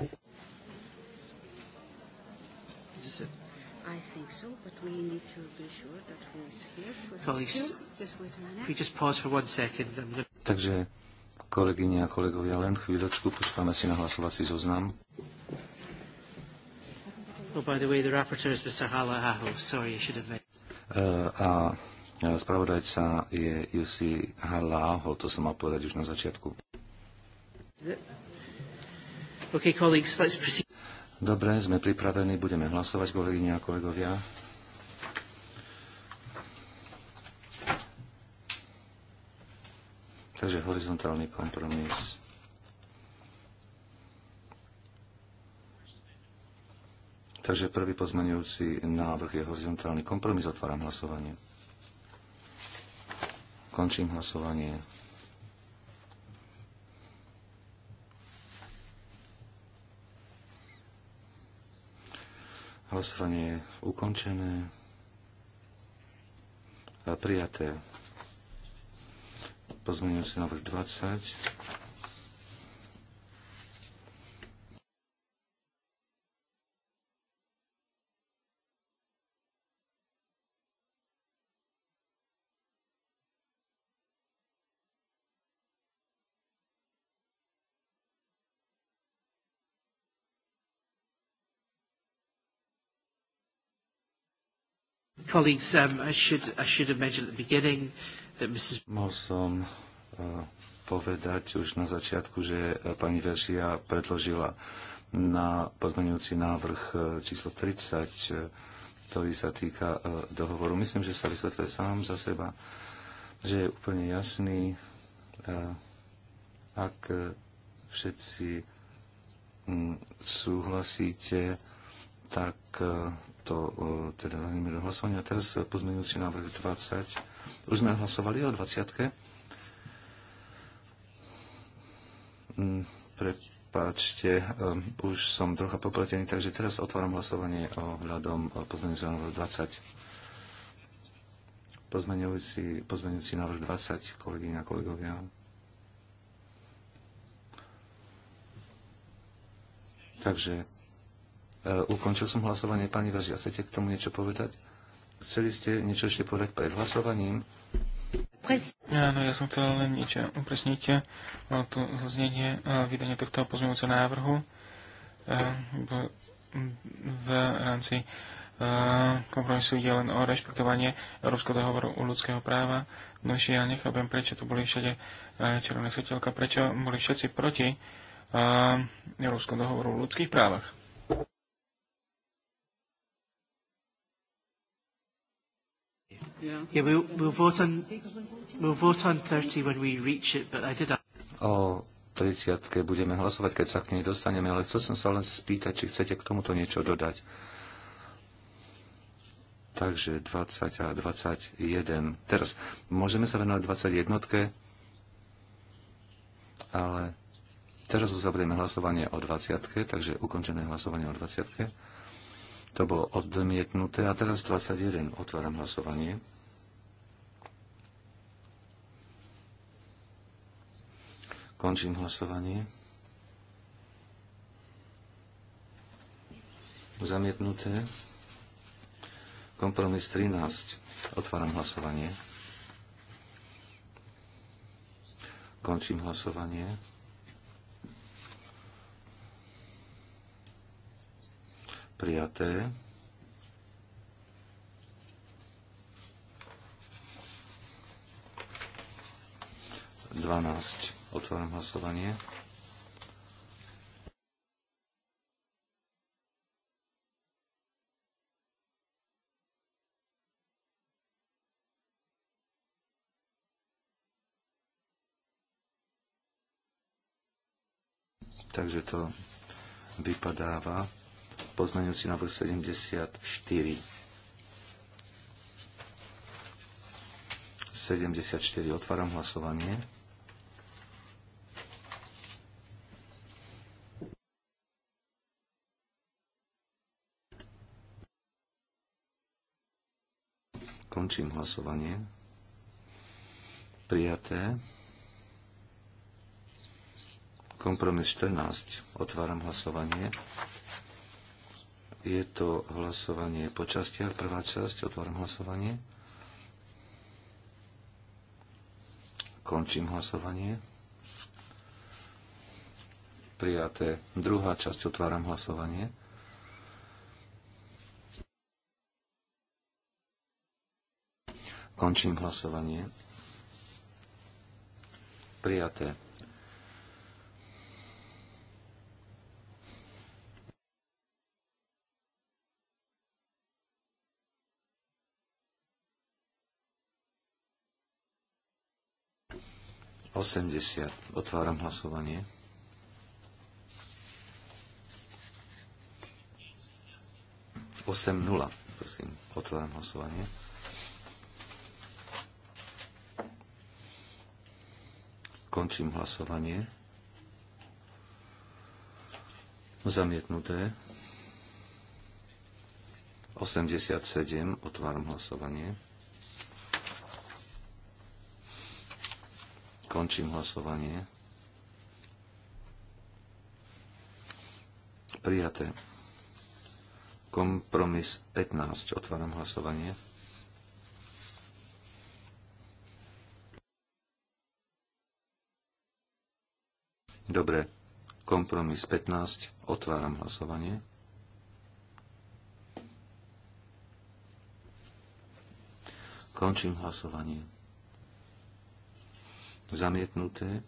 I think so, but we need to be sure that who is here. Colleagues, we just pause for one second. I'm going... Takže, kolegyne a kolegovia, len chvíľočku, počkáme si na hlasovací zoznam. Oh, by the way, the rapporteur is Mr. Hala Aho. Sorry, I should have made... Uh, a Spravodajca je Jussi ho to som mal povedať už na začiatku. Okay, colleagues, let's proceed. Dobre, sme pripravení, budeme hlasovať, kolegyne a kolegovia. Takže horizontálny kompromis. Takže prvý pozmenujúci návrh je horizontálny kompromis. Otváram hlasovanie. Končím hlasovanie. Hlasovanie je ukončené a prijaté. Pozmeňujem si návrh 20. Colleagues, um, I should, I should have mentioned at the beginning that Mrs. Mohol som uh, povedať už na začiatku, že uh, pani Veršia predložila na pozmenujúci návrh uh, číslo 30, uh, ktorý sa týka dohovoru. Myslím, že sa vysvetľuje sám za seba, že je úplne jasný, ak všetci mm, súhlasíte, tak e, to e, teda zaníme do hlasovania. Teraz e, pozmeňujúci návrh 20. Už sme hlasovali o 20. Mm, prepáčte, už som trocha popletený, takže teraz otváram hlasovanie o hľadom pozmeňujúceho návrh 20. Pozmeňujúci, pozmeňujúci návrh 20, a kolegovia. Takže E, ukončil som hlasovanie. Pani Vazia, chcete k tomu niečo povedať? Chceli ste niečo ešte povedať pred hlasovaním? Áno, ja som chcel len niečo upresniť. Mal zaznenie znenie vydania tohto pozmeňujúceho návrhu e, v rámci e, kompromisu ide len o rešpektovanie Európskeho dohovoru o ľudského práva. No ja nechápem, prečo tu boli všade červené svetelka, prečo boli všetci proti Európskeho dohovoru o ľudských právach. Yeah, yeah we'll, we'll, vote on, we'll vote on 30 when we reach it, but I did... O 30 budeme hlasovať, keď sa k nej dostaneme, ale chcel som sa len spýtať, či chcete k tomuto niečo dodať. Takže 20 a 21. Teraz môžeme sa venovať 21, ale teraz uzavrieme hlasovanie o 20, takže ukončené hlasovanie o 20. To bolo odmietnuté. A teraz 21. Otváram hlasovanie. Končím hlasovanie. Zamietnuté. Kompromis 13. Otváram hlasovanie. Končím hlasovanie. prijaté. Dvanásť. Otváram hlasovanie. takže to vypadáva pozmeňujúci návrh 74. 74. Otváram hlasovanie. Končím hlasovanie. Prijaté. Kompromis 14. Otváram hlasovanie. Je to hlasovanie po častiach. Prvá časť, otváram hlasovanie. Končím hlasovanie. Prijaté. Druhá časť, otváram hlasovanie. Končím hlasovanie. Prijaté. 80. Otváram hlasovanie. Osem nula, prosím. Otváram hlasovanie. Končím hlasovanie. Zamietnuté. 87. Otváram hlasovanie. Končím hlasovanie. Prijaté. Kompromis 15. Otváram hlasovanie. Dobre. Kompromis 15. Otváram hlasovanie. Končím hlasovanie. Zamietnuté.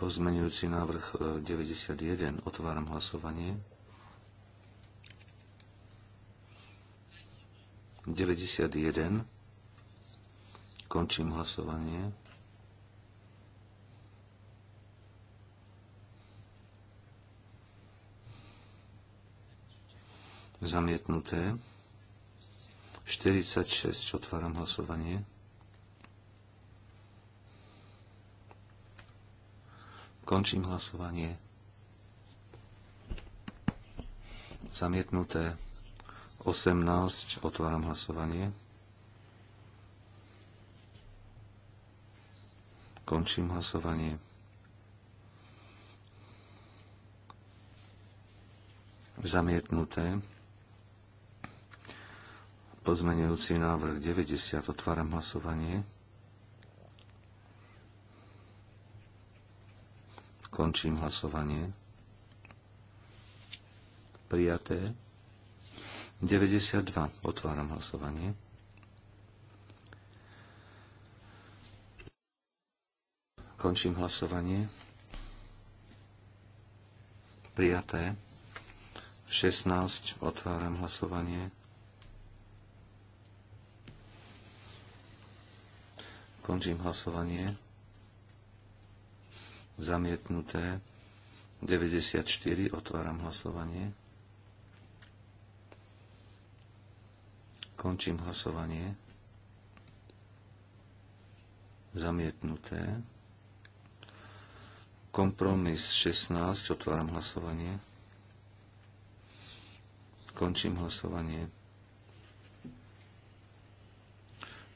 Pozmenujúci návrh 91. E, Otváram hlasovanie. 91. Končím hlasovanie. Zamietnuté. 46. Otváram hlasovanie. Končím hlasovanie. Zamietnuté 18. Otváram hlasovanie. Končím hlasovanie. Zamietnuté. Pozmenujúci návrh 90. Otváram hlasovanie. Končím hlasovanie. Prijaté. 92. Otváram hlasovanie. Končím hlasovanie. Prijaté. 16. Otváram hlasovanie. Končím hlasovanie zamietnuté. 94, otváram hlasovanie. Končím hlasovanie. Zamietnuté. Kompromis 16, otváram hlasovanie. Končím hlasovanie.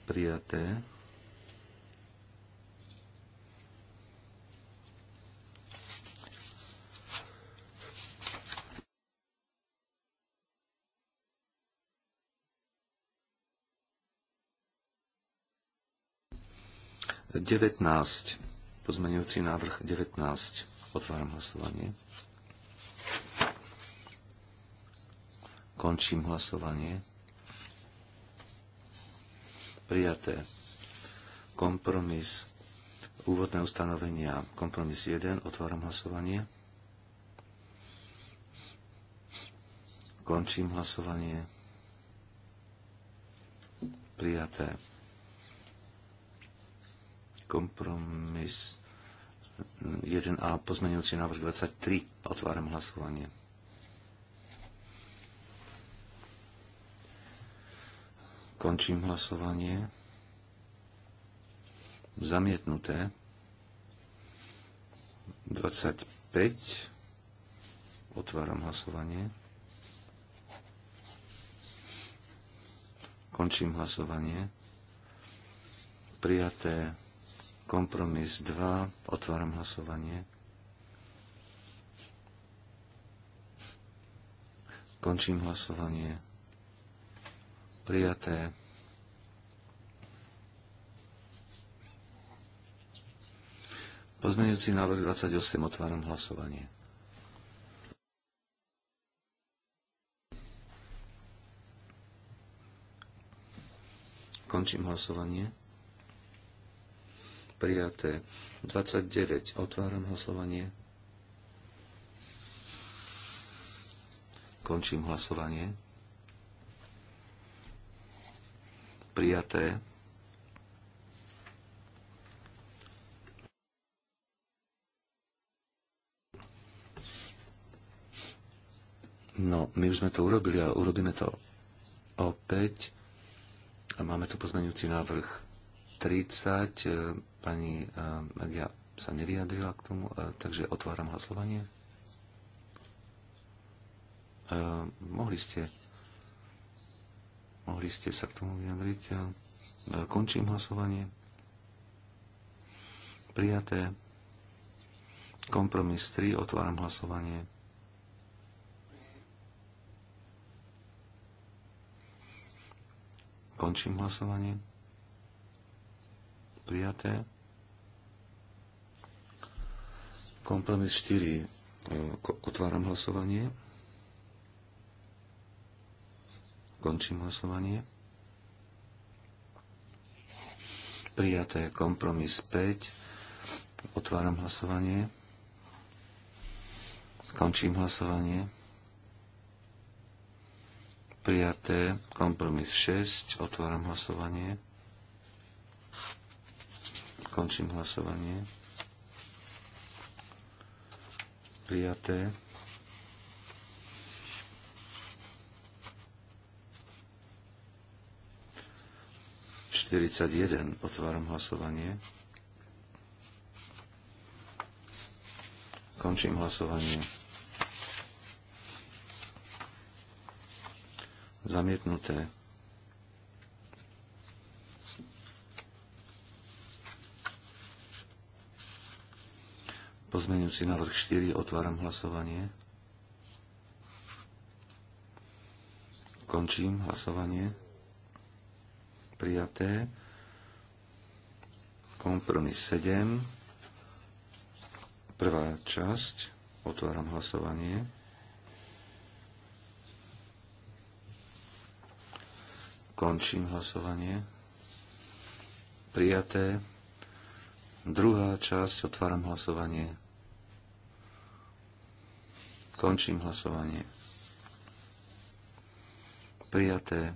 Prijaté. 19. Pozmenujúci návrh 19. Otváram hlasovanie. Končím hlasovanie. Prijaté. Kompromis. Úvodné ustanovenia. Kompromis 1. Otváram hlasovanie. Končím hlasovanie. Prijaté Kompromis 1a, pozmenujúci návrh 23. Otváram hlasovanie. Končím hlasovanie. Zamietnuté. 25. Otváram hlasovanie. Končím hlasovanie. Prijaté Kompromis 2. Otváram hlasovanie. Končím hlasovanie. Prijaté. Pozmeňujúci návrh 28. Otváram hlasovanie. Končím hlasovanie prijaté. 29. Otváram hlasovanie. Končím hlasovanie. Prijaté. No, my už sme to urobili a urobíme to opäť. A máme tu poznaniúci návrh 30 Pani eh, Agia sa nevyjadrila k tomu, eh, takže otváram hlasovanie. Eh, mohli ste, mohli ste sa k tomu vyjadriť. Končím hlasovanie. Prijaté. Kompromis 3. Otváram hlasovanie. Končím hlasovanie. Prijaté. Kompromis 4. Otváram hlasovanie. Končím hlasovanie. Prijaté kompromis 5. Otváram hlasovanie. Končím hlasovanie. Prijaté kompromis 6. Otváram hlasovanie. Končím hlasovanie prijaté. Štyridsať jeden, otváram hlasovanie. Končím hlasovanie. Zamietnuté. Pozmeňujúci návrh 4. Otváram hlasovanie. Končím hlasovanie. Prijaté. Kompromis 7. Prvá časť. Otváram hlasovanie. Končím hlasovanie. Prijaté. Druhá časť. Otváram hlasovanie. Končím hlasovanie. Prijaté.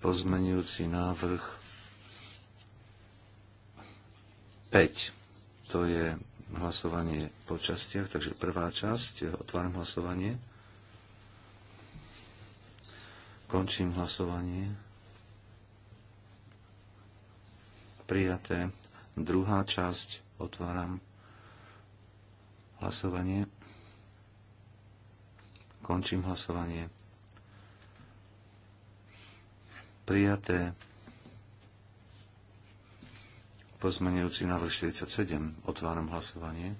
Pozmenujúci návrh 5. To je hlasovanie po častiach, takže prvá časť, otváram hlasovanie. Končím hlasovanie. Prijaté. Druhá časť, otváram hlasovanie. Končím hlasovanie. Prijaté pozmenujúci návrh 47. Otváram hlasovanie.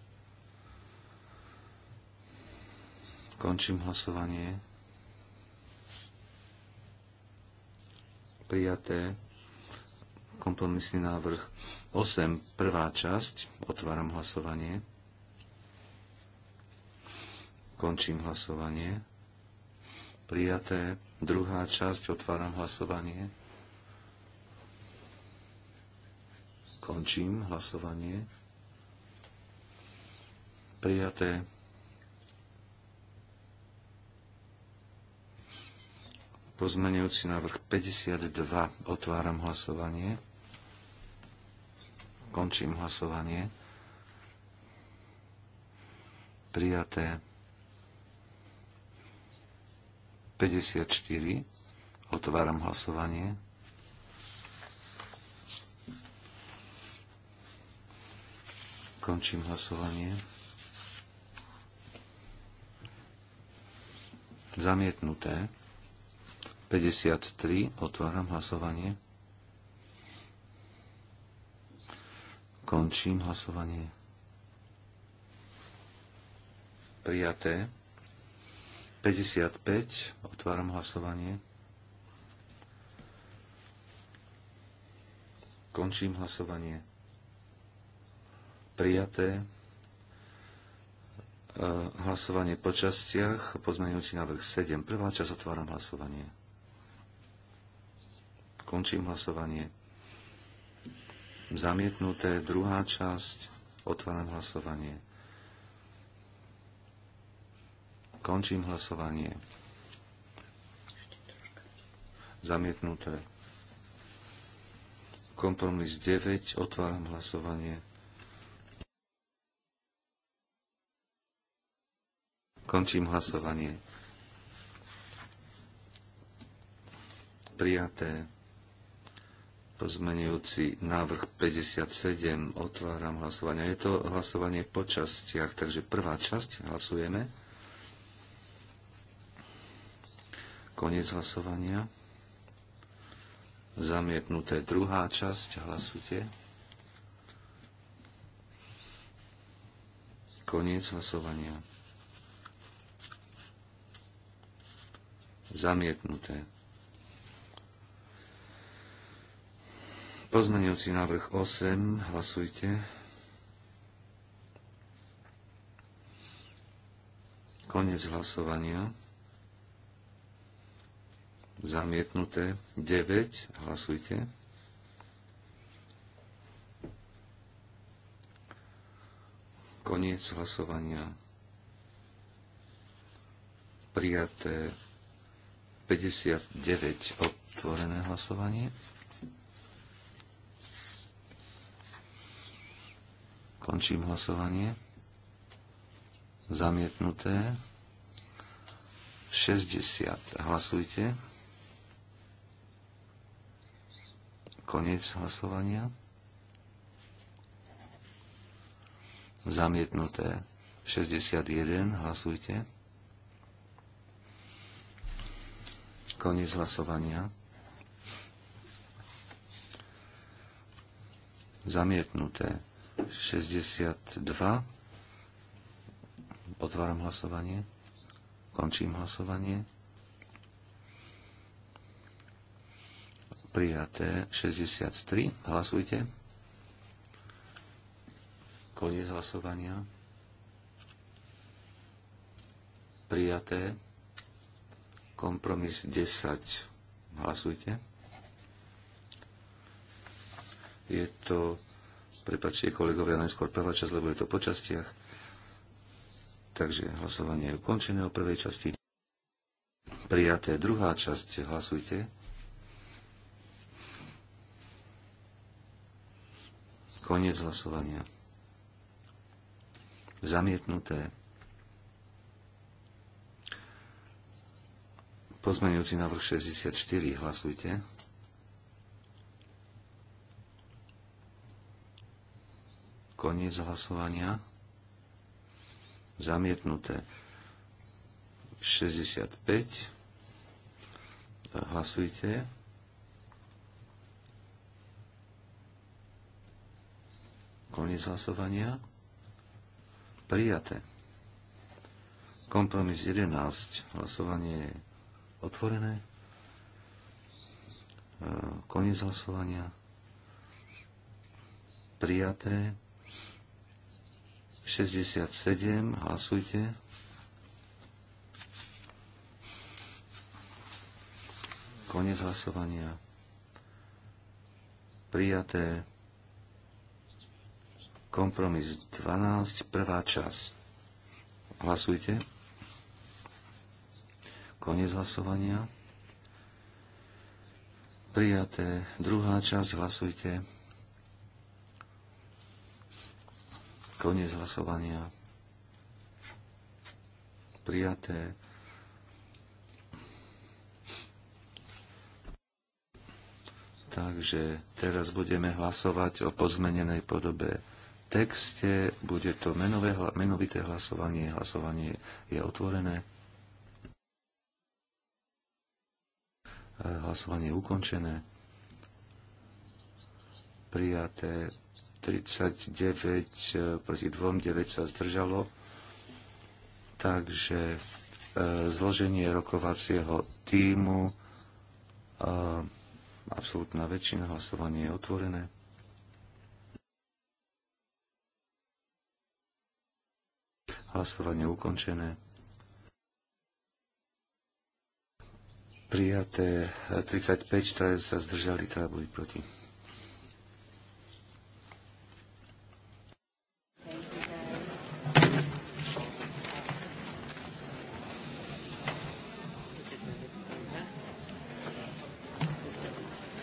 Končím hlasovanie. Prijaté kompromisný návrh 8. Prvá časť. Otváram hlasovanie. Končím hlasovanie. Prijaté. Druhá časť. Otváram hlasovanie. Končím hlasovanie. Prijaté. Pozmenujúci návrh 52. Otváram hlasovanie. Končím hlasovanie. Prijaté. 54. Otváram hlasovanie. Končím hlasovanie. Zamietnuté. 53. Otváram hlasovanie. Končím hlasovanie. Prijaté. 55. Otváram hlasovanie. Končím hlasovanie. Prijaté. E, hlasovanie po častiach. Pozmeňujúci návrh 7. Prvá časť. Otváram hlasovanie. Končím hlasovanie. Zamietnuté. Druhá časť. Otváram hlasovanie. Končím hlasovanie. Zamietnuté. Kompromis 9. Otváram hlasovanie. Končím hlasovanie. Prijaté. Pozmenujúci návrh 57. Otváram hlasovanie. Je to hlasovanie po častiach, takže prvá časť hlasujeme. Konec hlasovania. Zamietnuté druhá časť. Hlasujte. Koniec hlasovania. Zamietnuté. Pozmenujúci návrh 8. Hlasujte. Koniec hlasovania zamietnuté. 9, hlasujte. Koniec hlasovania. Prijaté 59 otvorené hlasovanie. Končím hlasovanie. Zamietnuté. 60. Hlasujte. Koniec hlasovania. Zamietnuté 61. Hlasujte. Koniec hlasovania. Zamietnuté 62. Otváram hlasovanie. Končím hlasovanie. Prijaté 63. Hlasujte. Koniec hlasovania. Prijaté. Kompromis 10. Hlasujte. Je to, prepačte kolegovia, najskôr prvá časť, lebo je to po častiach. Takže hlasovanie je ukončené o prvej časti. Prijaté druhá časť. Hlasujte. Koniec hlasovania. Zamietnuté. Pozmeňujúci návrh 64. Hlasujte. Koniec hlasovania. Zamietnuté. 65. Hlasujte. Koniec hlasovania. Prijaté. Kompromis 11. Hlasovanie je otvorené. E, koniec hlasovania. Prijaté. 67. Hlasujte. Koniec hlasovania. Prijaté. Kompromis 12, prvá časť. Hlasujte. Koniec hlasovania. Prijaté. Druhá časť. Hlasujte. Koniec hlasovania. Prijaté. Takže teraz budeme hlasovať o pozmenenej podobe texte. Bude to menové, menovité hlasovanie. Hlasovanie je otvorené. Eh, hlasovanie je ukončené. Prijaté 39 eh, proti 2, 9 sa zdržalo. Takže eh, zloženie rokovacieho týmu absolútna väčšina hlasovanie je otvorené. Hlasovanie ukončené. Prijaté 35, eh, traja sa zdržali, traja boli proti.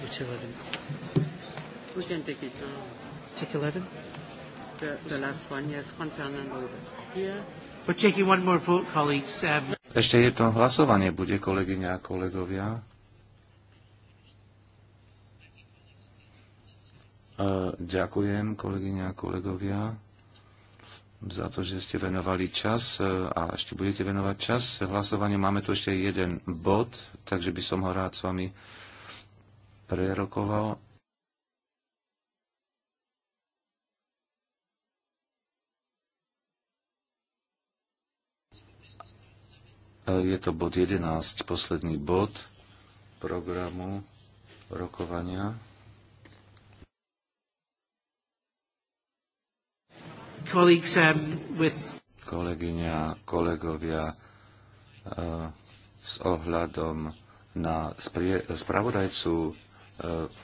Which 11? We 11? the, last one, yes, Juan Fernando here. We're taking one more vote, colleagues. Um... Ešte jedno hlasovanie bude, kolegyňa a kolegovia. E, ďakujem, kolegyňa a kolegovia, za to, že ste venovali čas e, a ešte budete venovať čas. Hlasovanie máme tu ešte jeden bod, takže by som ho rád s vami prerokoval. Je to bod 11, posledný bod programu rokovania. Um, Kolegyňa, kolegovia, uh, s ohľadom na spravodajcu uh,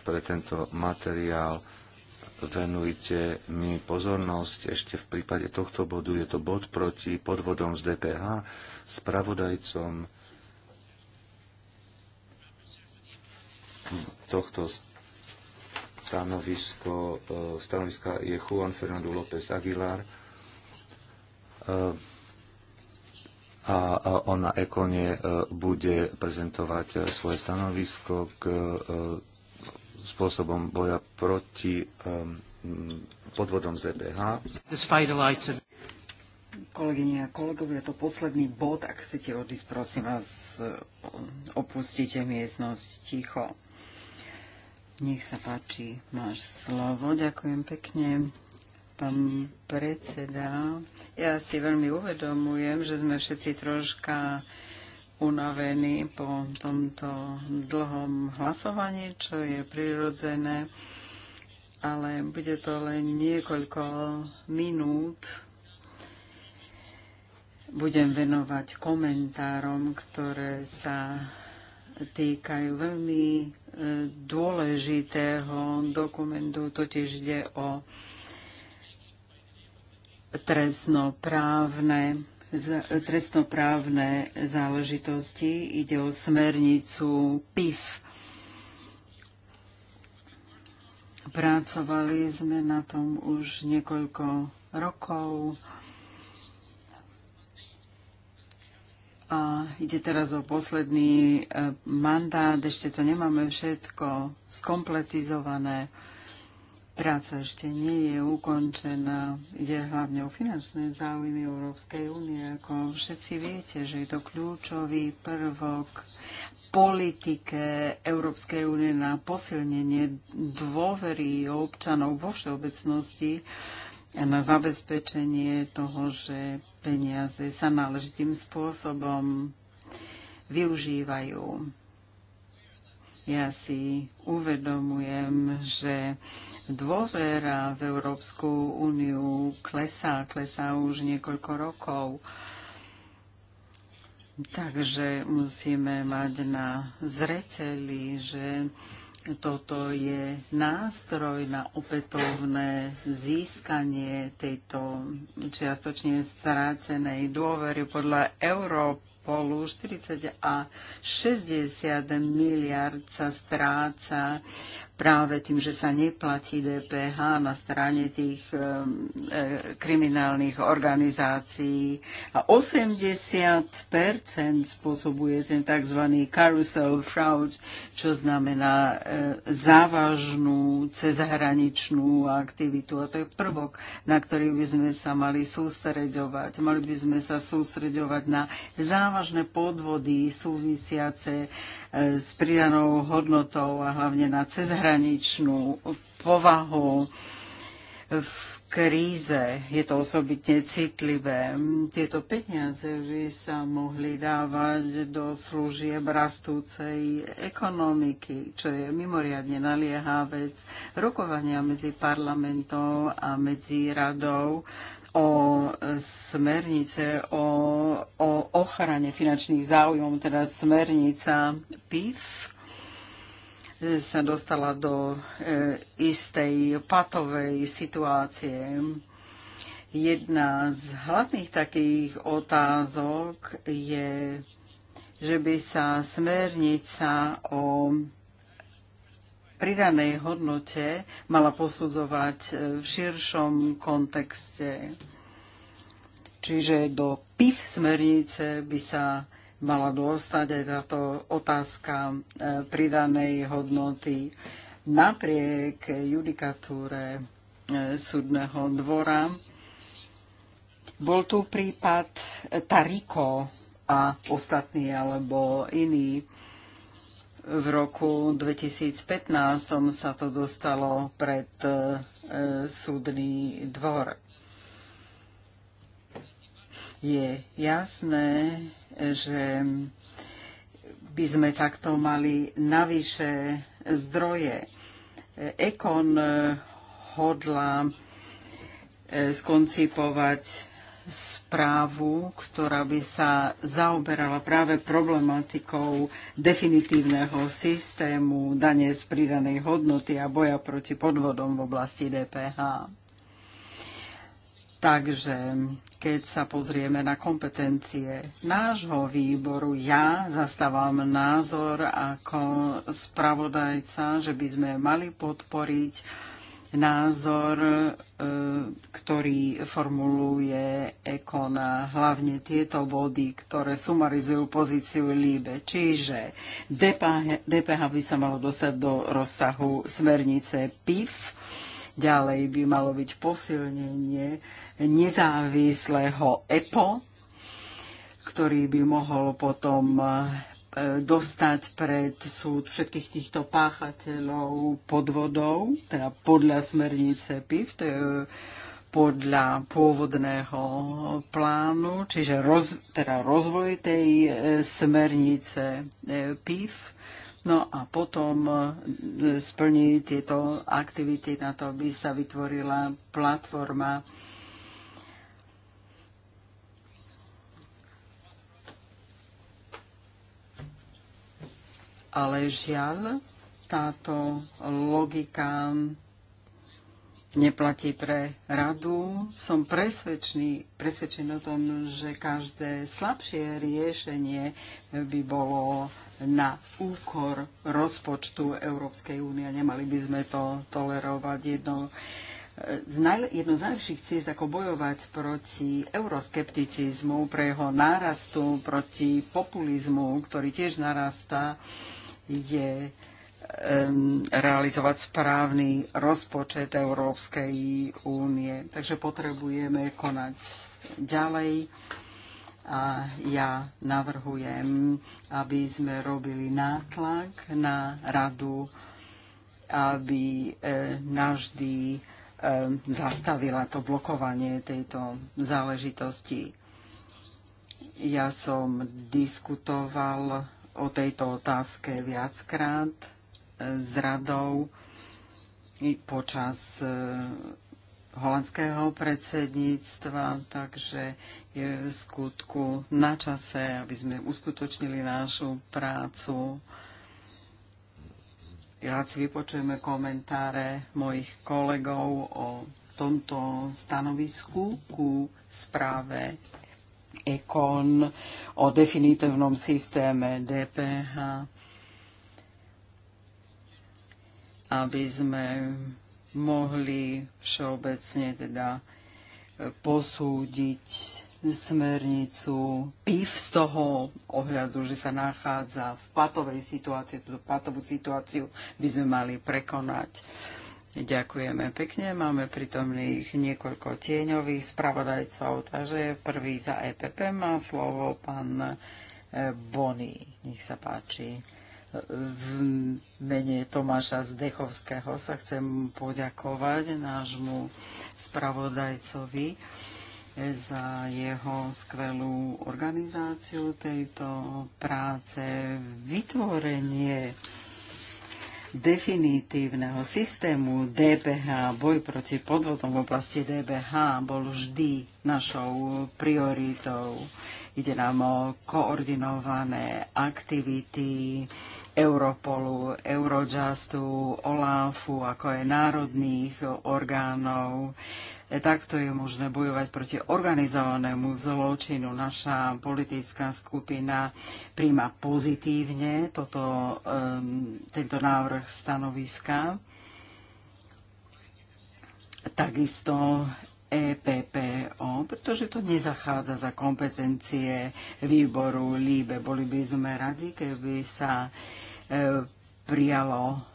pre tento materiál venujte mi pozornosť. Ešte v prípade tohto bodu je to bod proti podvodom z DPH. Spravodajcom tohto stanovisko, e, stanoviska je Juan Fernando López Aguilar e, a on na Ekone e, bude prezentovať svoje stanovisko k spôsobom boja proti um, podvodom ZBH. E Kolegyne a kolegovia, to posledný bod, ak chcete odísť, prosím vás, opustite miestnosť ticho. Nech sa páči, máš slovo. Ďakujem pekne, pán predseda. Ja si veľmi uvedomujem, že sme všetci troška unavení po tomto dlhom hlasovaní, čo je prirodzené, ale bude to len niekoľko minút. Budem venovať komentárom, ktoré sa týkajú veľmi e, dôležitého dokumentu, totiž ide o trestnoprávne trestnoprávne záležitosti. Ide o smernicu PIF. Pracovali sme na tom už niekoľko rokov. A ide teraz o posledný e, mandát, ešte to nemáme všetko skompletizované. Práca ešte nie je ukončená. Ide hlavne o finančné záujmy Európskej únie. Ako všetci viete, že je to kľúčový prvok politike Európskej únie na posilnenie dôvery občanov vo všeobecnosti a na zabezpečenie toho, že peniaze sa náležitým spôsobom využívajú. Ja si uvedomujem, že dôvera v Európsku úniu klesá, klesá už niekoľko rokov. Takže musíme mať na zreteli, že toto je nástroj na opätovné získanie tejto čiastočne strácenej dôvery podľa Európy spolu 40 a 60 miliard sa stráca práve tým, že sa neplatí DPH na strane tých e, e, kriminálnych organizácií. A 80 spôsobuje ten tzv. carousel fraud, čo znamená e, závažnú cezhraničnú aktivitu. A to je prvok, na ktorý by sme sa mali sústreďovať. Mali by sme sa sústreďovať na závažné podvody súvisiace s pridanou hodnotou a hlavne na cezhraničnú povahu v kríze. Je to osobitne citlivé. Tieto peniaze by sa mohli dávať do služieb rastúcej ekonomiky, čo je mimoriadne naliehá vec. Rokovania medzi parlamentom a medzi radou o smernice o, o ochrane finančných záujmov, teda smernica PIF sa dostala do e, istej patovej situácie. Jedna z hlavných takých otázok je, že by sa smernica o pridanej hodnote mala posudzovať e, v širšom kontexte. Čiže do PIF smernice by sa mala dostať aj táto otázka e, pridanej hodnoty napriek judikatúre e, súdneho dvora. Bol tu prípad Tariko a ostatní alebo iní v roku 2015 sa to dostalo pred e, súdny dvor. Je jasné, že by sme takto mali navyše zdroje. Ekon e, hodla e, skoncipovať správu, ktorá by sa zaoberala práve problematikou definitívneho systému dane z pridanej hodnoty a boja proti podvodom v oblasti DPH. Takže keď sa pozrieme na kompetencie nášho výboru, ja zastávam názor ako spravodajca, že by sme mali podporiť názor, e, ktorý formuluje Ekona, hlavne tieto body, ktoré sumarizujú pozíciu Líbe. Čiže DPH, DPH by sa malo dostať do rozsahu smernice PIF, ďalej by malo byť posilnenie nezávislého EPO, ktorý by mohol potom E, dostať pred súd všetkých týchto páchateľov podvodov, teda podľa smernice PIV, to je e, podľa pôvodného plánu, čiže roz, teda rozvoj tej e, smernice PIV. No a potom splní tieto aktivity na to, aby sa vytvorila platforma ale žiaľ, táto logika neplatí pre radu. Som presvedčený, presvedčený o tom, že každé slabšie riešenie by bolo na úkor rozpočtu Európskej únie. Nemali by sme to tolerovať jedno z naj, jedno z najlepších ciest, ako bojovať proti euroskepticizmu, pre jeho nárastu, proti populizmu, ktorý tiež narastá, je realizovať správny rozpočet Európskej únie. Takže potrebujeme konať ďalej. A ja navrhujem, aby sme robili nátlak na radu, aby e, navždy zastavila to blokovanie tejto záležitosti. Ja som diskutoval o tejto otázke viackrát e, s radou počas e, holandského predsedníctva, takže je v skutku na čase, aby sme uskutočnili našu prácu. Rád si vypočujeme komentáre mojich kolegov o tomto stanovisku ku správe Ekon o definitivnom systéme DPH, aby sme mohli všeobecne teda e, posúdiť smernicu PIF z toho ohľadu, že sa nachádza v patovej situácii, túto patovú situáciu by sme mali prekonať. Ďakujeme pekne. Máme pritomných niekoľko tieňových spravodajcov, takže prvý za EPP má slovo pán eh, Bony. Nech sa páči. V mene Tomáša Zdechovského sa chcem poďakovať nášmu spravodajcovi eh, za jeho skvelú organizáciu tejto práce, vytvorenie definitívneho systému DPH, boj proti podvodom v oblasti DPH bol vždy našou prioritou. Ide nám o koordinované aktivity Europolu, Eurojustu, OLAFu, ako aj národných orgánov. Takto je možné bojovať proti organizovanému zločinu. Naša politická skupina príjma pozitívne toto, tento návrh stanoviska. Takisto EPPO, pretože to nezachádza za kompetencie výboru LIBE. Boli by sme radi, keby sa e, prijalo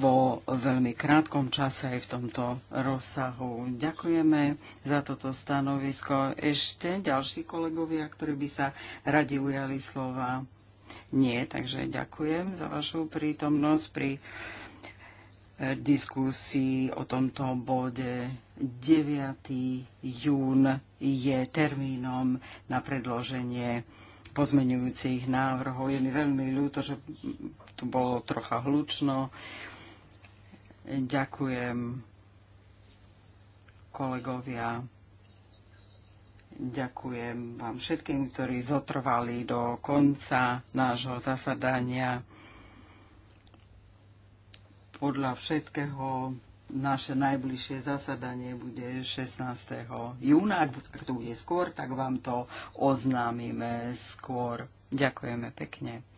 vo veľmi krátkom čase aj v tomto rozsahu. Ďakujeme za toto stanovisko. Ešte ďalší kolegovia, ktorí by sa radi ujali slova. Nie, takže ďakujem za vašu prítomnosť pri e, diskusii o tomto bode. 9. jún je termínom na predloženie pozmenujúcich návrhov. Je mi veľmi ľúto, že tu bolo trocha hlučno. Ďakujem kolegovia. Ďakujem vám všetkým, ktorí zotrvali do konca nášho zasadania. Podľa všetkého naše najbližšie zasadanie bude 16. júna. Ak to bude skôr, tak vám to oznámime skôr. Ďakujeme pekne.